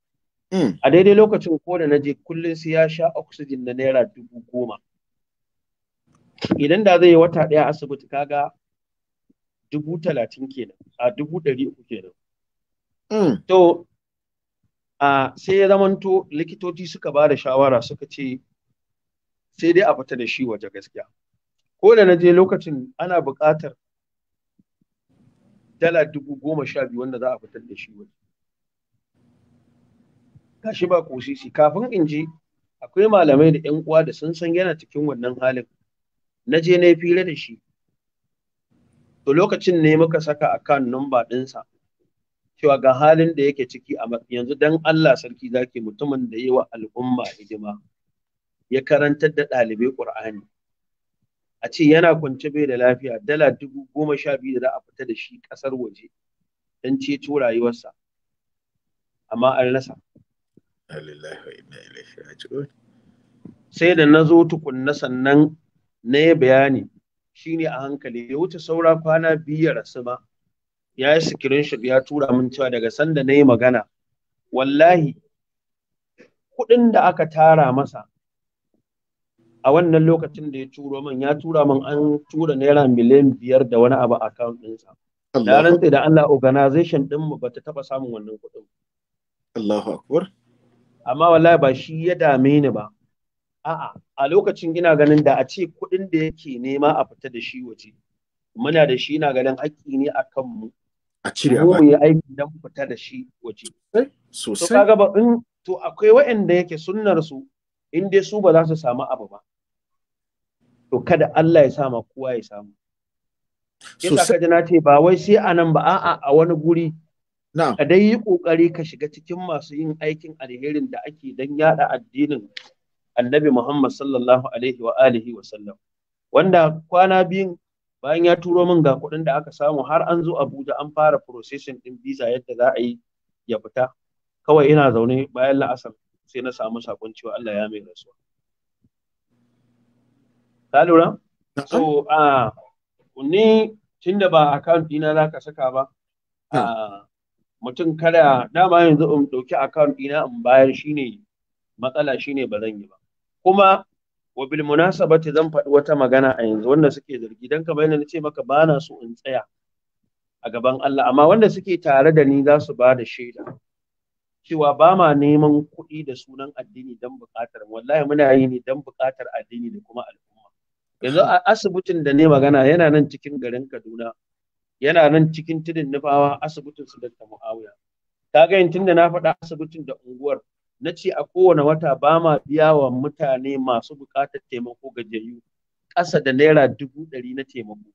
Mm. a daidai lokacin ko da naje kullum sai ya sha oxygen na naira dubu goma idan da zai yi wata ɗaya asibiti kaga dubu talatin kenan a dubu ɗari uku kenan mm. to a sai ya zamanto likitoci suka ba da shawara suka ce sai dai a fita da shi waje gaskiya ko da naje lokacin ana buƙatar dala dubu goma sha biyu wanda za a fitar da shi waje gashi ba kosisi kafin in ji akwai malamai da yan uwa da sun san yana cikin wannan halin na je na fira da shi to lokacin ne muka saka kan numba ɗinsa cewa ga halin da yake ciki a yanzu dan Allah sarki zaki mutumin da yi wa al'umma hidima ya karantar da ɗalibai ƙur'ani a ce yana kwance bai da lafiya dala dubu goma sha biyu da za a fita da shi ƙasar waje don ceto rayuwarsa amma an rasa sai da na zo tukunna sannan na yi bayani shine a hankali ya wuce saura kwana biyu ya rasu ba ya yi sikirin shi ya tura min cewa daga sanda na yi magana wallahi kuɗin da aka tara masa a wannan lokacin da ya turo min ya tura min an tura naira miliyan biyar da wani abu a kan ɗinsa. Na rantse da Allah organization ɗinmu ba ta taɓa samun wannan kuɗin. Allahu akbar. amma wallahi ba shi ya dame ni ba a'a a lokacin ina ganin da a ce kuɗin da yake nema a fita da shi waje muna da shi ina ganin haƙƙi ne a kanmu a cire a mu aiki don fita da shi waje eh, sosai to ba in to akwai waɗanda yake sunnar su in dai su ba za su samu abu ba to kada Allah ya ma kowa ya samu Yasa kaji na ce ba wai sai anan ba a'a a wani guri ka dai yi ƙoƙari ka shiga cikin masu yin aikin alherin da ake dan yada addinin annabi Muhammad sallallahu alaihi wa alihi wa sallam wanda kwana biyun bayan ya turo min ga kuɗin da aka samu har an zo Abuja an fara processing din visa yadda za a yi ya fita kawai ina zaune bayan la'asar sai na samu sakon cewa Allah ya mai rasuwa ka lura so a ah, ni tunda ba account dina za ka saka ba a mutum kada dama yanzu in ɗauki account ɗina in bayar shine matsala shine bazan yi ba kuma wa bil munasabati zan faɗi wata magana a yanzu wanda suke zargi dan kamar yadda nace maka ba na so in tsaya a gaban Allah amma wanda suke tare da ni za su ba da shaida cewa ba ma neman kuɗi da sunan addini don buƙatar wallahi muna yi ne dan buƙatar addini da kuma al'umma yanzu asibitin da ne magana yana nan cikin garin Kaduna yana nan cikin tudun nufawa asibitin su Dr. Muawiya. Ta ga tun da na faɗa asibitin da unguwar na ce a kowane wata ba ma biya wa mutane masu buƙatar taimako gajiyayyu ƙasa da naira dubu ɗari na taimako.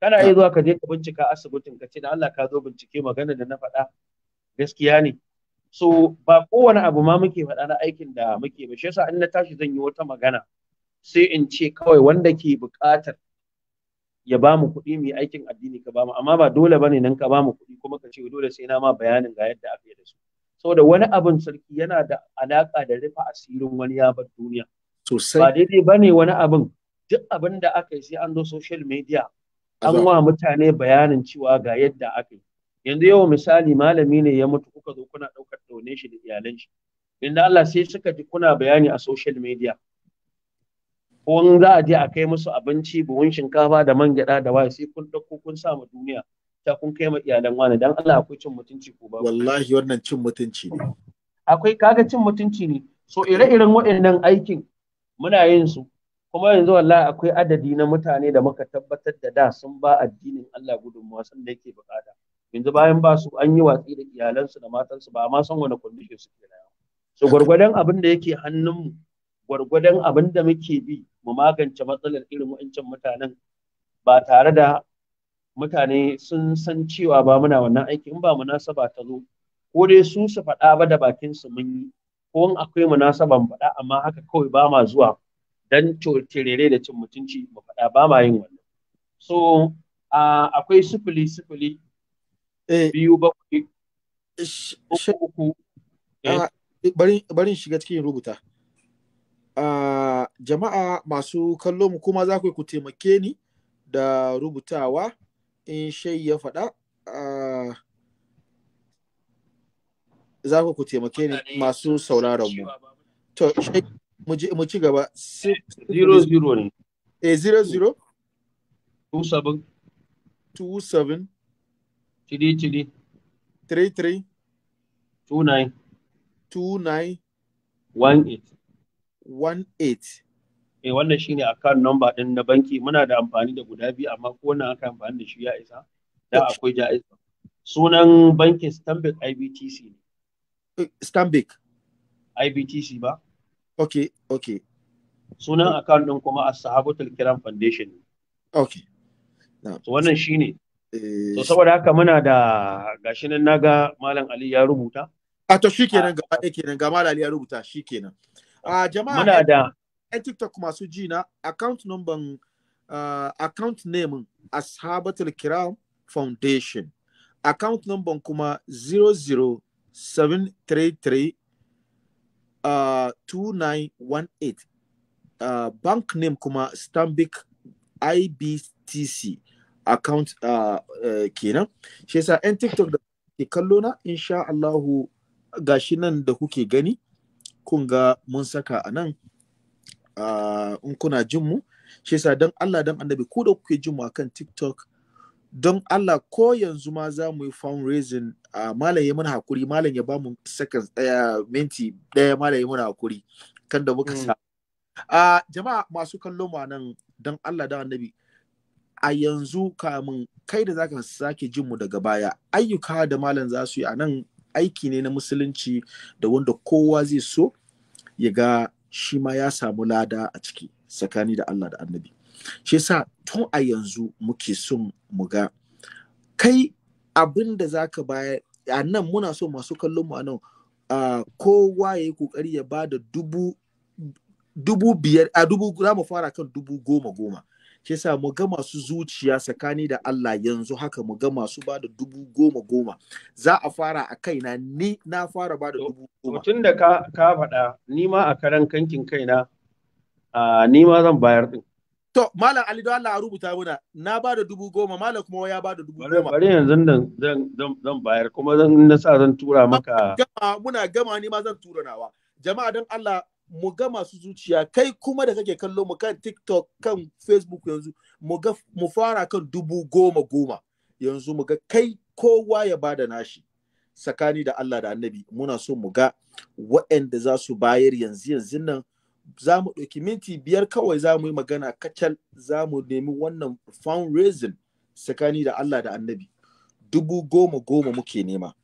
Kana iya zuwa ka je ka bincika asibitin ka ce da Allah ka zo bincike magana da na faɗa gaskiya ne. So ba kowane abu ma muke faɗa na aikin da muke ba shi yasa in na tashi zan yi wata magana sai in ce kawai wanda ke buƙatar ya ba mu kuɗi mu yi aikin addini ka ba mu amma ba dole bane nan ka ba mu kuɗi kuma ka ce dole sai na ma bayanin ga yadda aka yi da su saboda wani abin sarki yana da alaka da rufe asirin wani ya bar duniya sosai ba daidai bane wani abin duk abin da aka yi sai an zo social media an wa mutane bayanin cewa ga yadda aka yi yanzu yau misali malami ne ya mutu kuka zo kuna ɗaukar ɗaune shi da iyalan shi inda Allah sai suka ji kuna bayani a social media ko in za a je a kai musu abinci buhun shinkafa da man gyada da waye, sai kun dauko kun sa mu duniya ta kun kai ma iyalan wani dan Allah akwai cin mutunci ko ba wallahi wannan cin mutunci ne akwai kaga cin mutunci ne so ire-iren waɗannan aikin muna yin su kuma yanzu wallahi akwai adadi na mutane da muka tabbatar da da sun ba addinin Allah gudunmawa san da yake bukata yanzu bayan ba su an yi watsi da iyalansu da matansu ba ma san wani kundishin suke da so gwargwadon abin da yake hannunmu gwargwadon abin da muke bi mu magance matsalar irin wa'ancan mutanen ba tare da mutane sun san cewa ba muna wannan aiki in ba munasaba ta zo ko dai su su faɗa ba da bakin su mun yi ko in akwai munasaban faɗa amma haka kawai ba ma zuwa dan tirere da cin mutunci mu faɗa ba ma yin wannan so akwai sifili sifili eh. biyu bakwai uku eh. bari shiga cikin rubuta a jama'a masu kallo mu kuma za ku taimake ni da rubutawa in shai ya faɗa za ku taimake ni masu sauraron mu to shai mu ci gaba 00 ne a 00 27 27 cidi cidi 33 29 29 18 18 E eh, wannan shine account number din na banki muna da amfani da guda biyu amma ko wannan aka amfani da shi ya isa da akwai jaiz sunan bankin Stanbic IBTC eh, Stanbic IBTC ba okay okay sunan account din kuma a sahabatul Kiram Foundation ne okay so wannan shine eh. so saboda haka muna da gashi nan naga Malam Ali ya rubuta a to kenan ah. gaba ɗaya kenan ga Malam Ali ya rubuta shi kenan. Uh, jama'a muna da yan TikTok masu ji na account number uh, account name Ashabatul Kiram Foundation. Account number kuma 00733 uh, 2918. Uh, bank name kuma Stambic IBTC account uh, uh, kenan. Shi yasa 'yan TikTok da ke kallo na, insha Allahu gashi nan da kuke gani. kun ga mun saka a nan in kuna jin mu shi yasa don Allah don annabi ku da kuke jin mu akan TikTok don Allah ko yanzu ma za mu yi fundraising a malam ya mana hakuri malam ya ba mu seconds eh, minti daya malam ya mana hakuri kan da muka mm. sa a jama'a masu kallon mu nan don Allah don annabi a yanzu kamun kai da zaka sake jin mu daga baya ayyuka da malam za su yi a nan aiki ne na musulunci da wanda kowa zai so ya ga shi ma ya samu lada a ciki tsakani da Allah da annabi shi sa tun a yanzu muke son mu ga kai abin da za ka baya a nan muna so masu kallon mu a nan kowa ya yi kokari ya ba da dubu dubu biyar a dubu za mu fara kan dubu goma goma shi sa mu ga masu zuciya tsakani da Allah yanzu haka mu ga masu ba da dubu goma goma za a fara a kaina ni na fara ba da dubu goma tun da ka ka faɗa ni ma a karan kankin kaina a ni ma zan bayar din to malam Ali don Allah a rubuta muna na ba da dubu goma malam kuma ya ba da dubu goma bari yanzu nan zan zan bayar kuma zan nasa sa zan tura maka gama muna gama ni ma zan tura nawa jama'a don Allah mu ga masu zuciya kai kuma da kake kallo mu kan tiktok kan facebook yanzu mu fara kan dubu goma goma yanzu mu ga kai kowa ya ba da nashi tsakani da Allah da annabi muna so mu ga waɗanda za su bayar yanzu yanzu nan za mu ɗauki minti biyar kawai za mu yi magana kacal za mu nemi wannan fundraising tsakani da Allah da annabi dubu goma goma muke nema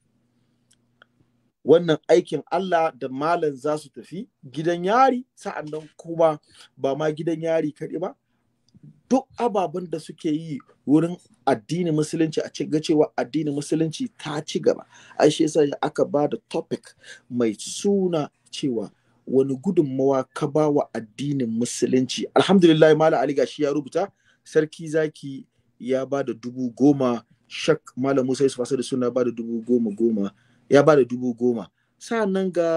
wannan aikin Allah da malam za su tafi gidan yari nan kuma ba ma gidan yari kaɗi ba duk ababen da suke yi wurin addinin musulunci a ga cewa addinin musulunci ta ci gaba ai shi yasa aka ba da topic mai suna cewa wani gudunmawa ka ba wa addinin musulunci alhamdulillah malam ali gashi ya rubuta sarki zaki ya ba da dubu goma shak malam musa yusuf da suna ba da dubu goma goma ya ba da dubu goma sa'annan ga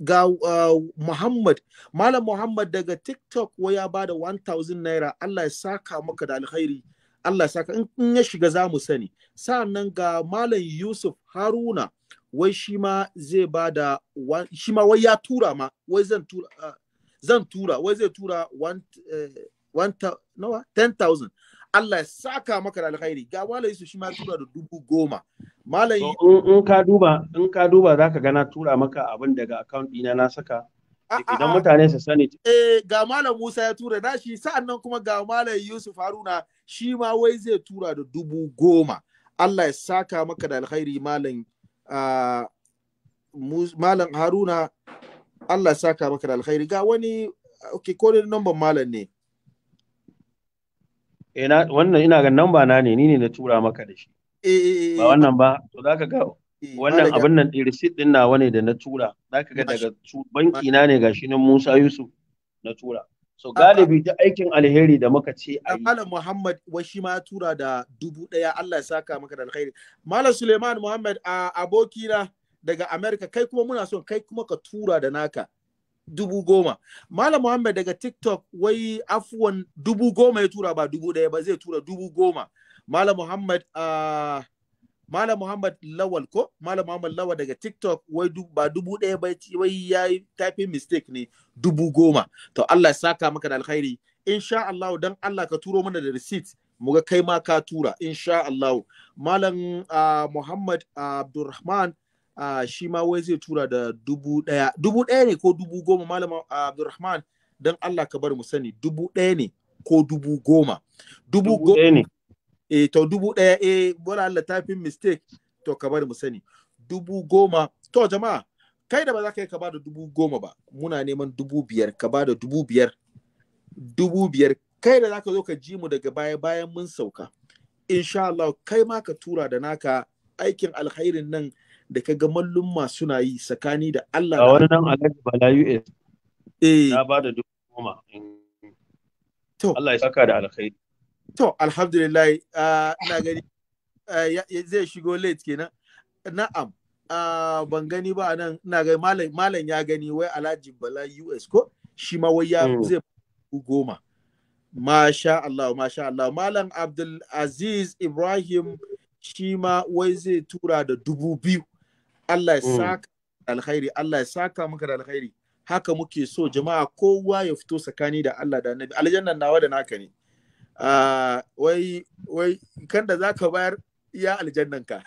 ga uh, Muhammad Malam Muhammad daga TikTok wa ya bada 1000 naira Allah ya saka maka da alkhairi Allah ya saka in ya shiga za mu sani sa'annan ga Malam Yusuf Haruna wai shi ma zai da shi ma wai ya tura ma wai zan tura uh, zan tura wai zai tura 1000 eh, nawa 10000 Allah ya saka maka da alkhairi ga walayi su shi ma tura da dubu goma malayi in ka duba in ka duba zaka ga na tura maka abin daga account ɗina na saka idan mutane su sani eh ga malam Musa ya tura da shi sa'an nan kuma ga malam Yusuf Haruna shi ma wai zai tura da dubu goma Allah ya saka maka da alkhairi malam malam Haruna Allah ya saka maka da alkhairi ga wani okay ko ne number malam ne ina eh, wannan ina ga namba na ne ni ne na tura maka da shi eh, eh, ba wannan ba to zaka ga wannan abin nan ɗin receipt din nawa ne da na tura zaka ga daga banki na ne gashi nan Musa Yusuf na tura so ah, galibi da aikin alheri da muka ce a ah, yi Malam Muhammad wai shi ma tura da dubu daya Allah ya saka maka da alheri Malam Suleiman Muhammad a ah, na daga America kai kuma muna son kai kuma ka tura da naka dubu goma malam muhammad daga tiktok wai afuwan dubu goma ya tura ba dubu ɗaya ba zai tura dubu goma malam muhammad uh, malam muhammad lawal ko malam muhammad lawal daga tiktok wai dubu ba dubu ɗaya ba wai ya yi typing mistake ne dubu goma to allah ya saka maka da alkhairi insha allah dan allah ka turo mana da receipt muga kai ma ka tura insha Allah malam uh, Muhammad Abdulrahman uh, shi ma wai zai tura da dubu ɗaya dubu ɗaya ne ko dubu goma malama abdulrahman don allah ka bar mu sani dubu ɗaya ne ko dubu goma dubu goma ne eh to dubu ɗaya eh bola allah tafin mistake to ka bar mu sani dubu goma to jama'a kai da ba za ka yi ka bada dubu goma ba muna neman dubu biyar ka bada dubu biyar dubu biyar kai da za ka zo ka ji mu daga baya bayan mun sauka insha Allah kai ma ka tura da naka aikin alkhairin nan da ka ga mallumma suna yi tsakani da Allah a wani nan Alhaji Bala US eh ya ba da dubu goma to Allah ya saka da alkhairi to alhamdulillah ah, na gani ah, zai shigo late kenan na'am ah, ban gani ba nan ina ga malam malam ya gani wai Alhaji Bala US ko shi ma wai ya hmm. zai goma Masha Allah, masha Allah. Malam Abdul Aziz Ibrahim shi ma wai zai tura da dubu biyu. Allah ya mm. saka alkhairi Allah ya saka maka da alkhairi haka muke so jama'a kowa ya fito tsakani da Allah da Annabi aljannan nawa da naka ne ah, wai wai kan da zaka bayar iya aljannan ka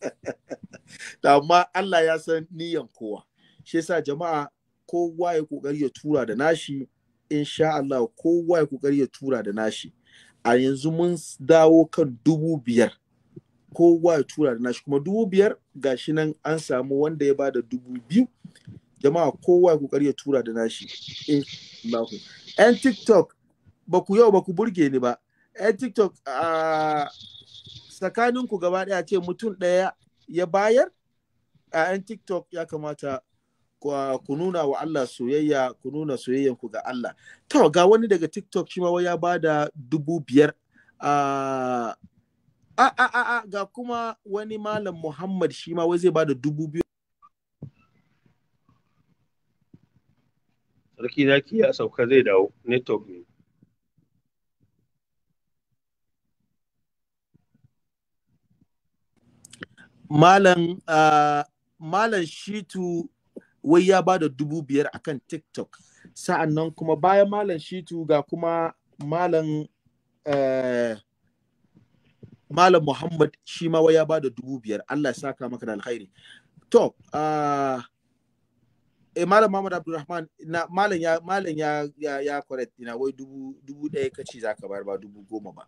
(laughs) amma Allah ya san niyan kowa shi yasa jama'a kowa ya kokari ya tura da nashi insha Allah kowa ya kokari ya tura da nashi a yanzu mun dawo kan dubu biyar kowa ya tura da nashi kuma dubu biyar gashi nan an samu wanda ya bada dubu biyu jama'a kowa ya kokari ya tura da nashi eh, yan tiktok ba ku yau ba ku burge ni ba yan tiktok a tsakanin gaba daya ce mutum daya ya bayar a yan tiktok ya kamata ku nuna wa Allah soyayya ku nuna soyayyan ku ga Allah to ga wani daga tiktok shi ma ya bada dubu biyar a a a a, a ga kuma wani malam muhammad shi ma wai zai bada dubu biyu sarki zaki ya sauka zai dawo network ne malam uh, malam shitu wai ya bada dubu biyar akan tiktok sa'an nan kuma bayan malam shitu ga kuma malam uh, Malam Muhammad shi ma ya ba da dubu biyar. Allah ya saka maka da alkhairi. To, uh, eh, Malam Muhammad Abdulrahman, na, Malam ya, Malam ya, ya, ya correct ina wai dubu, dubu ɗaya kace za ka bayar ba dubu goma ba.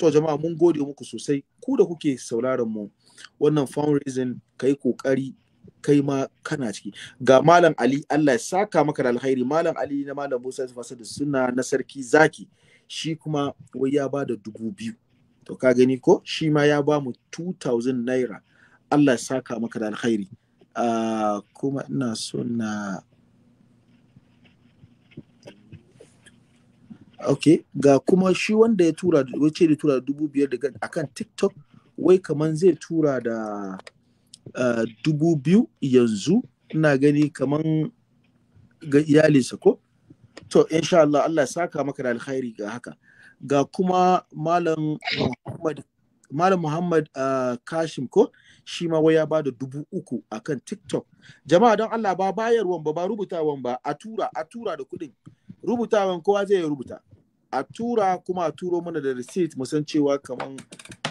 To, jama'a mun gode muku sosai. Ku da kuke sauraron mu wannan fundraising kai kokari kai ma kana ciki ga malam ali allah ya saka maka da alkhairi malam ali na malam musa da suna na sarki zaki shi kuma wai ya bada dubu biyu to ka gani ko shi ma ya ba mu 2000 naira Allah ya saka maka da alkhairi uh, kuma ina so na ok ga kuma shi wanda ya tura wace da tura dubu biyar daga akan tiktok wai kaman zai tura da uh, dubu biyu yanzu ina gani kaman ga iyalinsa ko to insha Allah Allah saka maka da alkhairi ga haka ga kuma malam Muhammad Malam ah, Kashim ko shi ma wai ya da dubu uku akan TikTok. Jama'a don Allah ba bayarwan ba ba rubutawan ba a tura a tura da kuɗin. Rubutawan kowa zai rubuta. A tura kuma a turo mana da receipt mu san cewa kaman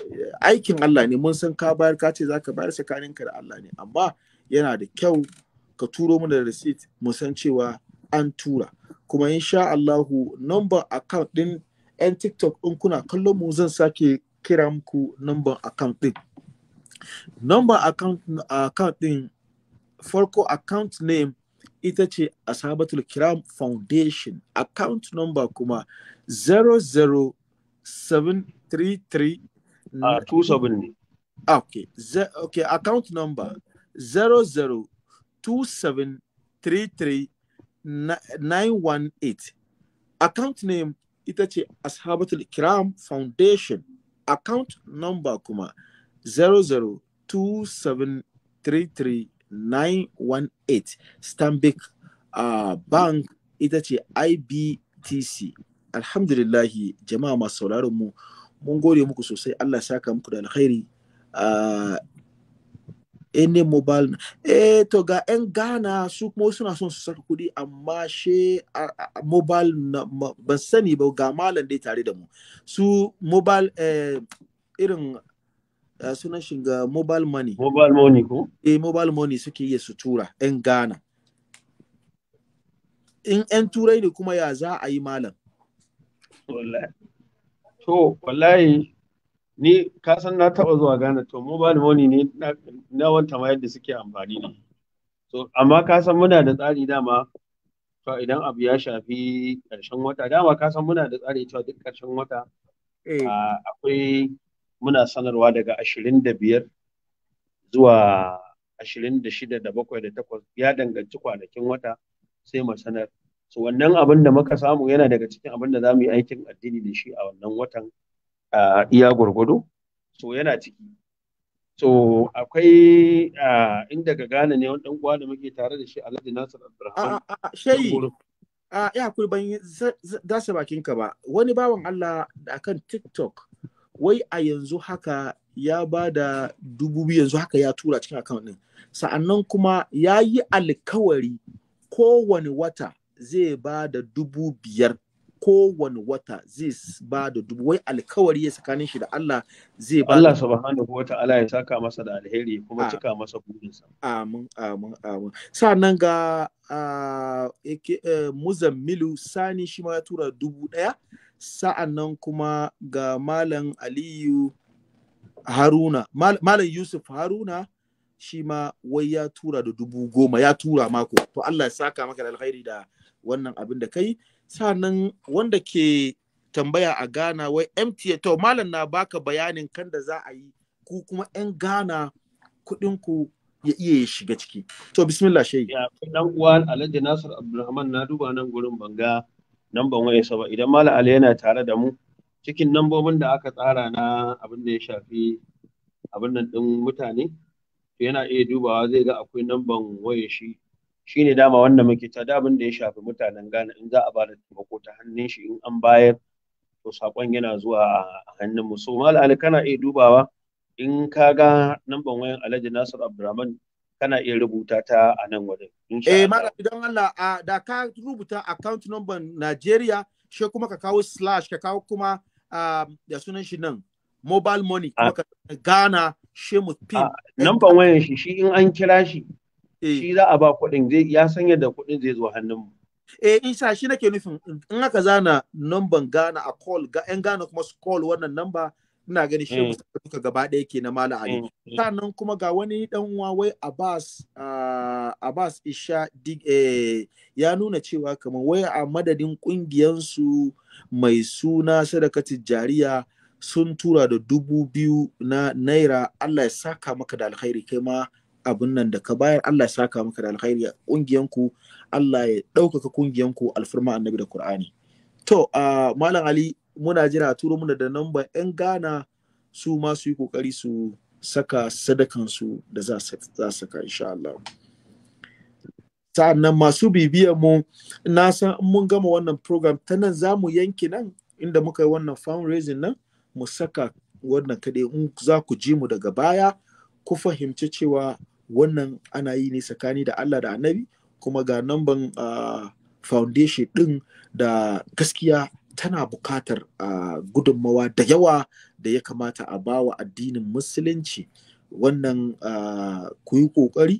eh, aikin Allah ne mun san ka bayar ka ce zaka bayar tsakanin ka da Allah ne amma yana da kyau ka turo mana da receipt musan cewa an tura. Kuma insha Allahu number account din 'yan tiktok in kuna kallon mu zan sake kira muku number account din number account account din farko account name ita ce asabatul kiram foundation account number kuma 00733 uh, 27 ne okay Z okay account number 002733918 account name ita ce ashabatul kiram foundation account number kuma 0027339118 stanbic uh, bank ita ce ibtc alhamdulillahi jama'a masu sauraron mu mun gode muku sosai allah saka muku da alkhairi uh, ne mobile eh to ga en ghana su kuma suna son su saka kudi amma she mobile na ban sani ba ga malam dai tare da mu su mobile eh, irin sunan shiga mobile money mobile money ko eh mobile money suke iya su tura en ghana in en turai ne kuma ya za a yi malam to wallahi ni ka san na taɓa zuwa Ghana to mobile money ne na wanta ma yadda suke amfani ne so amma ka san muna da tsari dama to idan abu ya shafi ƙarshen wata dama ka san muna da tsari cewa duk ƙarshen wata eh. akwai muna sanarwa daga ashirin da biyar zuwa ashirin da shida da bakwai da takwas ya danganci kwanakin wata sai mu sanar so wannan abin da muka samu yana daga cikin abin da za mu yi aikin addini da shi a wannan watan uh, iya gwargwado? so yana ciki so akwai uh, inda ga gane ne wani uwa da muke tare da shi alhaji nasir abdurrahman shayi a ya kuri ban dasa bakinka ba wani bawan allah da akan tiktok wai a yanzu haka ya ba da dubu biyu yanzu haka ya tura cikin account din sa'annan kuma ya yi alkawari kowane wata zai ba da dubu biyar kowane wata zai ba da dubu wai alkawari ya tsakanin shi da Allah zai ba Allah subhanahu wa ta'ala ya saka masa da alheri kuma cika masa burinsa amin amin amin sannan ga eh, muzammilu sani shi ma ya tura dubu ɗaya sa'annan kuma ga malam aliyu haruna malam yusuf haruna shi ma wai ya tura da dubu goma ya tura mako to Allah ya saka maka da alkhairi da wannan abin da kai sanan wanda ke tambaya a Ghana wai MTA to malam na baka bayanin kan da za a yi ku kuma 'yan Ghana kuɗin ku ya iya ya shiga ciki. To bismillah shehi. Ya dan uwa Alhaji Nasir Abdulrahman na duba nan gurin banga namban waya saba idan malam Ali yana tare da mu cikin nambobin da aka tsara na abin da ya shafi abin nan din mutane yana iya dubawa zai ga akwai namban waya shi shine dama wanda muke ta da abin da ya shafi mutanen Ghana in za a ba da taimako ta hannun shi in an bayar to sakon yana zuwa a hannun mu so mal ali kana iya dubawa in ka ga namban wayan Alhaji Nasir Abdulrahman kana iya rubuta ta a nan wajen eh mallam idan Allah da ka rubuta account number Nigeria she kuma ka kawo slash ka kawo kuma da sunan shi nan mobile money kuma ah. ka Ghana she mu ah, pin namban wayan shi shi in an kira shi Eh. shi za a ba kuɗin zai ya san yadda kuɗin zai zo hannunmu. Eh sha shi nake nufin in aka zana numban Ghana a call ga ƴan Ghana kuma su call wannan namba ina gani shi hmm. Mustapha duka gaba ɗaya ke na Mala Ali. Hmm. Hmm. Sannan kuma ga wani dan uwa wai Abbas ah, Abbas Isha eh, ya nuna cewa kamar wai a madadin su mai suna sadaka jariya sun tura da dubu biyu na naira Allah ya saka maka da alkhairi kai ma abin nan da ka bayar Allah ya saka maka da alkhairi kungiyanku Allah ya ɗaukaka kungiyanku alfirma annabi da Qur'ani to uh, malam Ali muna jira turo muna da namba yan Ghana su ma su yi kokari su saka sadakansu da za su saka insha Allah sa'annan masu bibiyar mu na san mun gama wannan program ta nan za mu yanki nan inda muka yi wannan fundraising nan mu saka wannan kaɗai in za ku ji mu daga baya ku fahimci cewa wannan ana yi ne tsakani da Allah da annabi kuma ga namban foundation ɗin da gaskiya tana buƙatar gudunmawa da yawa da ya kamata a ba wa addinin musulunci wannan ku yi ƙoƙari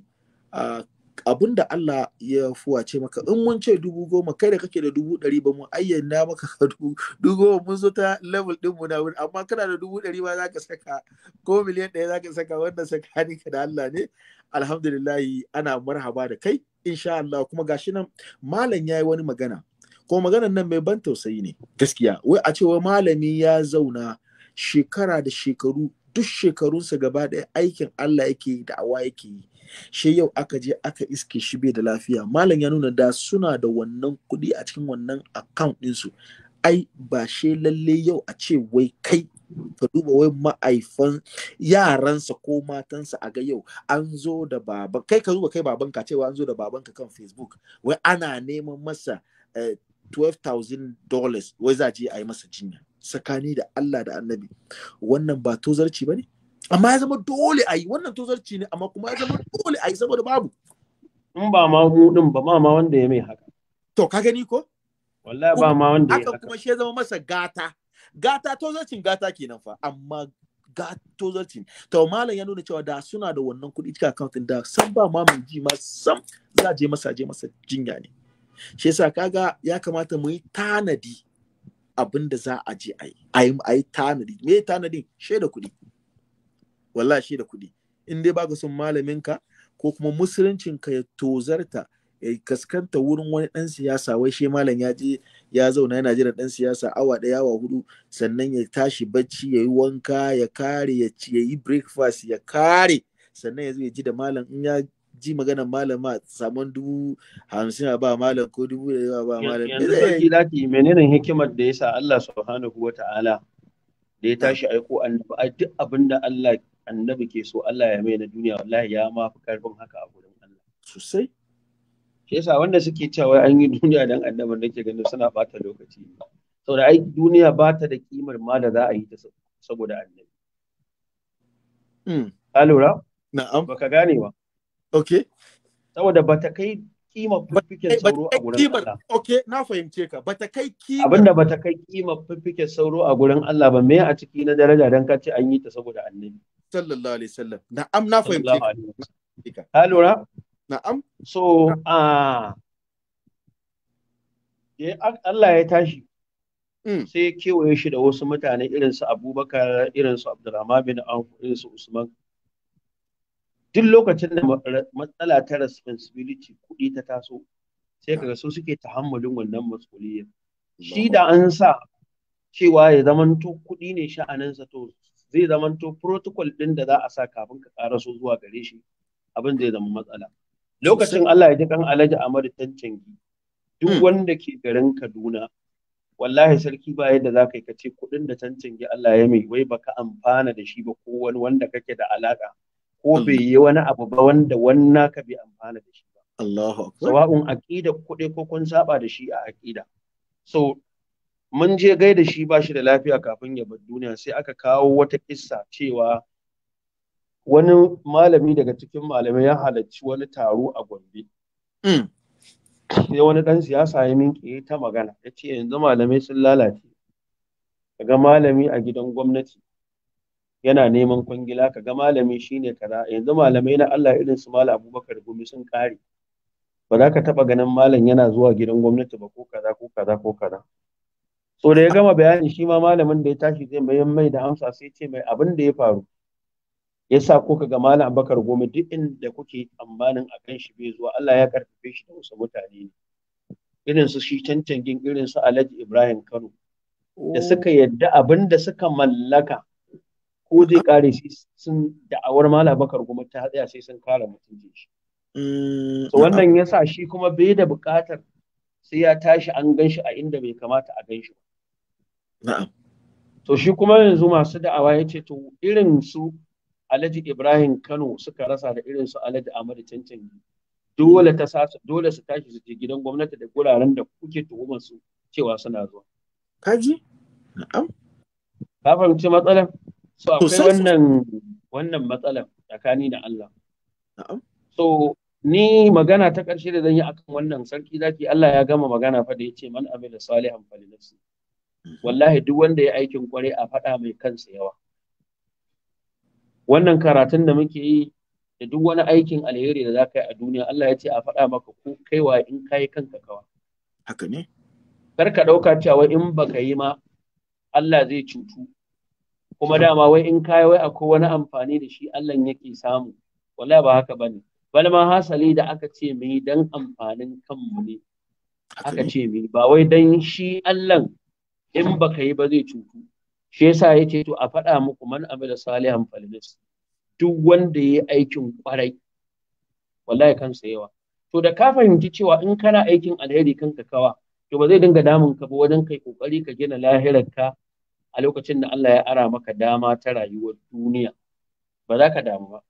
abin da Allah ya fuwace maka in mun ce dubu goma kai da kake da dubu ɗari ba mu ayyana maka (laughs) dubu goma mun zo ta level ɗin mu na wuri amma kana da dubu ɗari ba za ka saka ko miliyan ɗaya za ka saka wanda saka ka da Allah ne alhamdulillahi ana marhaba da kai insha Allah kuma gashi nan malam yayi wani magana ko maganan nan mai ban tausayi ne gaskiya wai a cewa malami ya zauna shekara da shekaru duk shekarunsa gaba ɗaya aikin Allah yake da awa yake yi shi yau aka je aka iske shi bai da lafiya malam ya nuna da suna da wannan kuɗi a cikin wannan account ɗinsu ai ba she lalle yau a ce wai kai ka duba wai ma'aifan yaransa ko matansa a ga yau an zo da baban kai ka duba kai babanka cewa an zo da babanka kan facebook wai ana neman masa $12,000 eh, wai za je a yi masa jinya tsakani da Allah da annabi wannan ba tozarci ba ne amma ya zama dole a yi wannan tozarci ne amma kuma ya zama dole a yi saboda babu in ba ma mu din ba ma wanda ya mai haka to ka gani ko wallahi ba ma wanda haka kuma shi zama masa gata gata tozarcin gata kenan fa amma ga tozarcin to malam ya nuna cewa da suna da wannan kuɗi cikin account da san ba ma mun ji ma sam za je masa je masa jinya ne shi yasa kaga ya kamata mu yi tanadi abin za a je a yi a yi tanadi me tanadin da kuɗi wallahi da kuɗi in dai baka son ka ko kuma musuluncinka ya tozarta ya kaskanta wurin wani dan siyasa wai shi malam ya je ya zauna yana jiran dan siyasa awa daya awa hudu sannan ya tashi bacci ya yi wanka ya kare ya ci ya yi breakfast ya kare sannan ya zo ya ji da malam in ya ji maganar malam ma saman dubu hamsin a ba malam ko dubu da yawa ba malam yanzu menene hikimar da ya sa Allah subhanahu wa ta'ala da ya tashi aiko annabi duk abinda Allah annabi ke so Allah ya mai na duniya wallahi ya ma fi karfin haka a gurin Allah sosai shi yasa wanda suke cewa an yi duniya dan annabar nake ganin suna bata lokaci saboda ai duniya ba ta da kimar ma da za a yi ta saboda annabi hmm. ka lura na'am baka gane ba okay saboda bata kai kima fiffiken sauro a gurin Allah. okay na fahimce ka. Bata kai kima. Abinda bata kai kima fiffiken sauro a gurin Allah ba me a ciki na daraja dan ka ce an yi ta saboda annabi. Sallallahu alaihi wasallam. Na'am na fahimce ka. Ka lura? Na'am. So, ah, Allah ya tashi. Mm. Sai ya kewaye shi da wasu mutane irinsu Abubakar, irinsu Abdurrahman bin Auf, irinsu Usman. Duk lokacin da matsala ta responsibility kuɗi ta taso, sai kaga su suke tahammulin wannan mas'uliyyar. Shi da an sa cewa ya zamanto kuɗi ne sha'aninsa to zai zamanto protocol ɗin da za a sa kafin ka ƙaraso zuwa gare shi abin zai zama matsala. lokacin Allah ya ji kan Alhaji Ahmadu Tancangi duk hmm. wanda ke garin Kaduna wallahi sarki ba yadda za ka yi kace kuɗin da Tancangi Allah ya mai wai baka amfana da shi ba ko wani wanda kake da alaka ko hmm. bai yi wani abu ba wanda wannan ka bai amfana da shi ba Allahu akbar sawa'un aqida kuɗi ko kun saba da shi a aqida so mun je gaida shi ba shi da lafiya kafin ya bar duniya sai aka kawo wata kissa cewa wani malami daga cikin malamai ya halarci wani taro a Gombe. Mm. Sai wani ɗan siyasa ya minke ta magana, ya ce yanzu malamai sun lalace. Kaga malami a gidan gwamnati yana neman kwangila, kaga malami shine kaza, yanzu malamai na Allah irin su Malam Abubakar Gumi sun ƙare. Ba za ka taɓa ganin malam yana zuwa gidan gwamnati ba ko kaza ko kaza ko kaza. So da ya gama bayani shi ma malamin da ya tashi zai mai da amsa sai ce mai abin da ya faru. yasa kuka ga malam abakar goma duk inda kuke tsammanin a kan shi bai zuwa Allah ya karfafe shi da wasu mutane ne irin su shi cancangin irin su Alhaji Ibrahim Kano da oh. suka yadda abin da suka mallaka ko zai kare sun da'awar malam abakar goma ta tsaya sai sun kare mutunci shi mm, so wannan yasa shi kuma bai da buƙatar sai ya tashi an gan shi a inda bai kamata a gan shi ba na'am to shi kuma yanzu masu da'awa ya ce to irin su Alhaji Ibrahim Kano suka rasa da irin su Alhaji Ahmadu Cancangi dole ta sasa dole su tashi su je gidan gwamnati da guraren da kuke tuhumar su cewa suna zuwa kaji na'am ka fahimci matsalar so akwai wannan wannan matsalar tsakani da Allah na'am so ni magana ta ƙarshe da zan yi akan wannan sarki zaki Allah ya gama magana fa da yace man amila salihan falinasi mhm. wallahi duk wanda ya aikin kware a faɗa mai kansa yawa wannan karatun da muke yi da duk wani aikin alheri da za ka yi a duniya Allah ya ce a faɗa maka ko kaiwa in ka yi kanka kawa. Haka ne. Kar ka ɗauka cewa in baka yi ma Allah zai cutu. Kuma dama wai in ka yi wai akwai wani amfani da shi Allah yake samu. Wallahi ba haka bane. Bal ma hasali da aka ce mu yi dan amfanin kanmu ne. Aka ce mu ba wai dan shi Allah in baka yi ba zai cutu. shi yasa ce to a faɗa muku man amila salihan Falmis duk wanda yayi aikin kwarai wallahi kansa yawa to da ka fahimci cewa in kana aikin alheri kanka kawa to ba zai dinga damun ka ba wajen kai kokari ka gina lahirar ka a lokacin da Allah ya ara maka dama ta rayuwar duniya ba za ka damu ba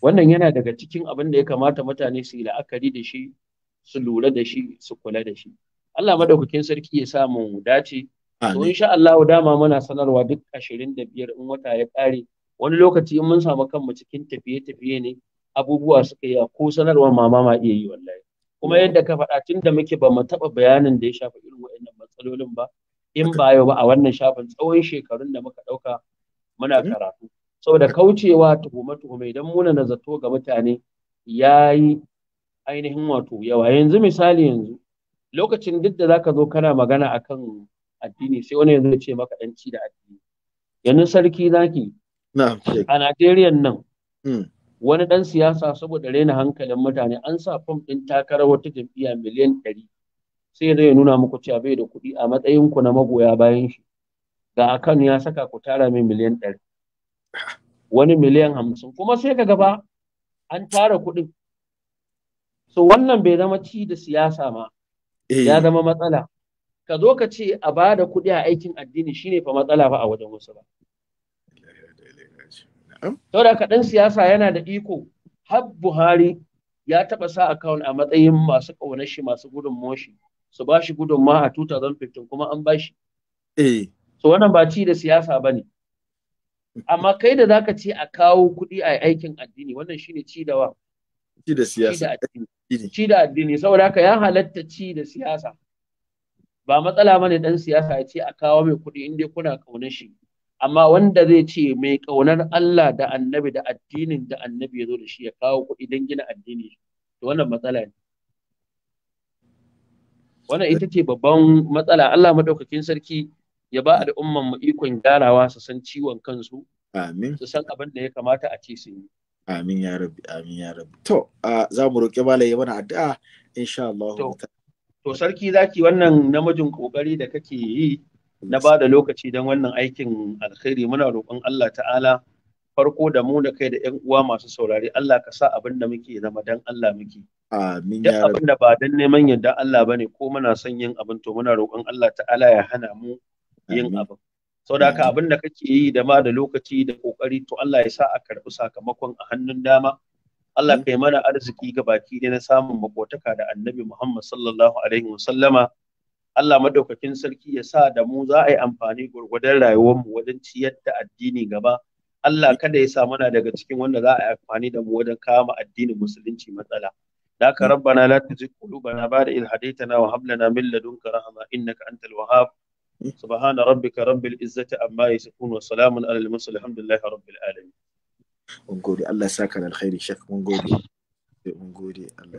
wannan yana daga cikin abin da ya kamata mutane su yi la'akari da shi su lura da shi su kula da shi Allah madaukakin sarki ya sa samu dace to insha Allah dama muna sanarwa duk 25 in wata ya kare wani lokaci in mun samu kanmu cikin tafiye-tafiye ne abubuwa suka yi ko sanarwa mama ma iya yi wallahi kuma yadda ka faɗa tun da muke ba mu taɓa bayanin da ya shafa irin waɗannan matsalolin ba in ba yau ba a wannan shafin tsawon shekarun da muka ɗauka muna mm-hmm. karatu saboda kaucewa tuhuma tuhume idan muna na zato ga mutane ya yi ainihin wato yawa yanzu misali yanzu lokacin duk da zaka zo kana magana akan addini sai wani yanzu ce maka ɗanci da addini yanzu sarki zaki a Najeriya nan hmm. wani ɗan siyasa saboda raina hankalin mutane an sa fom ɗin takarar wata jam'iyya miliyan ɗari sai zai nuna muku cewa bai da kuɗi a matsayin ku na magoya bayan shi ga akan ya saka ku tara mai miliyan ɗari wani miliyan hamsin kuma sai ka gaba an tara kuɗin so wannan bai zama ci da siyasa ma ya eh. zama matsala ka zo ka ce a ba da kuɗi a aikin addini shine fa matsala ba a wajen wasu ba. Sau da ɗan siyasa yana da iko har Buhari ya taɓa sa account a matsayin masu ƙaunar shi masu gudun moshi su ba shi gudun ma a 2015 kuma an ba shi. Eh. So wannan ba ci da siyasa ba ne. Amma kai da zaka ce a kawo kuɗi a aikin addini wannan shine ci da wa. Ci da siyasa. Ci da addini. Ci da addini saboda haka ya halatta ci da siyasa. ba matsala bane dan siyasa ya ce a kawo mai kuɗi in dai kuna ƙaunar shi amma wanda zai ce mai ƙaunar Allah da annabi da addinin da annabi ya zo da shi ya kawo kuɗi don gina addini to wannan matsala ne wannan ita ce babban matsala Allah madaukakin sarki ya ba al'umman mu ikon gyarawa su san ciwon kansu amin su san abin da ya kamata a ce su yi amin ya rabbi amin ya rabbi to za mu roƙi malai ya mana addu'a insha Allah ta'ala To sarki zaki wannan namijin kokari da kake yi na bada lokaci don wannan aikin alkhairi muna roƙon Allah ta'ala farko da mu da kai da ƴan uwa masu saurari Allah ka sa abin da muke zama dan Allah muke. Amin ya abin da ba dan neman yadda Allah bane ko muna son yin abin to muna roƙon Allah ta'ala ya hana mu yin abin. Saboda ka, abin da kake yi da ma da lokaci da kokari to Allah ya sa a karɓi sakamakon a hannun dama. Allah hmm? kai mana arziki ga baki da na samun makotaka da annabi Muhammad sallallahu alaihi sallama. Allah madaukakin sarki ya sa da mu za a yi amfani gwargwadon rayuwarmu wajen ciyar da addini gaba Allah kada ya sa mana daga cikin wanda za a yi amfani da mu wajen kama addinin musulunci matsala da ka hmm. rabbana la tuzigh qulubana ba'da idh hadaytana wa hab lana min ladunka rahma innaka antal wahhab سبحان ربك رب العزة عما يصفون وسلام على المرسلين الحمد لله رب العالمين mun gode Allah ya saka da alkhairi shek mun gode mun gode Allah